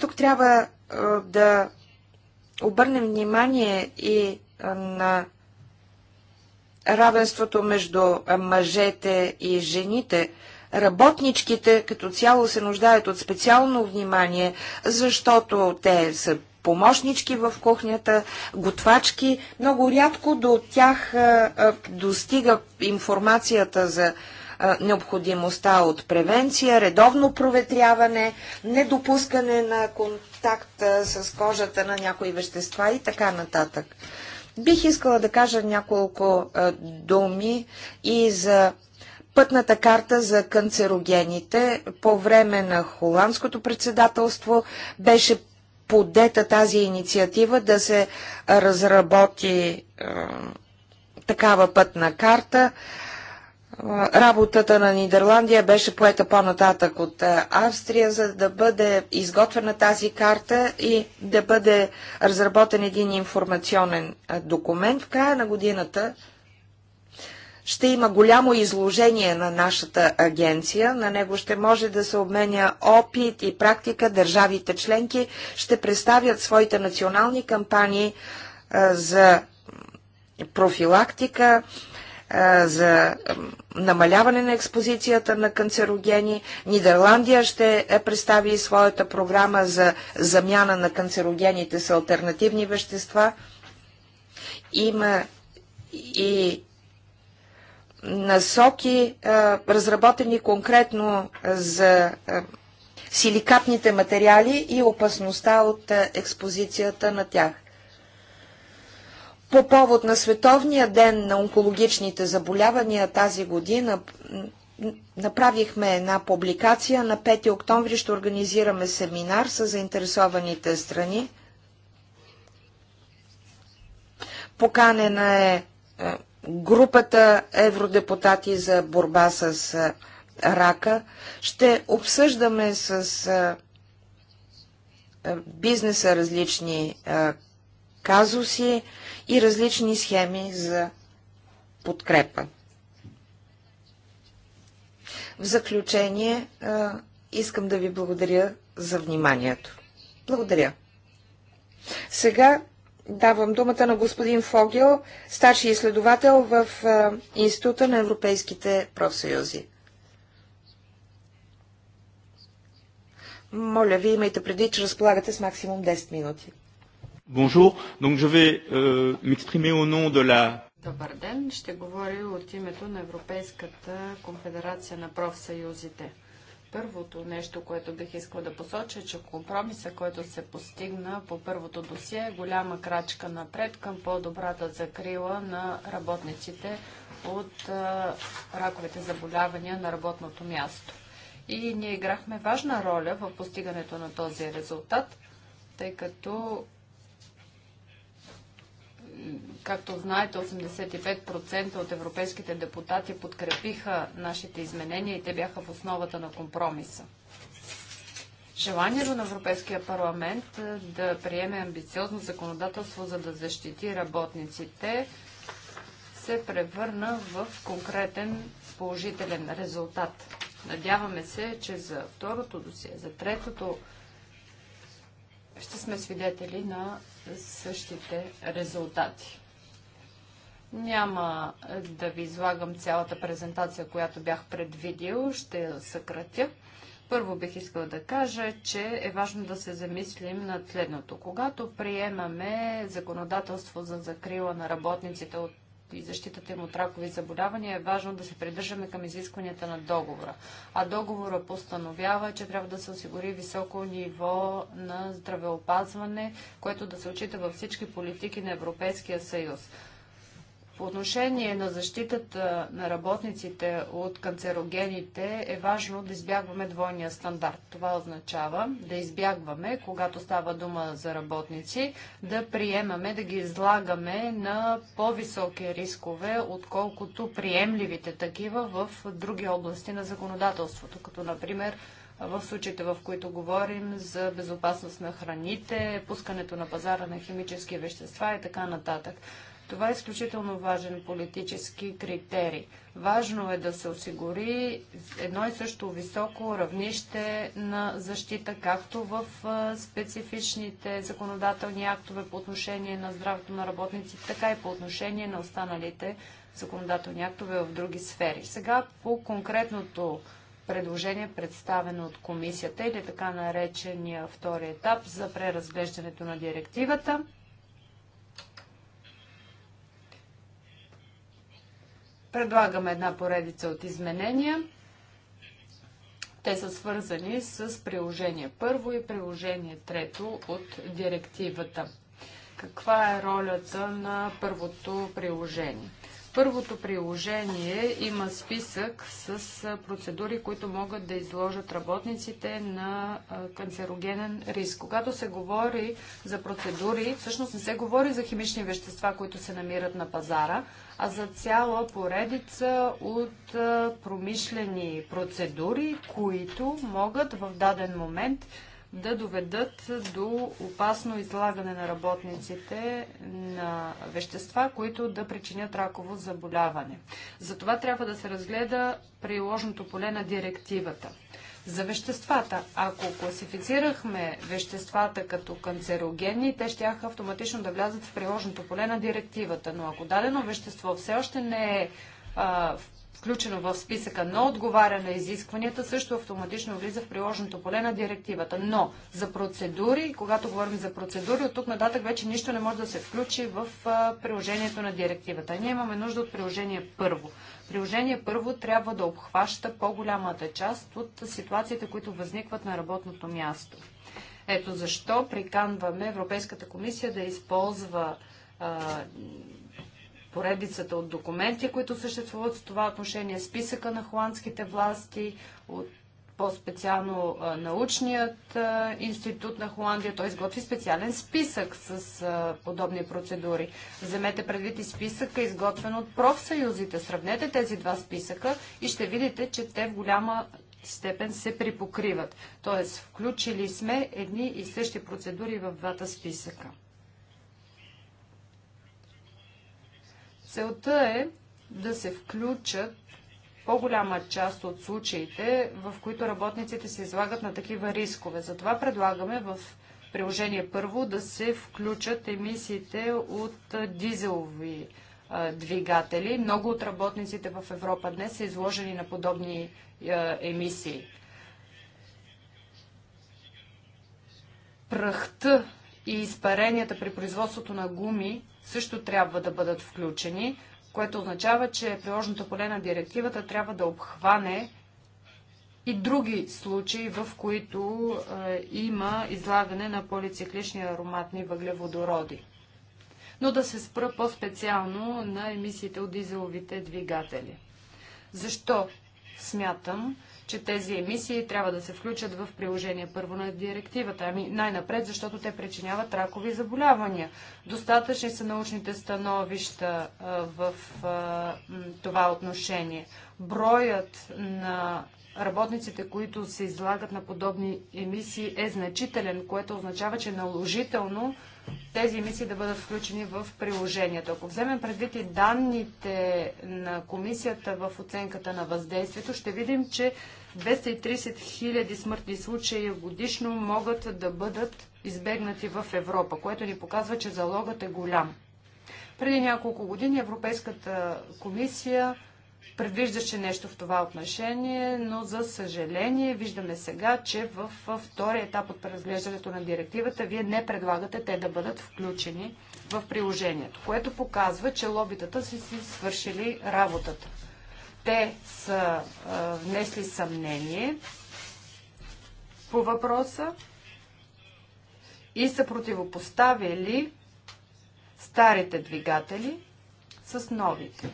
Тук трябва да обърнем внимание и на равенството между мъжете и жените – Работничките като цяло се нуждаят от специално внимание, защото те са помощнички в кухнята, готвачки. Много рядко до тях достига информацията за необходимостта от превенция, редовно проветряване, недопускане на контакт с кожата на някои вещества и така нататък. Бих искала да кажа няколко думи и за пътната карта за канцерогените по време на холандското председателство беше подета тази инициатива да се разработи е, такава пътна карта. Е, работата на Нидерландия беше поета по-нататък от е, Австрия, за да бъде изготвена тази карта и да бъде разработен един информационен е, документ. В края на годината ще има голямо изложение на нашата агенция. На него ще може да се обменя опит и практика. Държавите членки ще представят своите национални кампании за профилактика, за намаляване на експозицията на канцерогени. Нидерландия ще е, представи своята програма за замяна на канцерогените с альтернативни вещества. Има и насоки, разработени конкретно за силикатните материали и опасността от експозицията на тях. По повод на Световния ден на онкологичните заболявания тази година направихме една публикация. На 5 октомври ще организираме семинар с заинтересованите страни. Поканена е групата евродепутати за борба с рака. Ще обсъждаме с бизнеса различни казуси и различни схеми за подкрепа. В заключение искам да ви благодаря за вниманието. Благодаря. Сега Давам думата на господин Фогел, старши изследовател в е, Института на Европейските профсъюзи. Моля ви, имайте преди, че разполагате с максимум 10 минути. Bonjour, donc je vais euh, m'exprimer au nom de la... Добър ден, ще говоря от името на Европейската конфедерация на профсъюзите. Първото нещо, което бих искал да посоча, е, че компромиса, който се постигна по първото досие е голяма крачка напред към по-добрата закрила на работниците от раковите заболявания на работното място. И ние играхме важна роля в постигането на този резултат, тъй като Както знаете, 85% от европейските депутати подкрепиха нашите изменения и те бяха в основата на компромиса. Желанието на Европейския парламент е, да приеме амбициозно законодателство, за да защити работниците, се превърна в конкретен положителен резултат. Надяваме се, че за второто досие, за третото досие, ще сме свидетели на същите резултати. Няма да ви излагам цялата презентация, която бях предвидил, ще я съкратя. Първо бих искала да кажа, че е важно да се замислим над следното. Когато приемаме законодателство за закрила на работниците от и защитата им от ракови заболявания, е важно да се придържаме към изискванията на договора. А договора постановява, че трябва да се осигури високо ниво на здравеопазване, което да се отчита във всички политики на Европейския съюз. По отношение на защитата на работниците от канцерогените е важно да избягваме двойния стандарт. Това означава да избягваме, когато става дума за работници, да приемаме, да ги излагаме на по-високи рискове, отколкото приемливите такива в други области на законодателството, като например в случаите, в които говорим за безопасност на храните, пускането на пазара на химически вещества и така нататък. Това е изключително важен политически критерий. Важно е да се осигури едно и също високо равнище на защита, както в специфичните законодателни актове по отношение на здравето на работниците, така и по отношение на останалите законодателни актове в други сфери. Сега по конкретното предложение, представено от комисията или така наречения втори етап за преразглеждането на директивата. Предлагаме една поредица от изменения. Те са свързани с приложение първо и приложение трето от директивата. Каква е ролята на първото приложение? първото приложение има списък с процедури, които могат да изложат работниците на канцерогенен риск. Когато се говори за процедури, всъщност не се говори за химични вещества, които се намират на пазара, а за цяла поредица от промишлени процедури, които могат в даден момент да доведат до опасно излагане на работниците на вещества, които да причинят раково заболяване. Затова трябва да се разгледа приложното поле на директивата. За веществата. Ако класифицирахме веществата като канцерогенни, те ще автоматично да влязат в приложното поле на директивата. Но ако дадено вещество все още не е а, включено в списъка, но отговаря на изискванията, също автоматично влиза в приложеното поле на директивата. Но за процедури, когато говорим за процедури, от тук нататък вече нищо не може да се включи в приложението на директивата. Ние имаме нужда от приложение първо. Приложение първо трябва да обхваща по-голямата част от ситуациите, които възникват на работното място. Ето защо приканваме Европейската комисия да използва а, поредицата от документи, които съществуват в това отношение, списъка на холандските власти, от по-специално научният институт на Холандия. Той изготви специален списък с подобни процедури. Вземете предвид и списъка, изготвен от профсъюзите. Сравнете тези два списъка и ще видите, че те в голяма степен се припокриват. Тоест, включили сме едни и същи процедури в двата списъка. Целта е да се включат по-голяма част от случаите, в които работниците се излагат на такива рискове. Затова предлагаме в приложение първо да се включат емисиите от дизелови двигатели. Много от работниците в Европа днес са изложени на подобни емисии. Пръхта и изпаренията при производството на гуми също трябва да бъдат включени, което означава, че приложното поле на директивата трябва да обхване и други случаи, в които е, има излагане на полициклични ароматни въглеводороди. Но да се спра по-специално на емисиите от дизеловите двигатели. Защо смятам, че тези емисии трябва да се включат в приложение първо на директивата. Ами най-напред, защото те причиняват ракови заболявания. Достатъчни са научните становища в това отношение. Броят на работниците, които се излагат на подобни емисии е значителен, което означава, че е наложително тези емисии да бъдат включени в приложението. Ако вземем предвид и данните на комисията в оценката на въздействието, ще видим, че 230 000 смъртни случаи годишно могат да бъдат избегнати в Европа, което ни показва, че залогът е голям. Преди няколко години Европейската комисия предвиждаше нещо в това отношение, но за съжаление виждаме сега, че в втория етап от преразглеждането на директивата вие не предлагате те да бъдат включени в приложението, което показва, че лобитата са си свършили работата. Те са а, внесли съмнение по въпроса и са противопоставили старите двигатели с новите.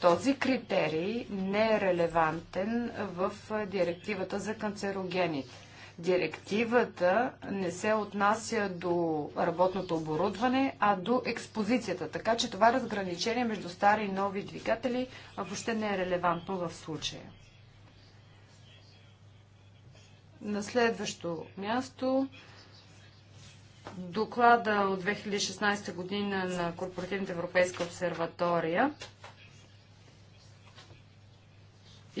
Този критерий не е релевантен в директивата за канцерогените. Директивата не се отнася до работното оборудване, а до експозицията. Така че това разграничение между стари и нови двигатели въобще не е релевантно в случая. На следващо място доклада от 2016 година на Корпоративната европейска обсерватория –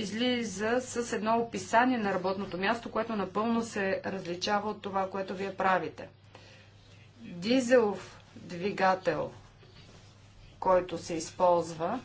излиза с едно описание на работното място, което напълно се различава от това, което вие правите. Дизелов двигател, който се използва,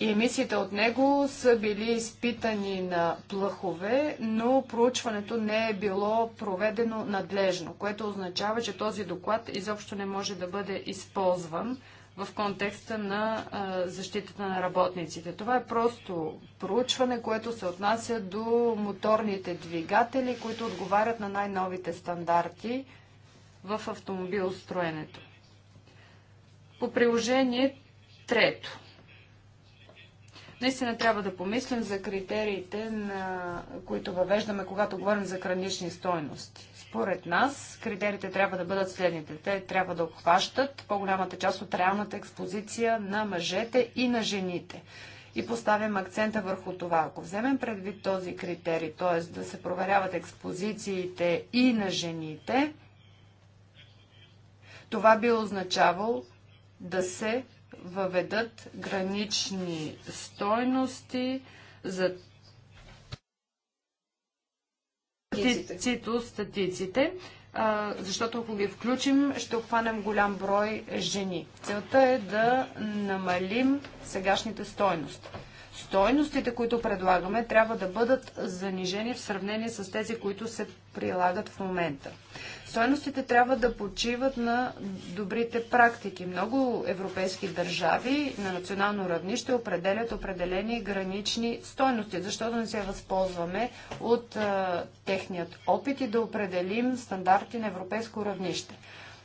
и емисиите от него са били изпитани на плъхове, но проучването не е било проведено надлежно, което означава, че този доклад изобщо не може да бъде използван в контекста на защитата на работниците. Това е просто проучване, което се отнася до моторните двигатели, които отговарят на най-новите стандарти в автомобилостроенето. По приложение трето. Наистина трябва да помислим за критериите, на които въвеждаме, когато говорим за гранични стойности. Според нас критериите трябва да бъдат следните. Те трябва да обхващат по-голямата част от реалната експозиция на мъжете и на жените. И поставям акцента върху това. Ако вземем предвид този критерий, т.е. да се проверяват експозициите и на жените, това би означавало да се въведат гранични стойности за цитостатиците, защото ако ги включим, ще обхванем голям брой жени. Целта е да намалим сегашните стойности. Стойностите, които предлагаме, трябва да бъдат занижени в сравнение с тези, които се прилагат в момента. Стойностите трябва да почиват на добрите практики. Много европейски държави на национално равнище определят определени гранични стойности. защото не се възползваме от а, техният опит и да определим стандарти на европейско равнище?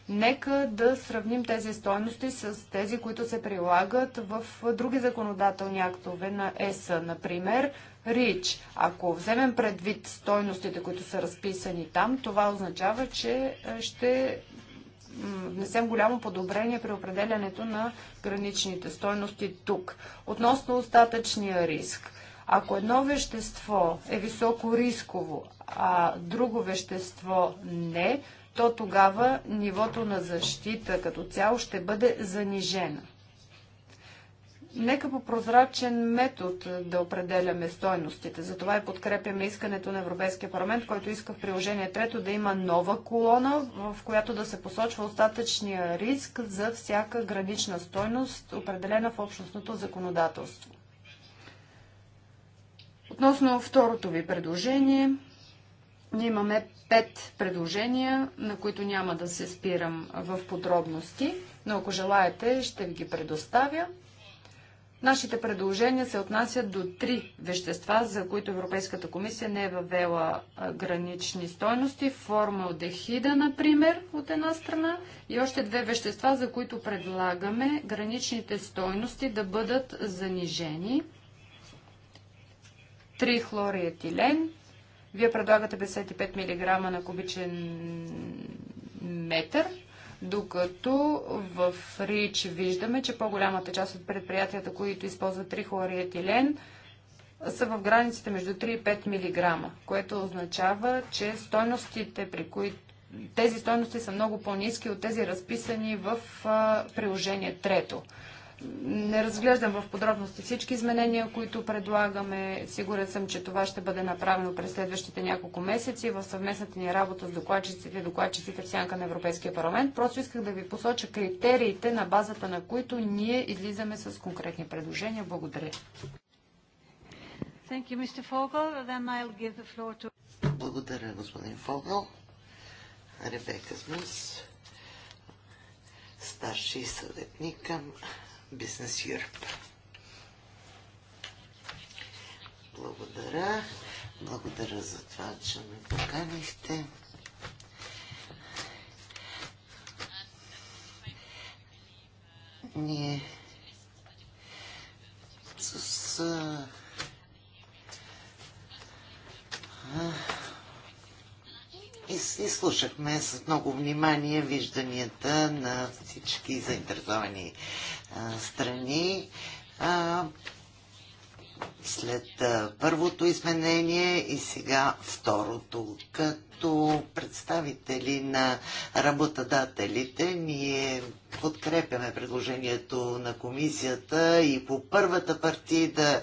Нека да сравним тези стойности с тези, които се прилагат в други законодателни актове на ЕС, например РИЧ. Ако вземем предвид стойностите, които са разписани там, това означава, че е, ще внесем голямо подобрение при определянето на граничните стойности тук. Относно остатъчния риск. Ако едно вещество е високо рисково, а друго вещество не, то тогава нивото на защита като цяло ще бъде занижено. Нека по прозрачен метод да определяме стойностите. Затова и подкрепяме искането на Европейския парламент, който иска в приложение трето да има нова колона, в която да се посочва остатъчния риск за всяка гранична стойност, определена в общностното законодателство. Относно второто ви предложение, ние имаме пет предложения, на които няма да се спирам в подробности, но ако желаете, ще ви ги предоставя. Нашите предложения се отнасят до три вещества, за които Европейската комисия не е въвела гранични стойности. Формалдехида, например, от една страна, и още две вещества, за които предлагаме граничните стойности да бъдат занижени. Трихлориетилен. Вие предлагате 55 мг на кубичен метър докато в РИЧ виждаме, че по-голямата част от предприятията, които използват трихлориетилен, са в границите между 3 и 5 мг, което означава, че стойностите, при които тези стойности са много по-низки от тези разписани в приложение трето. Не разглеждам в подробности всички изменения, които предлагаме. Сигурен съм, че това ще бъде направено през следващите няколко месеци в съвместната ни работа с докладчиците, докладчиците в сянка на Европейския парламент. Просто исках да ви посоча критериите, на базата на които ние излизаме с конкретни предложения. Благодаря. You, to... Благодаря, господин Фогъл. Ребека Смис, старши съветник към Бизнес Юрп. Благодаря. Благодаря за това, че ме поканихте. Ние с а, а, слушахме с много внимание вижданията на всички заинтересовани страни. След първото изменение и сега второто. Като представители на работодателите, ние подкрепяме предложението на комисията и по първата партида,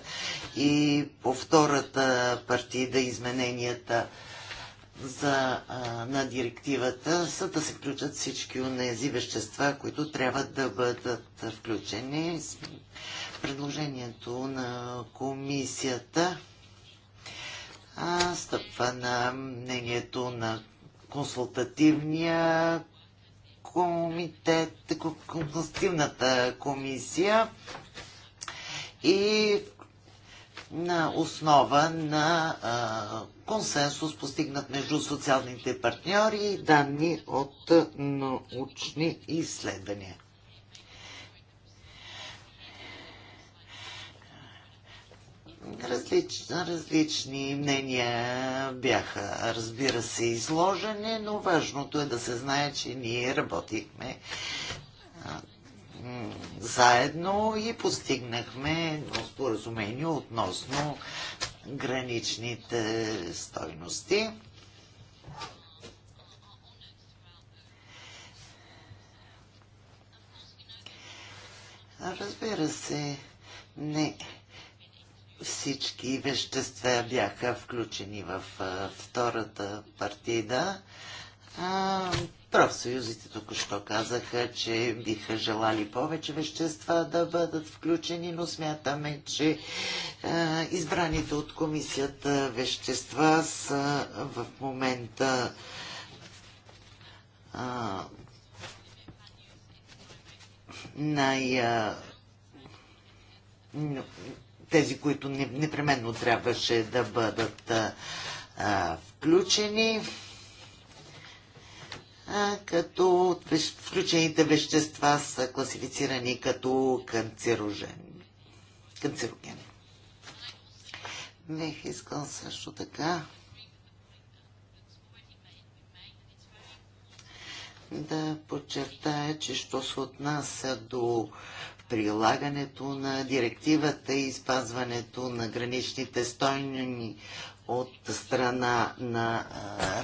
и по втората партида измененията за, а, на директивата, са да се включат всички от тези вещества, които трябва да бъдат включени. Предложението на комисията а, стъпва на мнението на консултативния комитет, консултативната комисия и на основа на а, консенсус, постигнат между социалните партньори и данни от научни изследвания. Различ, различни мнения бяха, разбира се, изложени, но важното е да се знае, че ние работихме заедно и постигнахме едно споразумение относно граничните стойности. Разбира се, не всички вещества бяха включени в втората партида. Профсъюзите току-що казаха, че биха желали повече вещества да бъдат включени, но смятаме, че избраните от комисията вещества са в момента най- тези, които непременно трябваше да бъдат е, включени като включените вещества са класифицирани като канцерожени. канцерогени. Бих искал също така да подчертая, че що се отнася до прилагането на директивата и спазването на граничните стойни от страна на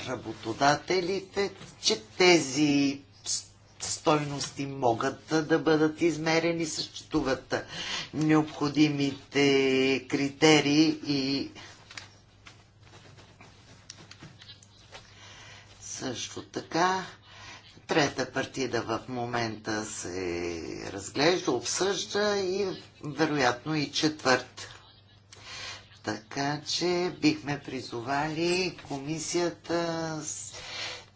работодателите, че тези стойности могат да бъдат измерени, съществуват необходимите критерии и също така трета партида в момента се разглежда, обсъжда и вероятно и четвърта. Така че бихме призовали комисията,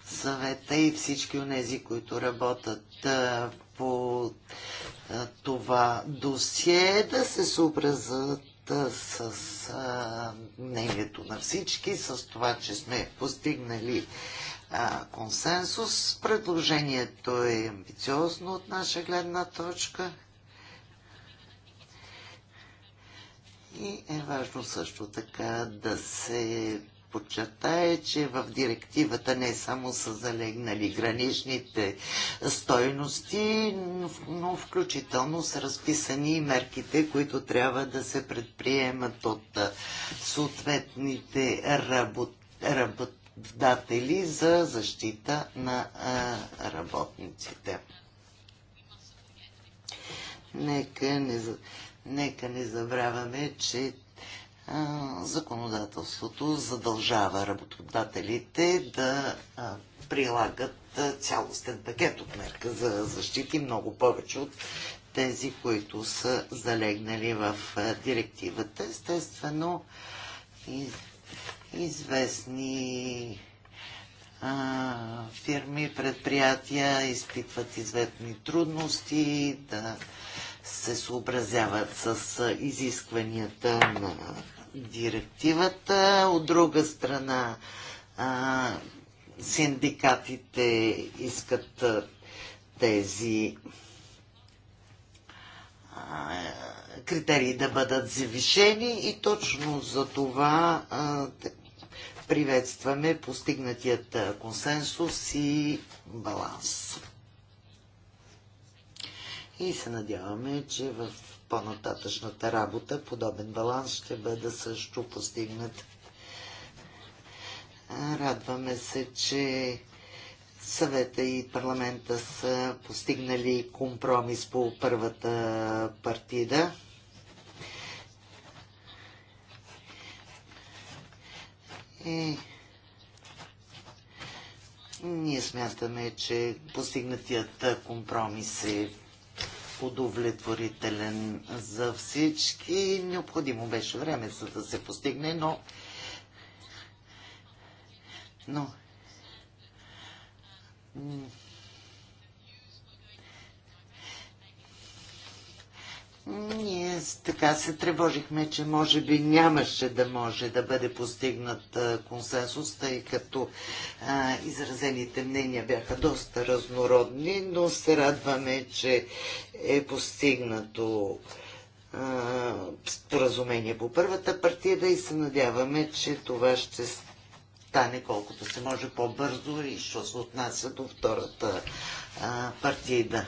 съвета и всички от тези, които работят по това досие, да се съобразят с а, мнението на всички, с това, че сме постигнали а, консенсус. Предложението е амбициозно от наша гледна точка. И е важно също така да се подчертае, че в директивата не само са залегнали граничните стойности, но включително са разписани и мерките, които трябва да се предприемат от съответните работодатели за защита на работниците. Нека не Нека не забравяме, че а, законодателството задължава работодателите да а, прилагат цялостен пакет от мерка за защити, много повече от тези, които са залегнали в директивата. Естествено, из, известни а, фирми, предприятия изпитват известни трудности да се съобразяват с изискванията на директивата. От друга страна, а, синдикатите искат тези а, критерии да бъдат завишени и точно за това а, приветстваме постигнатият консенсус и баланс. И се надяваме, че в по-нататъчната работа подобен баланс ще бъде също постигнат. Радваме се, че съвета и парламента са постигнали компромис по първата партида. И ние смятаме, че постигнатият компромис е удовлетворителен за всички. Необходимо беше време, за да се постигне, но... Но... Ние така се тревожихме, че може би нямаше да може да бъде постигнат консенсус, тъй като а, изразените мнения бяха доста разнородни, но се радваме, че е постигнато а, споразумение по първата партия и се надяваме, че това ще стане колкото се може по-бързо и що се отнася до втората а, партида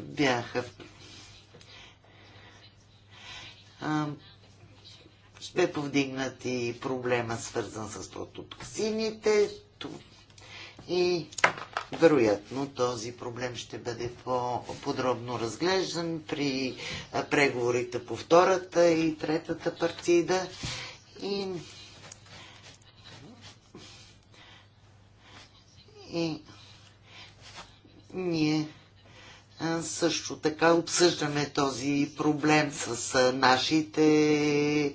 бяха бе повдигнат и проблема свързан с токсините и вероятно този проблем ще бъде по-подробно разглеждан при преговорите по втората и третата партида и и ние също така обсъждаме този проблем с нашите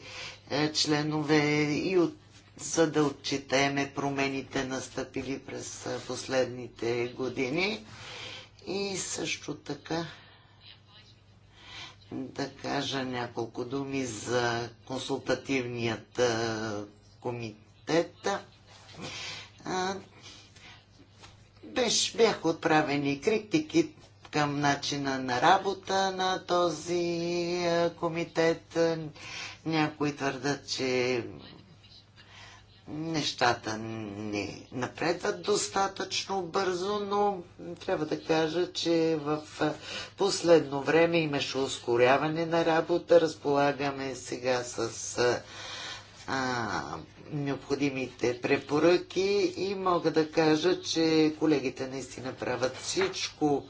е, членове и от за да отчетеме промените настъпили през последните години и също така да кажа няколко думи за консултативният комитет. Беше, бяха отправени критики към начина на работа на този е, комитет. Някои твърдат, че нещата не напредват достатъчно бързо, но трябва да кажа, че в е, последно време имаше ускоряване на работа. Разполагаме сега с е, а, необходимите препоръки и мога да кажа, че колегите наистина правят всичко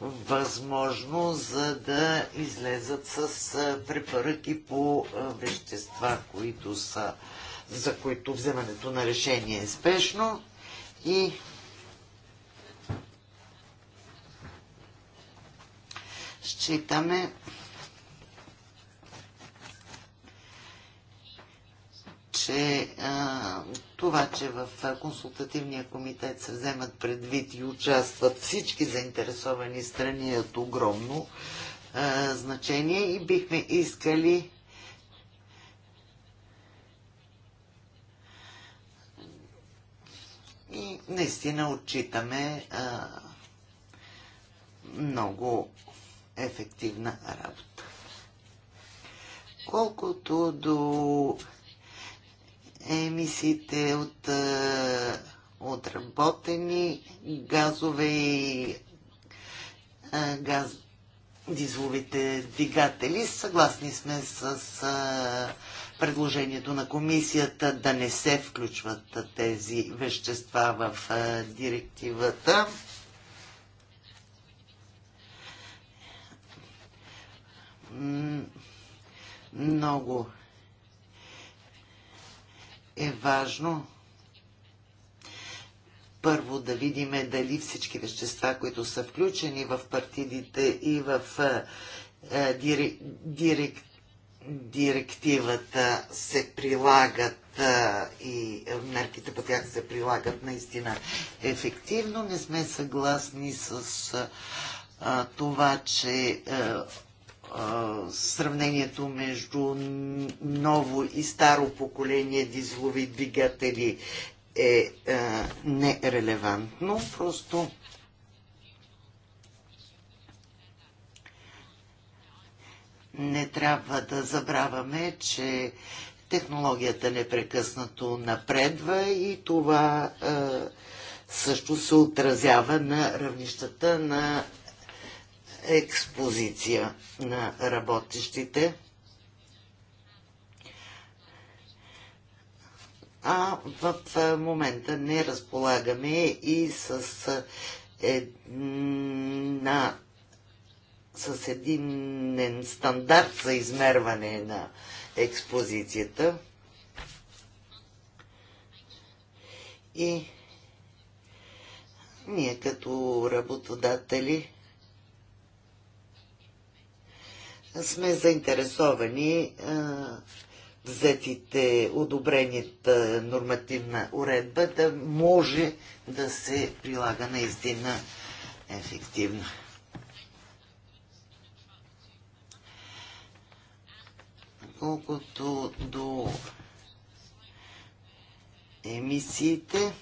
възможно, за да излезат с препаръки по вещества, които са, за които вземането на решение е спешно и считаме, че а, това, че в консултативния комитет се вземат предвид и участват всички заинтересовани страни е от огромно а, значение и бихме искали и наистина отчитаме а, много ефективна работа. Колкото до емисиите от е, отработени газове и е, газ, дизловите двигатели. Съгласни сме с е, предложението на комисията да не се включват тези вещества в директивата. Много е важно първо да видиме дали всички вещества, които са включени в партидите и в е, е директивата се прилагат е, и мерките по тях се прилагат наистина ефективно. Не сме съгласни с е, това, че сравнението между ново и старо поколение дизлови двигатели е а, е, нерелевантно. Просто не трябва да забравяме, че технологията непрекъснато напредва и това а, е, също се отразява на равнищата на експозиция на работещите. А в момента не разполагаме и с една с един стандарт за измерване на експозицията. И ние като работодатели сме заинтересовани взетите одобрените нормативна уредба да може да се прилага наистина ефективно. Колкото до емисиите,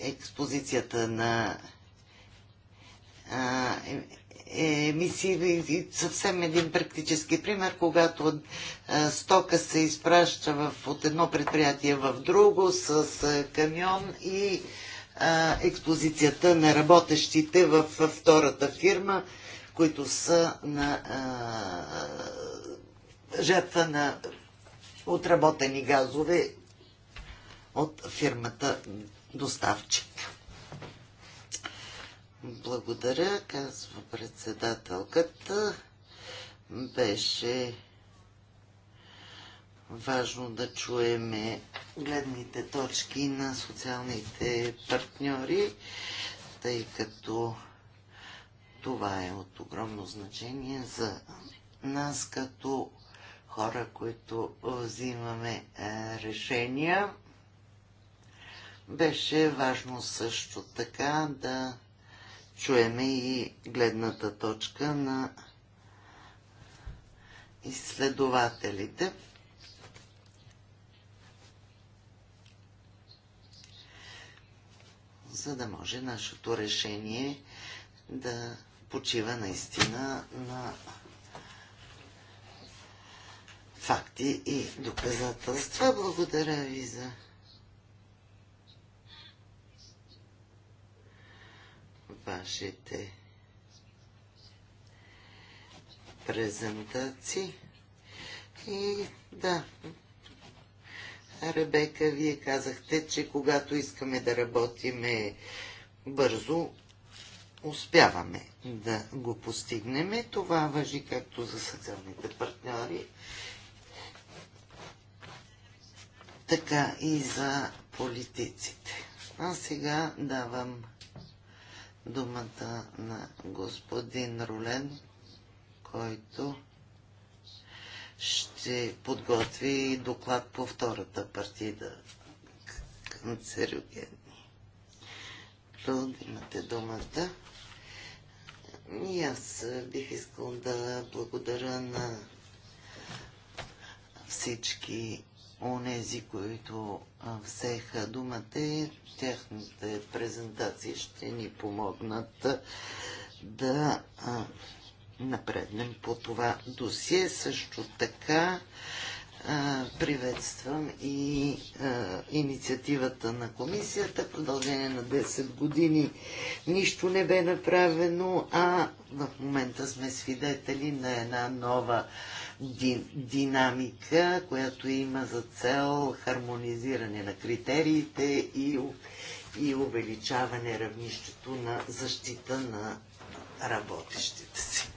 експозицията на е, емисии. Съвсем един практически пример, когато стока се изпраща в, от едно предприятие в друго с камион и експозицията на работещите в втората фирма, които са на а, жертва на отработени газове от фирмата доставчик. Благодаря, казва председателката. Беше важно да чуеме гледните точки на социалните партньори, тъй като това е от огромно значение за нас като хора, които взимаме е, решения. Беше важно също така да чуеме и гледната точка на изследователите. за да може нашето решение да почива наистина на факти и доказателства. Благодаря ви за вашите презентации. И да, Ребека, вие казахте, че когато искаме да работиме бързо, успяваме да го постигнем. Това въжи както за социалните партньори, така и за политиците. А сега давам думата на господин Рулен, който ще подготви доклад по втората партида канцерогенни. Рулен, имате думата. И аз бих искал да благодаря на всички онези, които взеха думата и тяхните презентации ще ни помогнат да напреднем по това досие. Също така приветствам и инициативата на комисията. В продължение на 10 години нищо не бе направено, а в момента сме свидетели на една нова динамика, която има за цел хармонизиране на критериите и, и увеличаване равнището на защита на работещите си.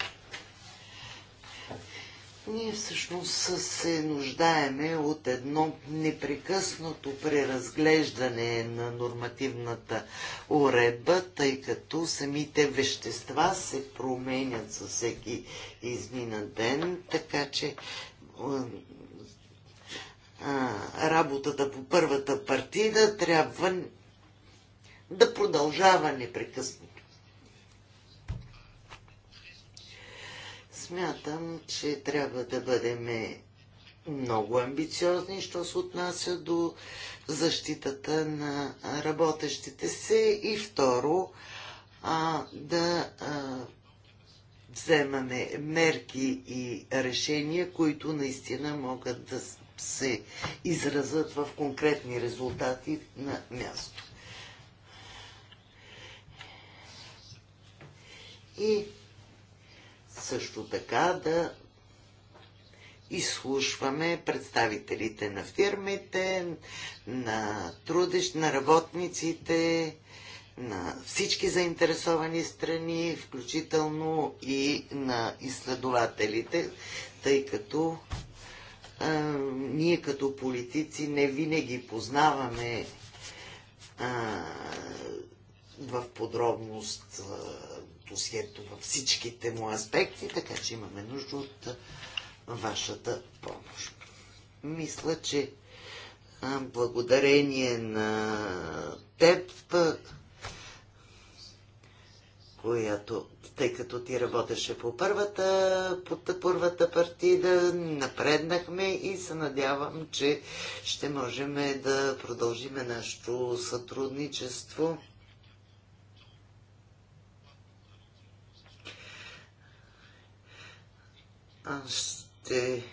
Ние всъщност се нуждаеме от едно непрекъснато преразглеждане на нормативната уредба, тъй като самите вещества се променят със всеки изминат ден, така че работата по първата партида трябва да продължава непрекъснато. Смятам, че трябва да бъдем много амбициозни, що се отнася до защитата на работещите се и второ а, да а, вземаме мерки и решения, които наистина могат да се изразят в конкретни резултати на място. И също така да изслушваме представителите на фирмите, на трудещ, на работниците, на всички заинтересовани страни, включително и на изследователите, тъй като а, ние като политици не винаги познаваме а, в подробност а, досието във всичките му аспекти, така че имаме нужда от вашата помощ. Мисля, че благодарение на теб, която, тъй като ти работеше по първата, по първата партида, напреднахме и се надявам, че ще можем да продължиме нашето сътрудничество Аз ще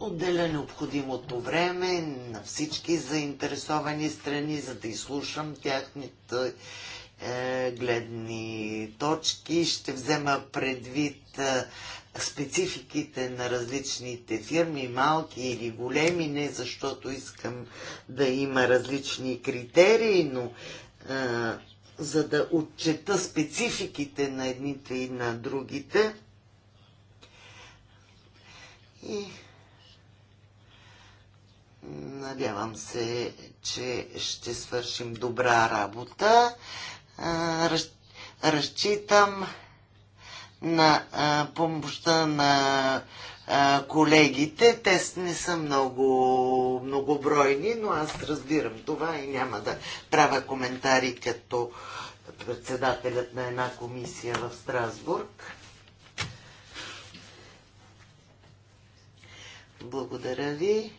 отделя необходимото време на всички заинтересовани страни, за да изслушам тяхните е, гледни точки. Ще взема предвид е, спецификите на различните фирми, малки или големи, не защото искам да има различни критерии, но за да отчета спецификите на едните и на другите. И надявам се, че ще свършим добра работа. Разчитам на помощта на колегите. Те не са много многобройни, но аз разбирам това и няма да правя коментари като председателят на една комисия в Страсбург. Благодаря ви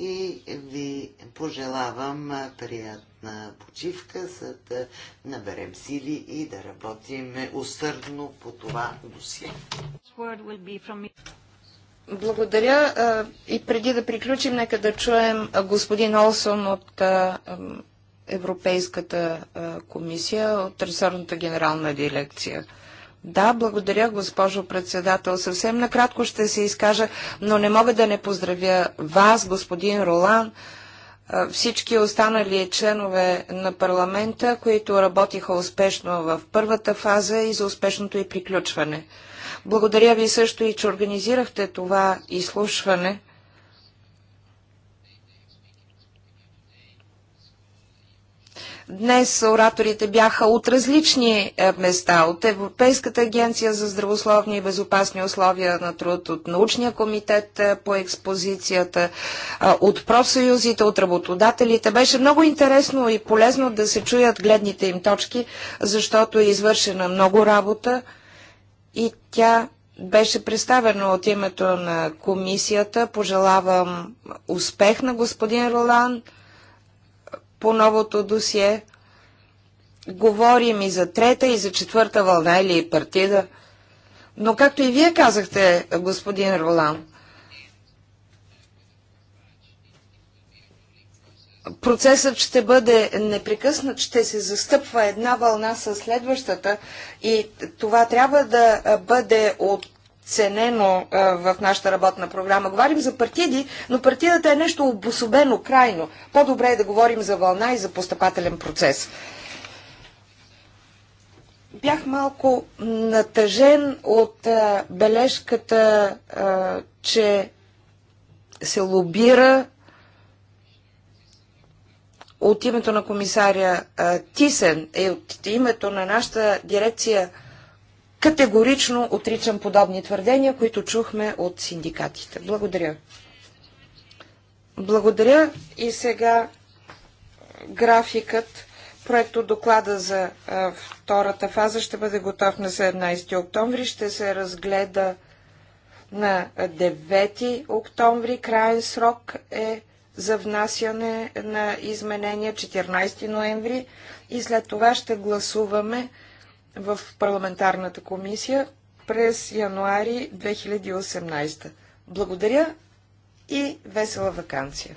и ви пожелавам приятна почивка, за да наберем сили и да работим усърдно по това досие. Благодаря. И преди да приключим, нека да чуем господин Олсон от Европейската комисия, от Ресорната генерална дирекция. Да, благодаря, госпожо председател. Съвсем накратко ще се изкажа, но не мога да не поздравя вас, господин Ролан, всички останали членове на парламента, които работиха успешно в първата фаза и за успешното и приключване. Благодаря ви също и, че организирахте това изслушване Днес ораторите бяха от различни е, места, от Европейската агенция за здравословни и безопасни условия на труд, от научния комитет е, по експозицията, е, от профсъюзите, от работодателите. Беше много интересно и полезно да се чуят гледните им точки, защото е извършена много работа и тя беше представено от името на комисията. Пожелавам успех на господин Ролан по новото досие. Говорим и за трета, и за четвърта вълна или партида. Но както и вие казахте, господин Ролан, процесът ще бъде непрекъснат, ще се застъпва една вълна с следващата и това трябва да бъде от ценено в нашата работна програма. Говорим за партиди, но партидата е нещо обособено, крайно. По-добре е да говорим за вълна и за постъпателен процес. Бях малко натъжен от бележката, че се лобира от името на комисаря Тисен и е, от името на нашата дирекция Категорично отричам подобни твърдения, които чухме от синдикатите. Благодаря. Благодаря и сега графикът, проекто доклада за а, втората фаза ще бъде готов на 17 октомври, ще се разгледа на 9 октомври. Краен срок е за внасяне на изменения 14 ноември и след това ще гласуваме в парламентарната комисия през януари 2018. Благодаря и весела вакансия!